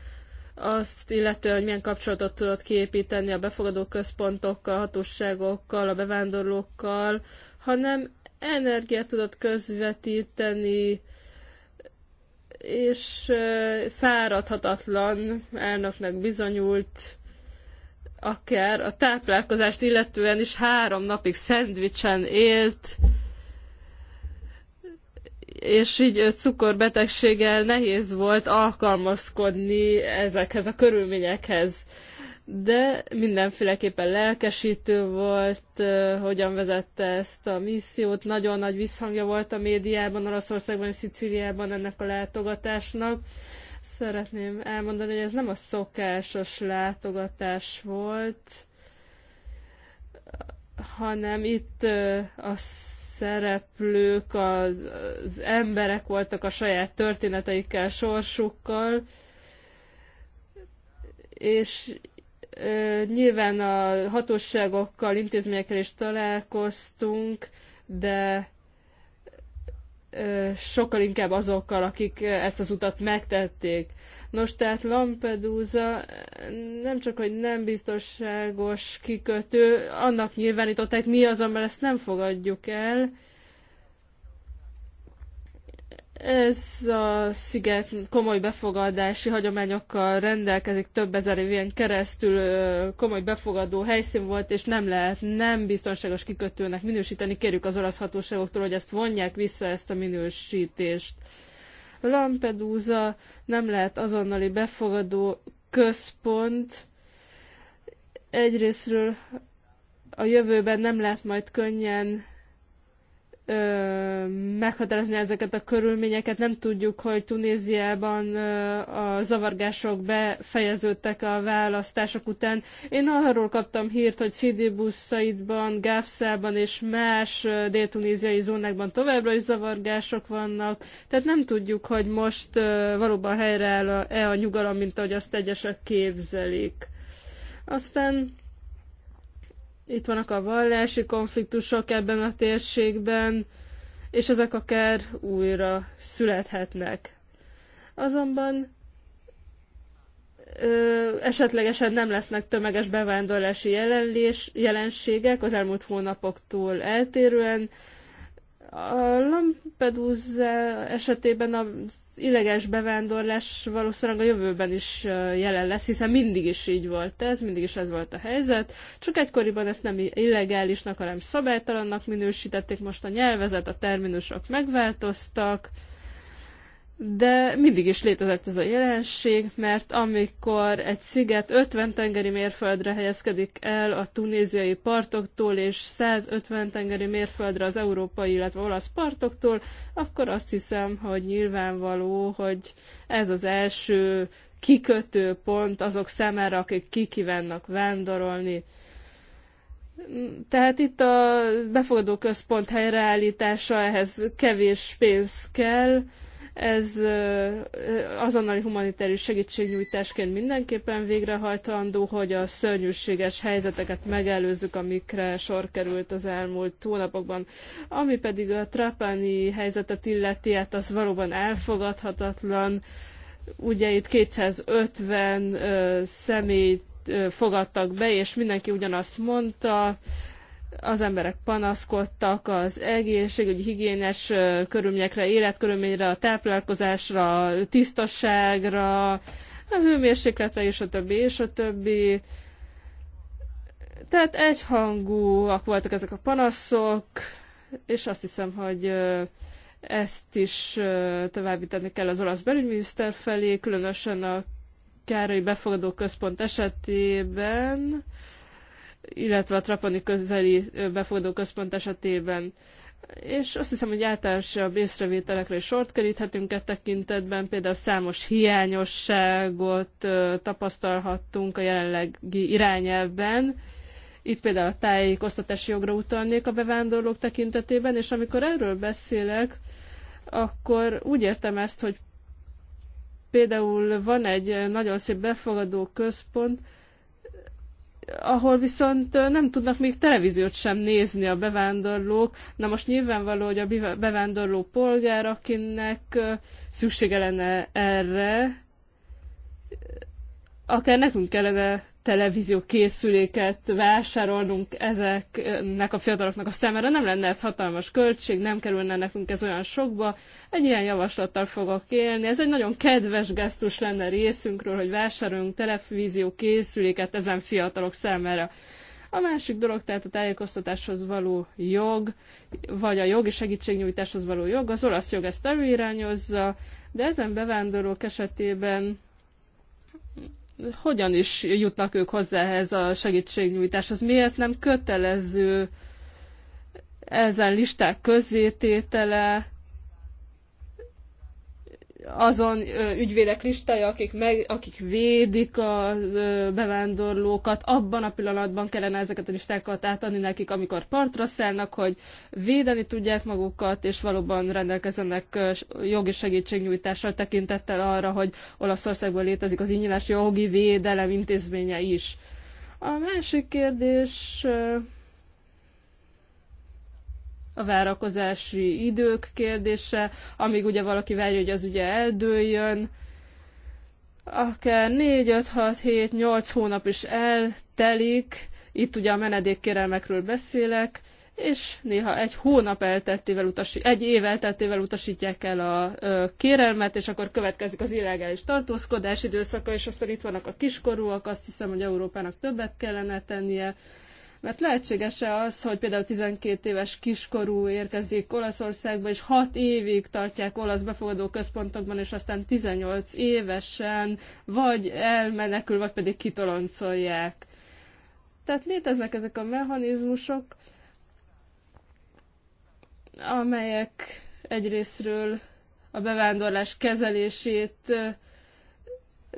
azt illetően, hogy milyen kapcsolatot tudott kiépíteni a befogadó központokkal, hatóságokkal, a bevándorlókkal, hanem energiát tudott közvetíteni, és fáradhatatlan elnöknek bizonyult, akár a táplálkozást illetően is három napig szendvicsen élt, és így cukorbetegséggel nehéz volt alkalmazkodni ezekhez a körülményekhez. De mindenféleképpen lelkesítő volt, hogyan vezette ezt a missziót. Nagyon nagy visszhangja volt a médiában, Olaszországban és Szicíliában ennek a látogatásnak. Szeretném elmondani, hogy ez nem a szokásos látogatás volt, hanem itt a szereplők az, az emberek voltak a saját történeteikkel, sorsukkal, és e, nyilván a hatóságokkal, intézményekkel is találkoztunk, de e, sokkal inkább azokkal, akik ezt az utat megtették. Nos, tehát Lampedusa nem csak, hogy nem biztonságos kikötő, annak nyilvánították, mi azonban ezt nem fogadjuk el. Ez a sziget komoly befogadási hagyományokkal rendelkezik, több ezer évén keresztül komoly befogadó helyszín volt, és nem lehet nem biztonságos kikötőnek minősíteni. Kérjük az olasz hatóságoktól, hogy ezt vonják vissza, ezt a minősítést. Lampedusa nem lehet azonnali befogadó központ. Egyrésztről a jövőben nem lehet majd könnyen ö, meghatározni ezeket a körülményeket. Nem tudjuk, hogy Tunéziában ö, a zavargások befejeződtek a választások után. Én arról kaptam hírt, hogy Sidi buszaidban, Gáfszában és más dél-tunéziai zónákban továbbra is zavargások vannak. Tehát nem tudjuk, hogy most ö, valóban helyreáll-e a, e a nyugalom, mint ahogy azt egyesek képzelik. Aztán itt vannak a vallási konfliktusok ebben a térségben, és ezek akár újra születhetnek. Azonban ö, esetlegesen nem lesznek tömeges bevándorlási jelenlés, jelenségek az elmúlt hónapoktól eltérően, a Lampedusa esetében az illegális bevándorlás valószínűleg a jövőben is jelen lesz, hiszen mindig is így volt ez, mindig is ez volt a helyzet, csak egykoriban ezt nem illegálisnak, hanem szabálytalannak minősítették, most a nyelvezet, a terminusok megváltoztak, de mindig is létezett ez a jelenség, mert amikor egy sziget 50 tengeri mérföldre helyezkedik el a tunéziai partoktól, és 150 tengeri mérföldre az európai, illetve olasz partoktól, akkor azt hiszem, hogy nyilvánvaló, hogy ez az első kikötő pont azok szemére, akik kikívánnak vándorolni. Tehát itt a befogadó központ helyreállítása, ehhez kevés pénz kell, ez azonnali humanitárius segítségnyújtásként mindenképpen végrehajtandó, hogy a szörnyűséges helyzeteket megelőzzük, amikre sor került az elmúlt hónapokban. Ami pedig a trapani helyzetet illeti, hát az valóban elfogadhatatlan. Ugye itt 250 ö, személyt fogadtak be, és mindenki ugyanazt mondta, az emberek panaszkodtak az egészségügyi, higiénes körülményekre, életkörülményre, a táplálkozásra, a tisztaságra, a hőmérsékletre, és a többi, és a többi. Tehát egyhangúak voltak ezek a panaszok, és azt hiszem, hogy ezt is továbbítani kell az olasz belügyminiszter felé, különösen a Károly Befogadó Központ esetében, illetve a Trapani közeli befogadó központ esetében. És azt hiszem, hogy általánosabb észrevételekre is sort keríthetünk e tekintetben, például számos hiányosságot tapasztalhattunk a jelenlegi irányelvben. Itt például a tájékoztatási jogra utalnék a bevándorlók tekintetében, és amikor erről beszélek, akkor úgy értem ezt, hogy például van egy nagyon szép befogadó központ, ahol viszont nem tudnak még televíziót sem nézni a bevándorlók. Na most nyilvánvaló, hogy a bevándorló polgár, akinek szüksége lenne erre, akár nekünk kellene televízió készüléket vásárolnunk ezeknek a fiataloknak a szemére Nem lenne ez hatalmas költség, nem kerülne nekünk ez olyan sokba. Egy ilyen javaslattal fogok élni. Ez egy nagyon kedves gesztus lenne részünkről, hogy vásároljunk televízió készüléket ezen fiatalok számára. A másik dolog, tehát a tájékoztatáshoz való jog, vagy a jogi segítségnyújtáshoz való jog, az olasz jog ezt előirányozza, de ezen bevándorlók esetében hogyan is jutnak ők hozzá ehhez a segítségnyújtáshoz? Miért nem kötelező ezen listák közzététele? azon ügyvédek listája, akik, meg, akik védik a bevándorlókat, abban a pillanatban kellene ezeket a listákat átadni nekik, amikor partra szállnak, hogy védeni tudják magukat, és valóban rendelkezzenek jogi segítségnyújtással tekintettel arra, hogy Olaszországban létezik az ingyenes jogi védelem intézménye is. A másik kérdés a várakozási idők kérdése, amíg ugye valaki várja, hogy az ugye eldőljön, akár 4, 5, 6, 7, 8 hónap is eltelik, itt ugye a menedékkérelmekről beszélek, és néha egy hónap elteltével utasi, egy év elteltével utasítják el a ö, kérelmet, és akkor következik az illegális tartózkodás időszaka, és aztán itt vannak a kiskorúak, azt hiszem, hogy Európának többet kellene tennie, mert lehetséges-e az, hogy például 12 éves kiskorú érkezik Olaszországba, és 6 évig tartják olasz befogadó központokban, és aztán 18 évesen vagy elmenekül, vagy pedig kitoloncolják. Tehát léteznek ezek a mechanizmusok, amelyek egyrésztről a bevándorlás kezelését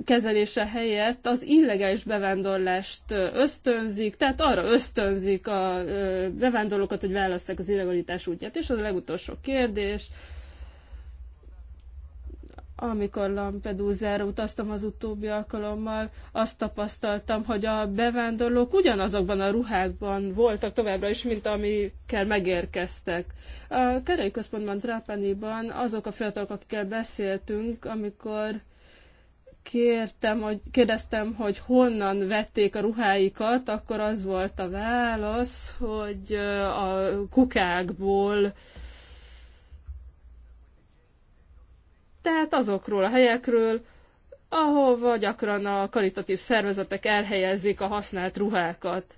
kezelése helyett az illegális bevándorlást ösztönzik, tehát arra ösztönzik a bevándorlókat, hogy választják az illegalitás útját. És az a legutolsó kérdés, amikor Lampedusa-ra utaztam az utóbbi alkalommal, azt tapasztaltam, hogy a bevándorlók ugyanazokban a ruhákban voltak továbbra is, mint amikkel megérkeztek. A Kerei Központban, Trápaniban azok a fiatalok, akikkel beszéltünk, amikor kértem, hogy, kérdeztem, hogy honnan vették a ruháikat, akkor az volt a válasz, hogy a kukákból, tehát azokról a helyekről, ahova gyakran a karitatív szervezetek elhelyezik a használt ruhákat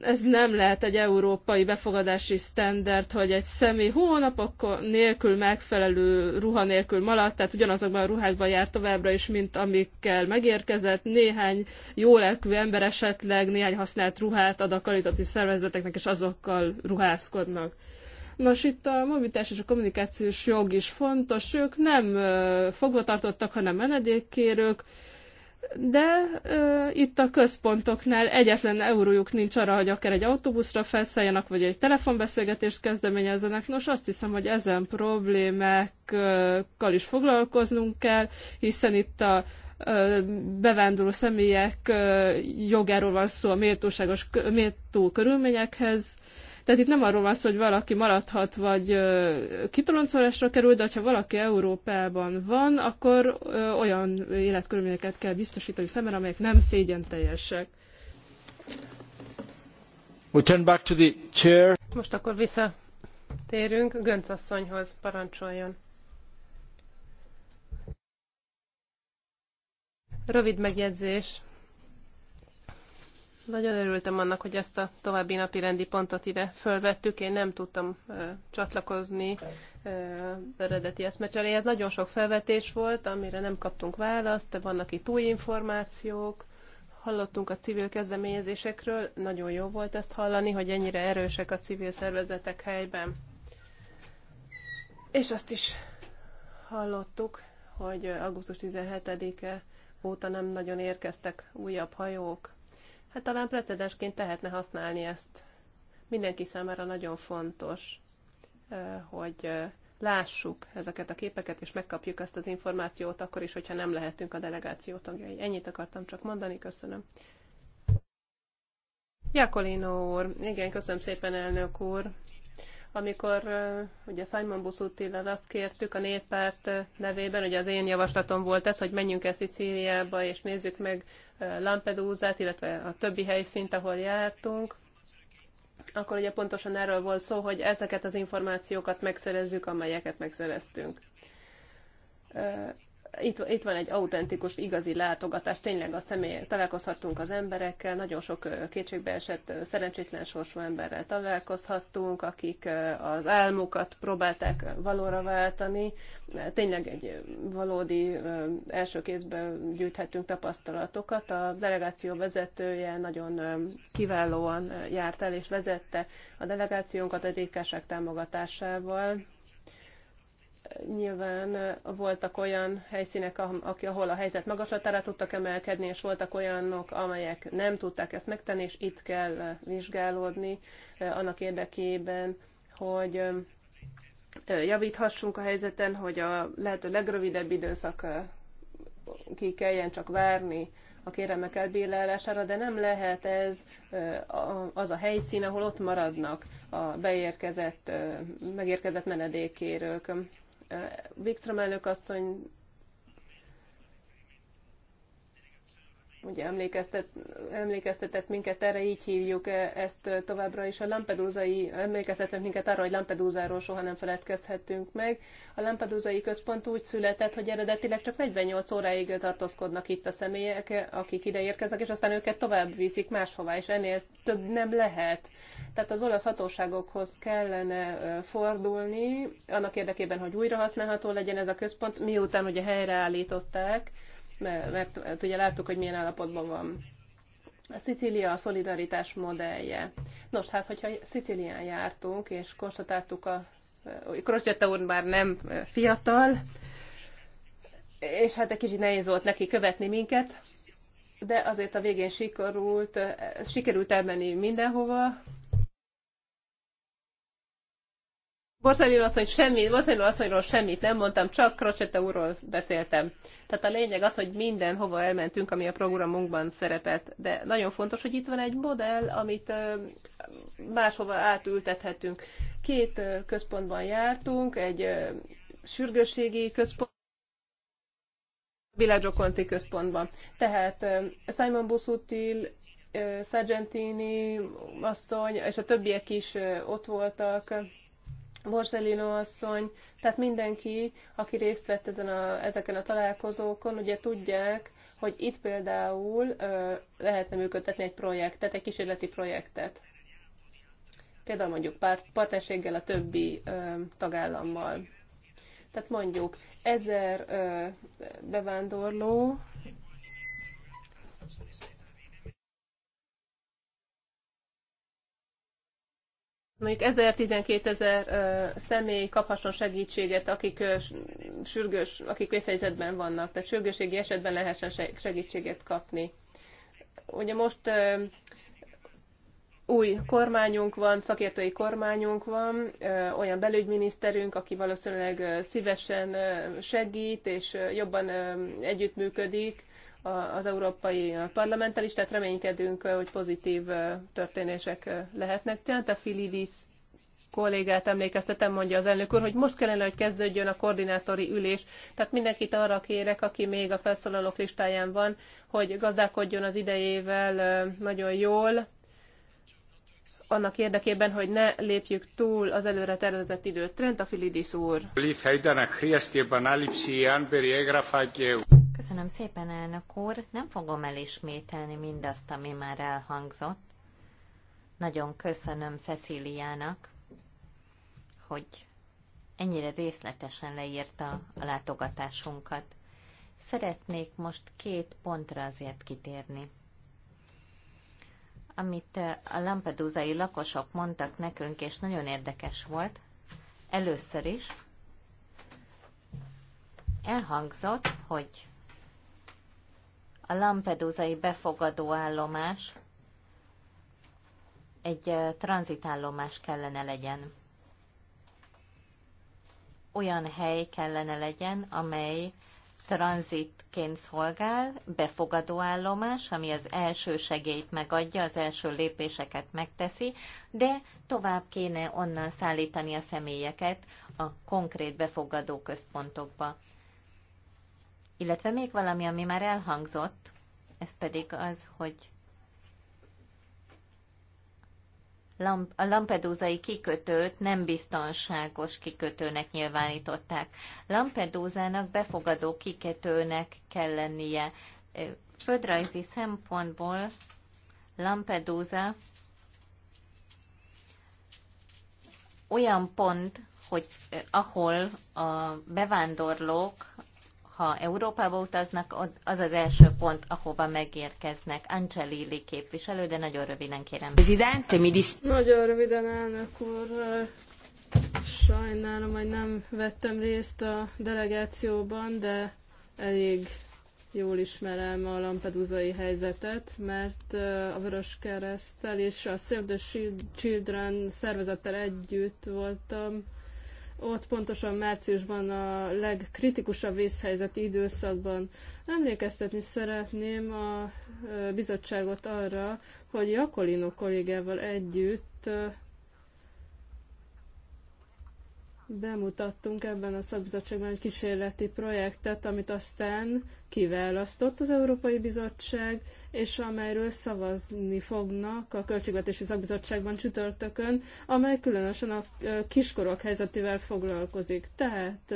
ez nem lehet egy európai befogadási standard, hogy egy személy hónapok nélkül megfelelő ruha nélkül maradt, tehát ugyanazokban a ruhákban jár továbbra is, mint amikkel megérkezett. Néhány jó lelkű ember esetleg néhány használt ruhát ad a karitatív szervezeteknek, és azokkal ruházkodnak. Nos, itt a mobilitás és a kommunikációs jog is fontos. Ők nem fogvatartottak, hanem menedékkérők de ö, itt a központoknál egyetlen eurójuk nincs arra, hogy akár egy autóbuszra felszálljanak, vagy egy telefonbeszélgetést kezdeményezzenek. Nos, azt hiszem, hogy ezen problémákkal is foglalkoznunk kell, hiszen itt a bevándorló személyek jogáról van szó a méltóságos méltó körülményekhez. Ö, tehát itt nem arról van szó, hogy valaki maradhat, vagy kitoloncolásra kerül, de ha valaki Európában van, akkor olyan életkörülményeket kell biztosítani szemben, amelyek nem szégyen teljesek. We'll turn back to the chair. Most akkor visszatérünk Gönc asszonyhoz, parancsoljon. Rövid megjegyzés nagyon örültem annak, hogy ezt a további napi rendi pontot ide fölvettük. Én nem tudtam ö, csatlakozni ö, eredeti eszmecseréhez. Nagyon sok felvetés volt, amire nem kaptunk választ, de vannak itt új információk. Hallottunk a civil kezdeményezésekről, nagyon jó volt ezt hallani, hogy ennyire erősek a civil szervezetek helyben. És azt is hallottuk, hogy augusztus 17-e óta nem nagyon érkeztek újabb hajók hát talán precedensként tehetne használni ezt. Mindenki számára nagyon fontos, hogy lássuk ezeket a képeket, és megkapjuk ezt az információt akkor is, hogyha nem lehetünk a delegáció tagjai. Ennyit akartam csak mondani, köszönöm. Jakolino úr, igen, köszönöm szépen, elnök úr amikor ugye Simon Buszutillal azt kértük a néppárt nevében, hogy az én javaslatom volt ez, hogy menjünk el Szicíliába és nézzük meg Lampedusát, illetve a többi helyszínt, ahol jártunk, akkor ugye pontosan erről volt szó, hogy ezeket az információkat megszerezzük, amelyeket megszereztünk itt, itt van egy autentikus, igazi látogatás, tényleg a személy, találkozhattunk az emberekkel, nagyon sok kétségbeesett, szerencsétlen sorsú emberrel találkozhattunk, akik az álmukat próbálták valóra váltani. Tényleg egy valódi első kézben gyűjthettünk tapasztalatokat. A delegáció vezetője nagyon kiválóan járt el és vezette a delegációnkat a dk támogatásával nyilván voltak olyan helyszínek, ahol a helyzet magaslatára tudtak emelkedni, és voltak olyanok, amelyek nem tudták ezt megtenni, és itt kell vizsgálódni eh, annak érdekében, hogy eh, javíthassunk a helyzeten, hogy a lehető legrövidebb időszak eh, ki kelljen csak várni a kéremek elbírálására, de nem lehet ez az a helyszín, ahol ott maradnak a beérkezett, megérkezett menedékkérők. Wikström elnök asszony ugye emlékeztet, emlékeztetett minket erre, így hívjuk e, ezt e, továbbra is. A Lampedusai emlékeztetett minket arra, hogy Lampedusáról soha nem feledkezhetünk meg. A Lampedusai központ úgy született, hogy eredetileg csak 48 óráig tartózkodnak itt a személyek, akik ide érkeznek, és aztán őket tovább viszik máshová, és ennél több nem lehet. Tehát az olasz hatóságokhoz kellene e, fordulni, annak érdekében, hogy újra használható legyen ez a központ, miután ugye helyreállították mert, mert, mert ugye láttuk, hogy milyen állapotban van. A Szicília a szolidaritás modellje. Nos, hát, hogyha Szicilián jártunk, és konstatáltuk a Crocetta úr már nem fiatal, és hát egy kicsit nehéz volt neki követni minket, de azért a végén sikerült, sikerült elmenni mindenhova, Borzalil az, hogy semmi, Borzalil hogy semmit nem mondtam, csak Crocsete úrról beszéltem. Tehát a lényeg az, hogy minden hova elmentünk, ami a programunkban szerepet. De nagyon fontos, hogy itt van egy modell, amit máshova átültethetünk. Két központban jártunk, egy sürgősségi központ, Villaggio Conti központban. Tehát Simon Busutil Sargentini asszony, és a többiek is ott voltak, Borzellino asszony, tehát mindenki, aki részt vett ezen a, ezeken a találkozókon, ugye tudják, hogy itt például ö, lehetne működtetni egy projektet, egy kísérleti projektet. Például mondjuk partnerséggel a többi ö, tagállammal. Tehát mondjuk ezer ö, bevándorló mondjuk 1000-12 ezer személy kaphasson segítséget, akik sürgős, akik vészhelyzetben vannak, tehát sürgőségi esetben lehessen segítséget kapni. Ugye most új kormányunk van, szakértői kormányunk van, olyan belügyminiszterünk, aki valószínűleg szívesen segít és jobban együttműködik az Európai Parlamenttel is, tehát reménykedünk, eh, hogy pozitív eh, történések eh, lehetnek. Tehát a Filidis kollégát emlékeztetem, mondja az elnök úr, hogy most kellene, hogy kezdődjön a koordinátori ülés. Tehát mindenkit arra kérek, aki még a felszólalók listáján van, hogy gazdálkodjon az idejével nagyon jól, annak érdekében, hogy ne lépjük túl az előre tervezett időt. Trent a Filidis úr. Köszönöm szépen, elnök úr. Nem fogom elismételni mindazt, ami már elhangzott. Nagyon köszönöm Cecíliának, hogy ennyire részletesen leírta a látogatásunkat. Szeretnék most két pontra azért kitérni. Amit a lampedúzai lakosok mondtak nekünk, és nagyon érdekes volt, először is elhangzott, hogy a Lampedusai befogadó állomás egy tranzitállomás kellene legyen. Olyan hely kellene legyen, amely tranzitként szolgál, befogadó állomás, ami az első segélyt megadja, az első lépéseket megteszi, de tovább kéne onnan szállítani a személyeket a konkrét befogadó központokba. Illetve még valami, ami már elhangzott, ez pedig az, hogy a Lampedúzai kikötőt nem biztonságos kikötőnek nyilvánították. Lampedúzának befogadó kikötőnek kell lennie. Földrajzi szempontból Lampedúza olyan pont, hogy ahol a bevándorlók ha Európába utaznak, az az első pont, ahova megérkeznek. Ancelili képviselő, de nagyon röviden kérem. Presidente, mi disz... Nagyon röviden, elnök úr. Sajnálom, hogy nem vettem részt a delegációban, de elég jól ismerem a lampedusai helyzetet, mert a Vörös Keresztel és a Save the Children szervezettel együtt voltam ott pontosan márciusban a legkritikusabb vészhelyzeti időszakban. Emlékeztetni szeretném a bizottságot arra, hogy Jakolino kollégával együtt bemutattunk ebben a szakbizottságban egy kísérleti projektet, amit aztán kiválasztott az Európai Bizottság, és amelyről szavazni fognak a Költségvetési Szakbizottságban csütörtökön, amely különösen a kiskorok helyzetével foglalkozik. Tehát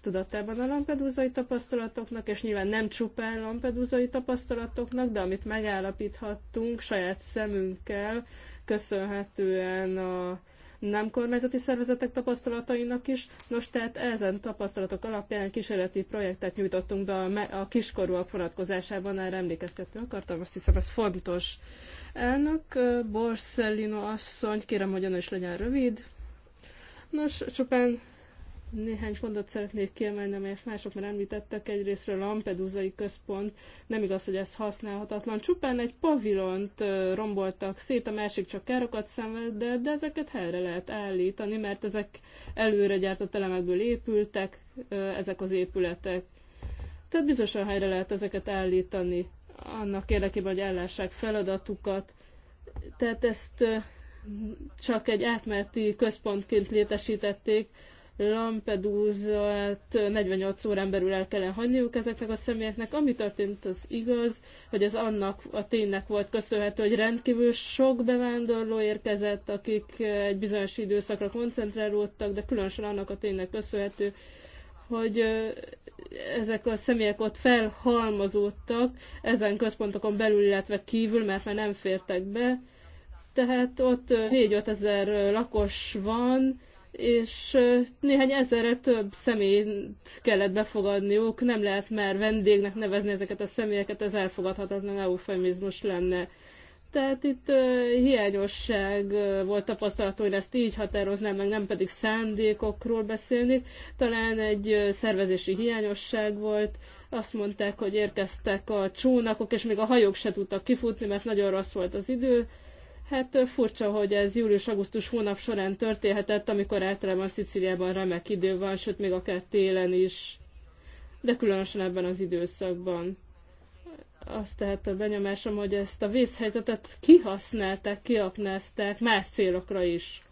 tudatában a lampedúzai tapasztalatoknak, és nyilván nem csupán lampedúzai tapasztalatoknak, de amit megállapíthattunk saját szemünkkel, köszönhetően a nem kormányzati szervezetek tapasztalatainak is. Nos, tehát ezen tapasztalatok alapján egy kísérleti projektet nyújtottunk be a, a kiskorúak vonatkozásában, erre emlékeztető akartam, azt hiszem ez fontos. Elnök Borsellino asszony, kérem, hogy ön is legyen rövid. Nos, csupán néhány pontot szeretnék kiemelni, amelyet mások már említettek. Egyrésztről a Lampedusai központ, nem igaz, hogy ez használhatatlan. Csupán egy pavilont romboltak szét, a másik csak károkat szenved, de, de ezeket helyre lehet állítani, mert ezek előre gyártott elemekből épültek, ezek az épületek. Tehát bizonyosan helyre lehet ezeket állítani annak érdekében, hogy ellássák feladatukat. Tehát ezt csak egy átmeneti központként létesítették, Lampedusa-t 48 órán belül el kellene hagyniuk ezeknek a személyeknek. Ami történt, az igaz, hogy ez annak a ténynek volt köszönhető, hogy rendkívül sok bevándorló érkezett, akik egy bizonyos időszakra koncentrálódtak, de különösen annak a ténynek köszönhető, hogy ezek a személyek ott felhalmozódtak ezen központokon belül, illetve kívül, mert már nem fértek be. Tehát ott 4-5 ezer lakos van, és néhány ezerre több személyt kellett befogadniuk, nem lehet már vendégnek nevezni ezeket a személyeket, ez elfogadhatatlan eufemizmus lenne. Tehát itt hiányosság volt tapasztalat, hogy ezt így határoznám, meg nem pedig szándékokról beszélni. Talán egy szervezési hiányosság volt. Azt mondták, hogy érkeztek a csónakok, és még a hajók se tudtak kifutni, mert nagyon rossz volt az idő Hát furcsa, hogy ez július-augusztus hónap során történhetett, amikor általában Szicíliában remek idő van, sőt még akár télen is, de különösen ebben az időszakban. Azt tehát a benyomásom, hogy ezt a vészhelyzetet kihasználták, kiaknázták más célokra is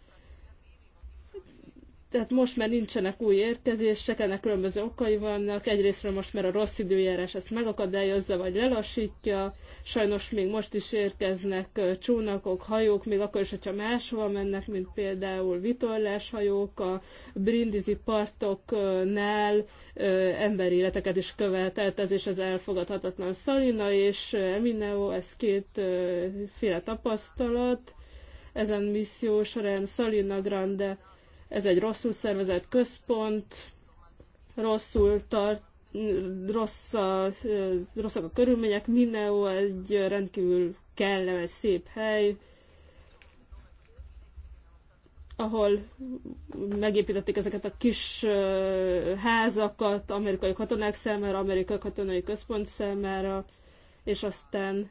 tehát most már nincsenek új érkezések, ennek különböző okai vannak. Egyrésztről most már a rossz időjárás ezt megakadályozza, vagy lelassítja. Sajnos még most is érkeznek csónakok, hajók, még akkor is, hogyha máshova mennek, mint például vitorláshajók, a brindizi partoknál emberi életeket is követelt, ez és ez elfogadhatatlan. Szalina és Emineo, ez két féle tapasztalat. Ezen misszió során Salina Grande ez egy rosszul szervezett központ, rosszul tart, rossz a, rosszak a körülmények, mindenhol egy rendkívül kellemes, szép hely, ahol megépítették ezeket a kis házakat amerikai katonák számára, amerikai katonai központ számára, és aztán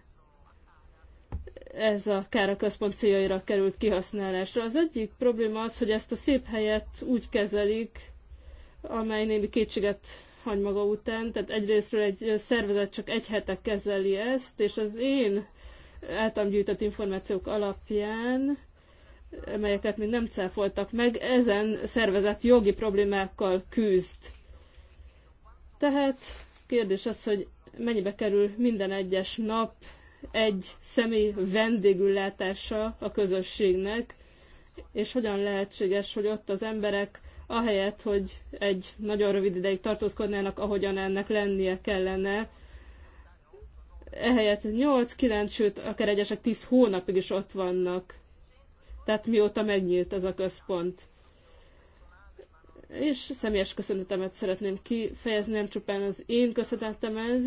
ez a kár a központ céljaira került kihasználásra. Az egyik probléma az, hogy ezt a szép helyet úgy kezelik, amely némi kétséget hagy maga után. Tehát egyrésztről egy szervezet csak egy hete kezeli ezt, és az én általam gyűjtött információk alapján, amelyeket még nem cáfoltak meg, ezen szervezet jogi problémákkal küzd. Tehát kérdés az, hogy mennyibe kerül minden egyes nap egy személy vendégüllátása a közösségnek, és hogyan lehetséges, hogy ott az emberek ahelyett, hogy egy nagyon rövid ideig tartózkodnának, ahogyan ennek lennie kellene, ehelyett 8-9, sőt, akár egyesek 10 hónapig is ott vannak. Tehát mióta megnyílt ez a központ. És személyes köszönetemet szeretném kifejezni, nem csupán az én köszönetem ez,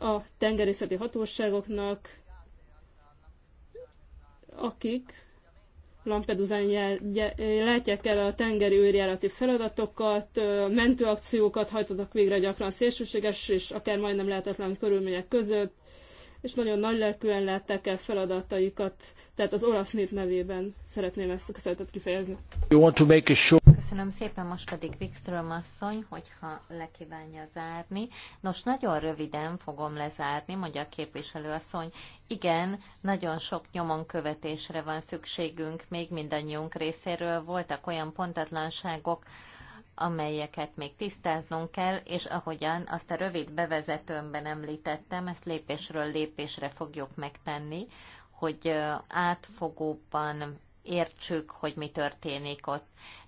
a tengerészeti hatóságoknak, akik Lampedusán látják el a tengeri őrjárati feladatokat, mentőakciókat hajtottak végre gyakran szélsőséges és akár majdnem lehetetlen körülmények között, és nagyon nagy lelkűen látták el feladataikat, tehát az olasz nép nevében szeretném ezt a köszönetet kifejezni. Köszönöm szépen, most pedig Wikström asszony, hogyha lekívánja zárni. Nos, nagyon röviden fogom lezárni, mondja a képviselő asszony. Igen, nagyon sok nyomon követésre van szükségünk, még mindannyiunk részéről voltak olyan pontatlanságok, amelyeket még tisztáznunk kell, és ahogyan azt a rövid bevezetőmben említettem, ezt lépésről lépésre fogjuk megtenni, hogy átfogóban értsük, hogy mi történik ott.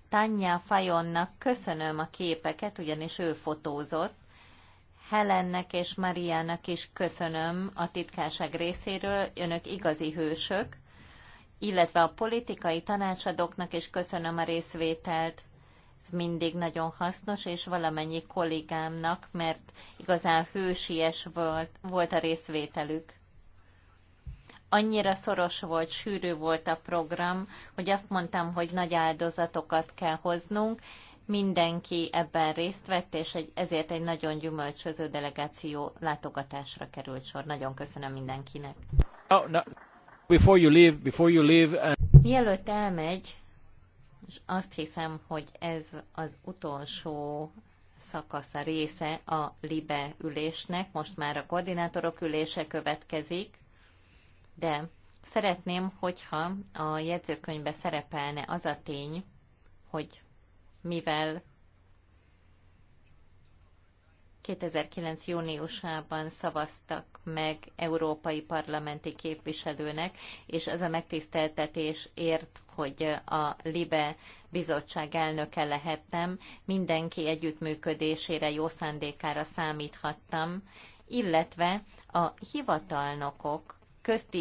Tanya Fajonnak köszönöm a képeket, ugyanis ő fotózott, Helennek és Mariának is köszönöm a titkárság részéről, önök igazi hősök, illetve a politikai tanácsadóknak is köszönöm a részvételt, ez mindig nagyon hasznos, és valamennyi kollégámnak, mert igazán hősies volt, volt a részvételük. Annyira szoros volt, sűrű volt a program, hogy azt mondtam, hogy nagy áldozatokat kell hoznunk, mindenki ebben részt vett, és egy, ezért egy nagyon gyümölcsöző delegáció látogatásra került sor. Nagyon köszönöm mindenkinek. Oh, no. before you leave, before you leave uh... Mielőtt elmegy, és azt hiszem, hogy ez az utolsó szakasza része a LIBE ülésnek, most már a koordinátorok ülése következik, de szeretném, hogyha a jegyzőkönyvbe szerepelne az a tény, hogy mivel 2009. júniusában szavaztak meg európai parlamenti képviselőnek, és az a megtiszteltetés ért, hogy a LIBE bizottság elnöke lehettem, mindenki együttműködésére, jó szándékára számíthattam, illetve a hivatalnokok közti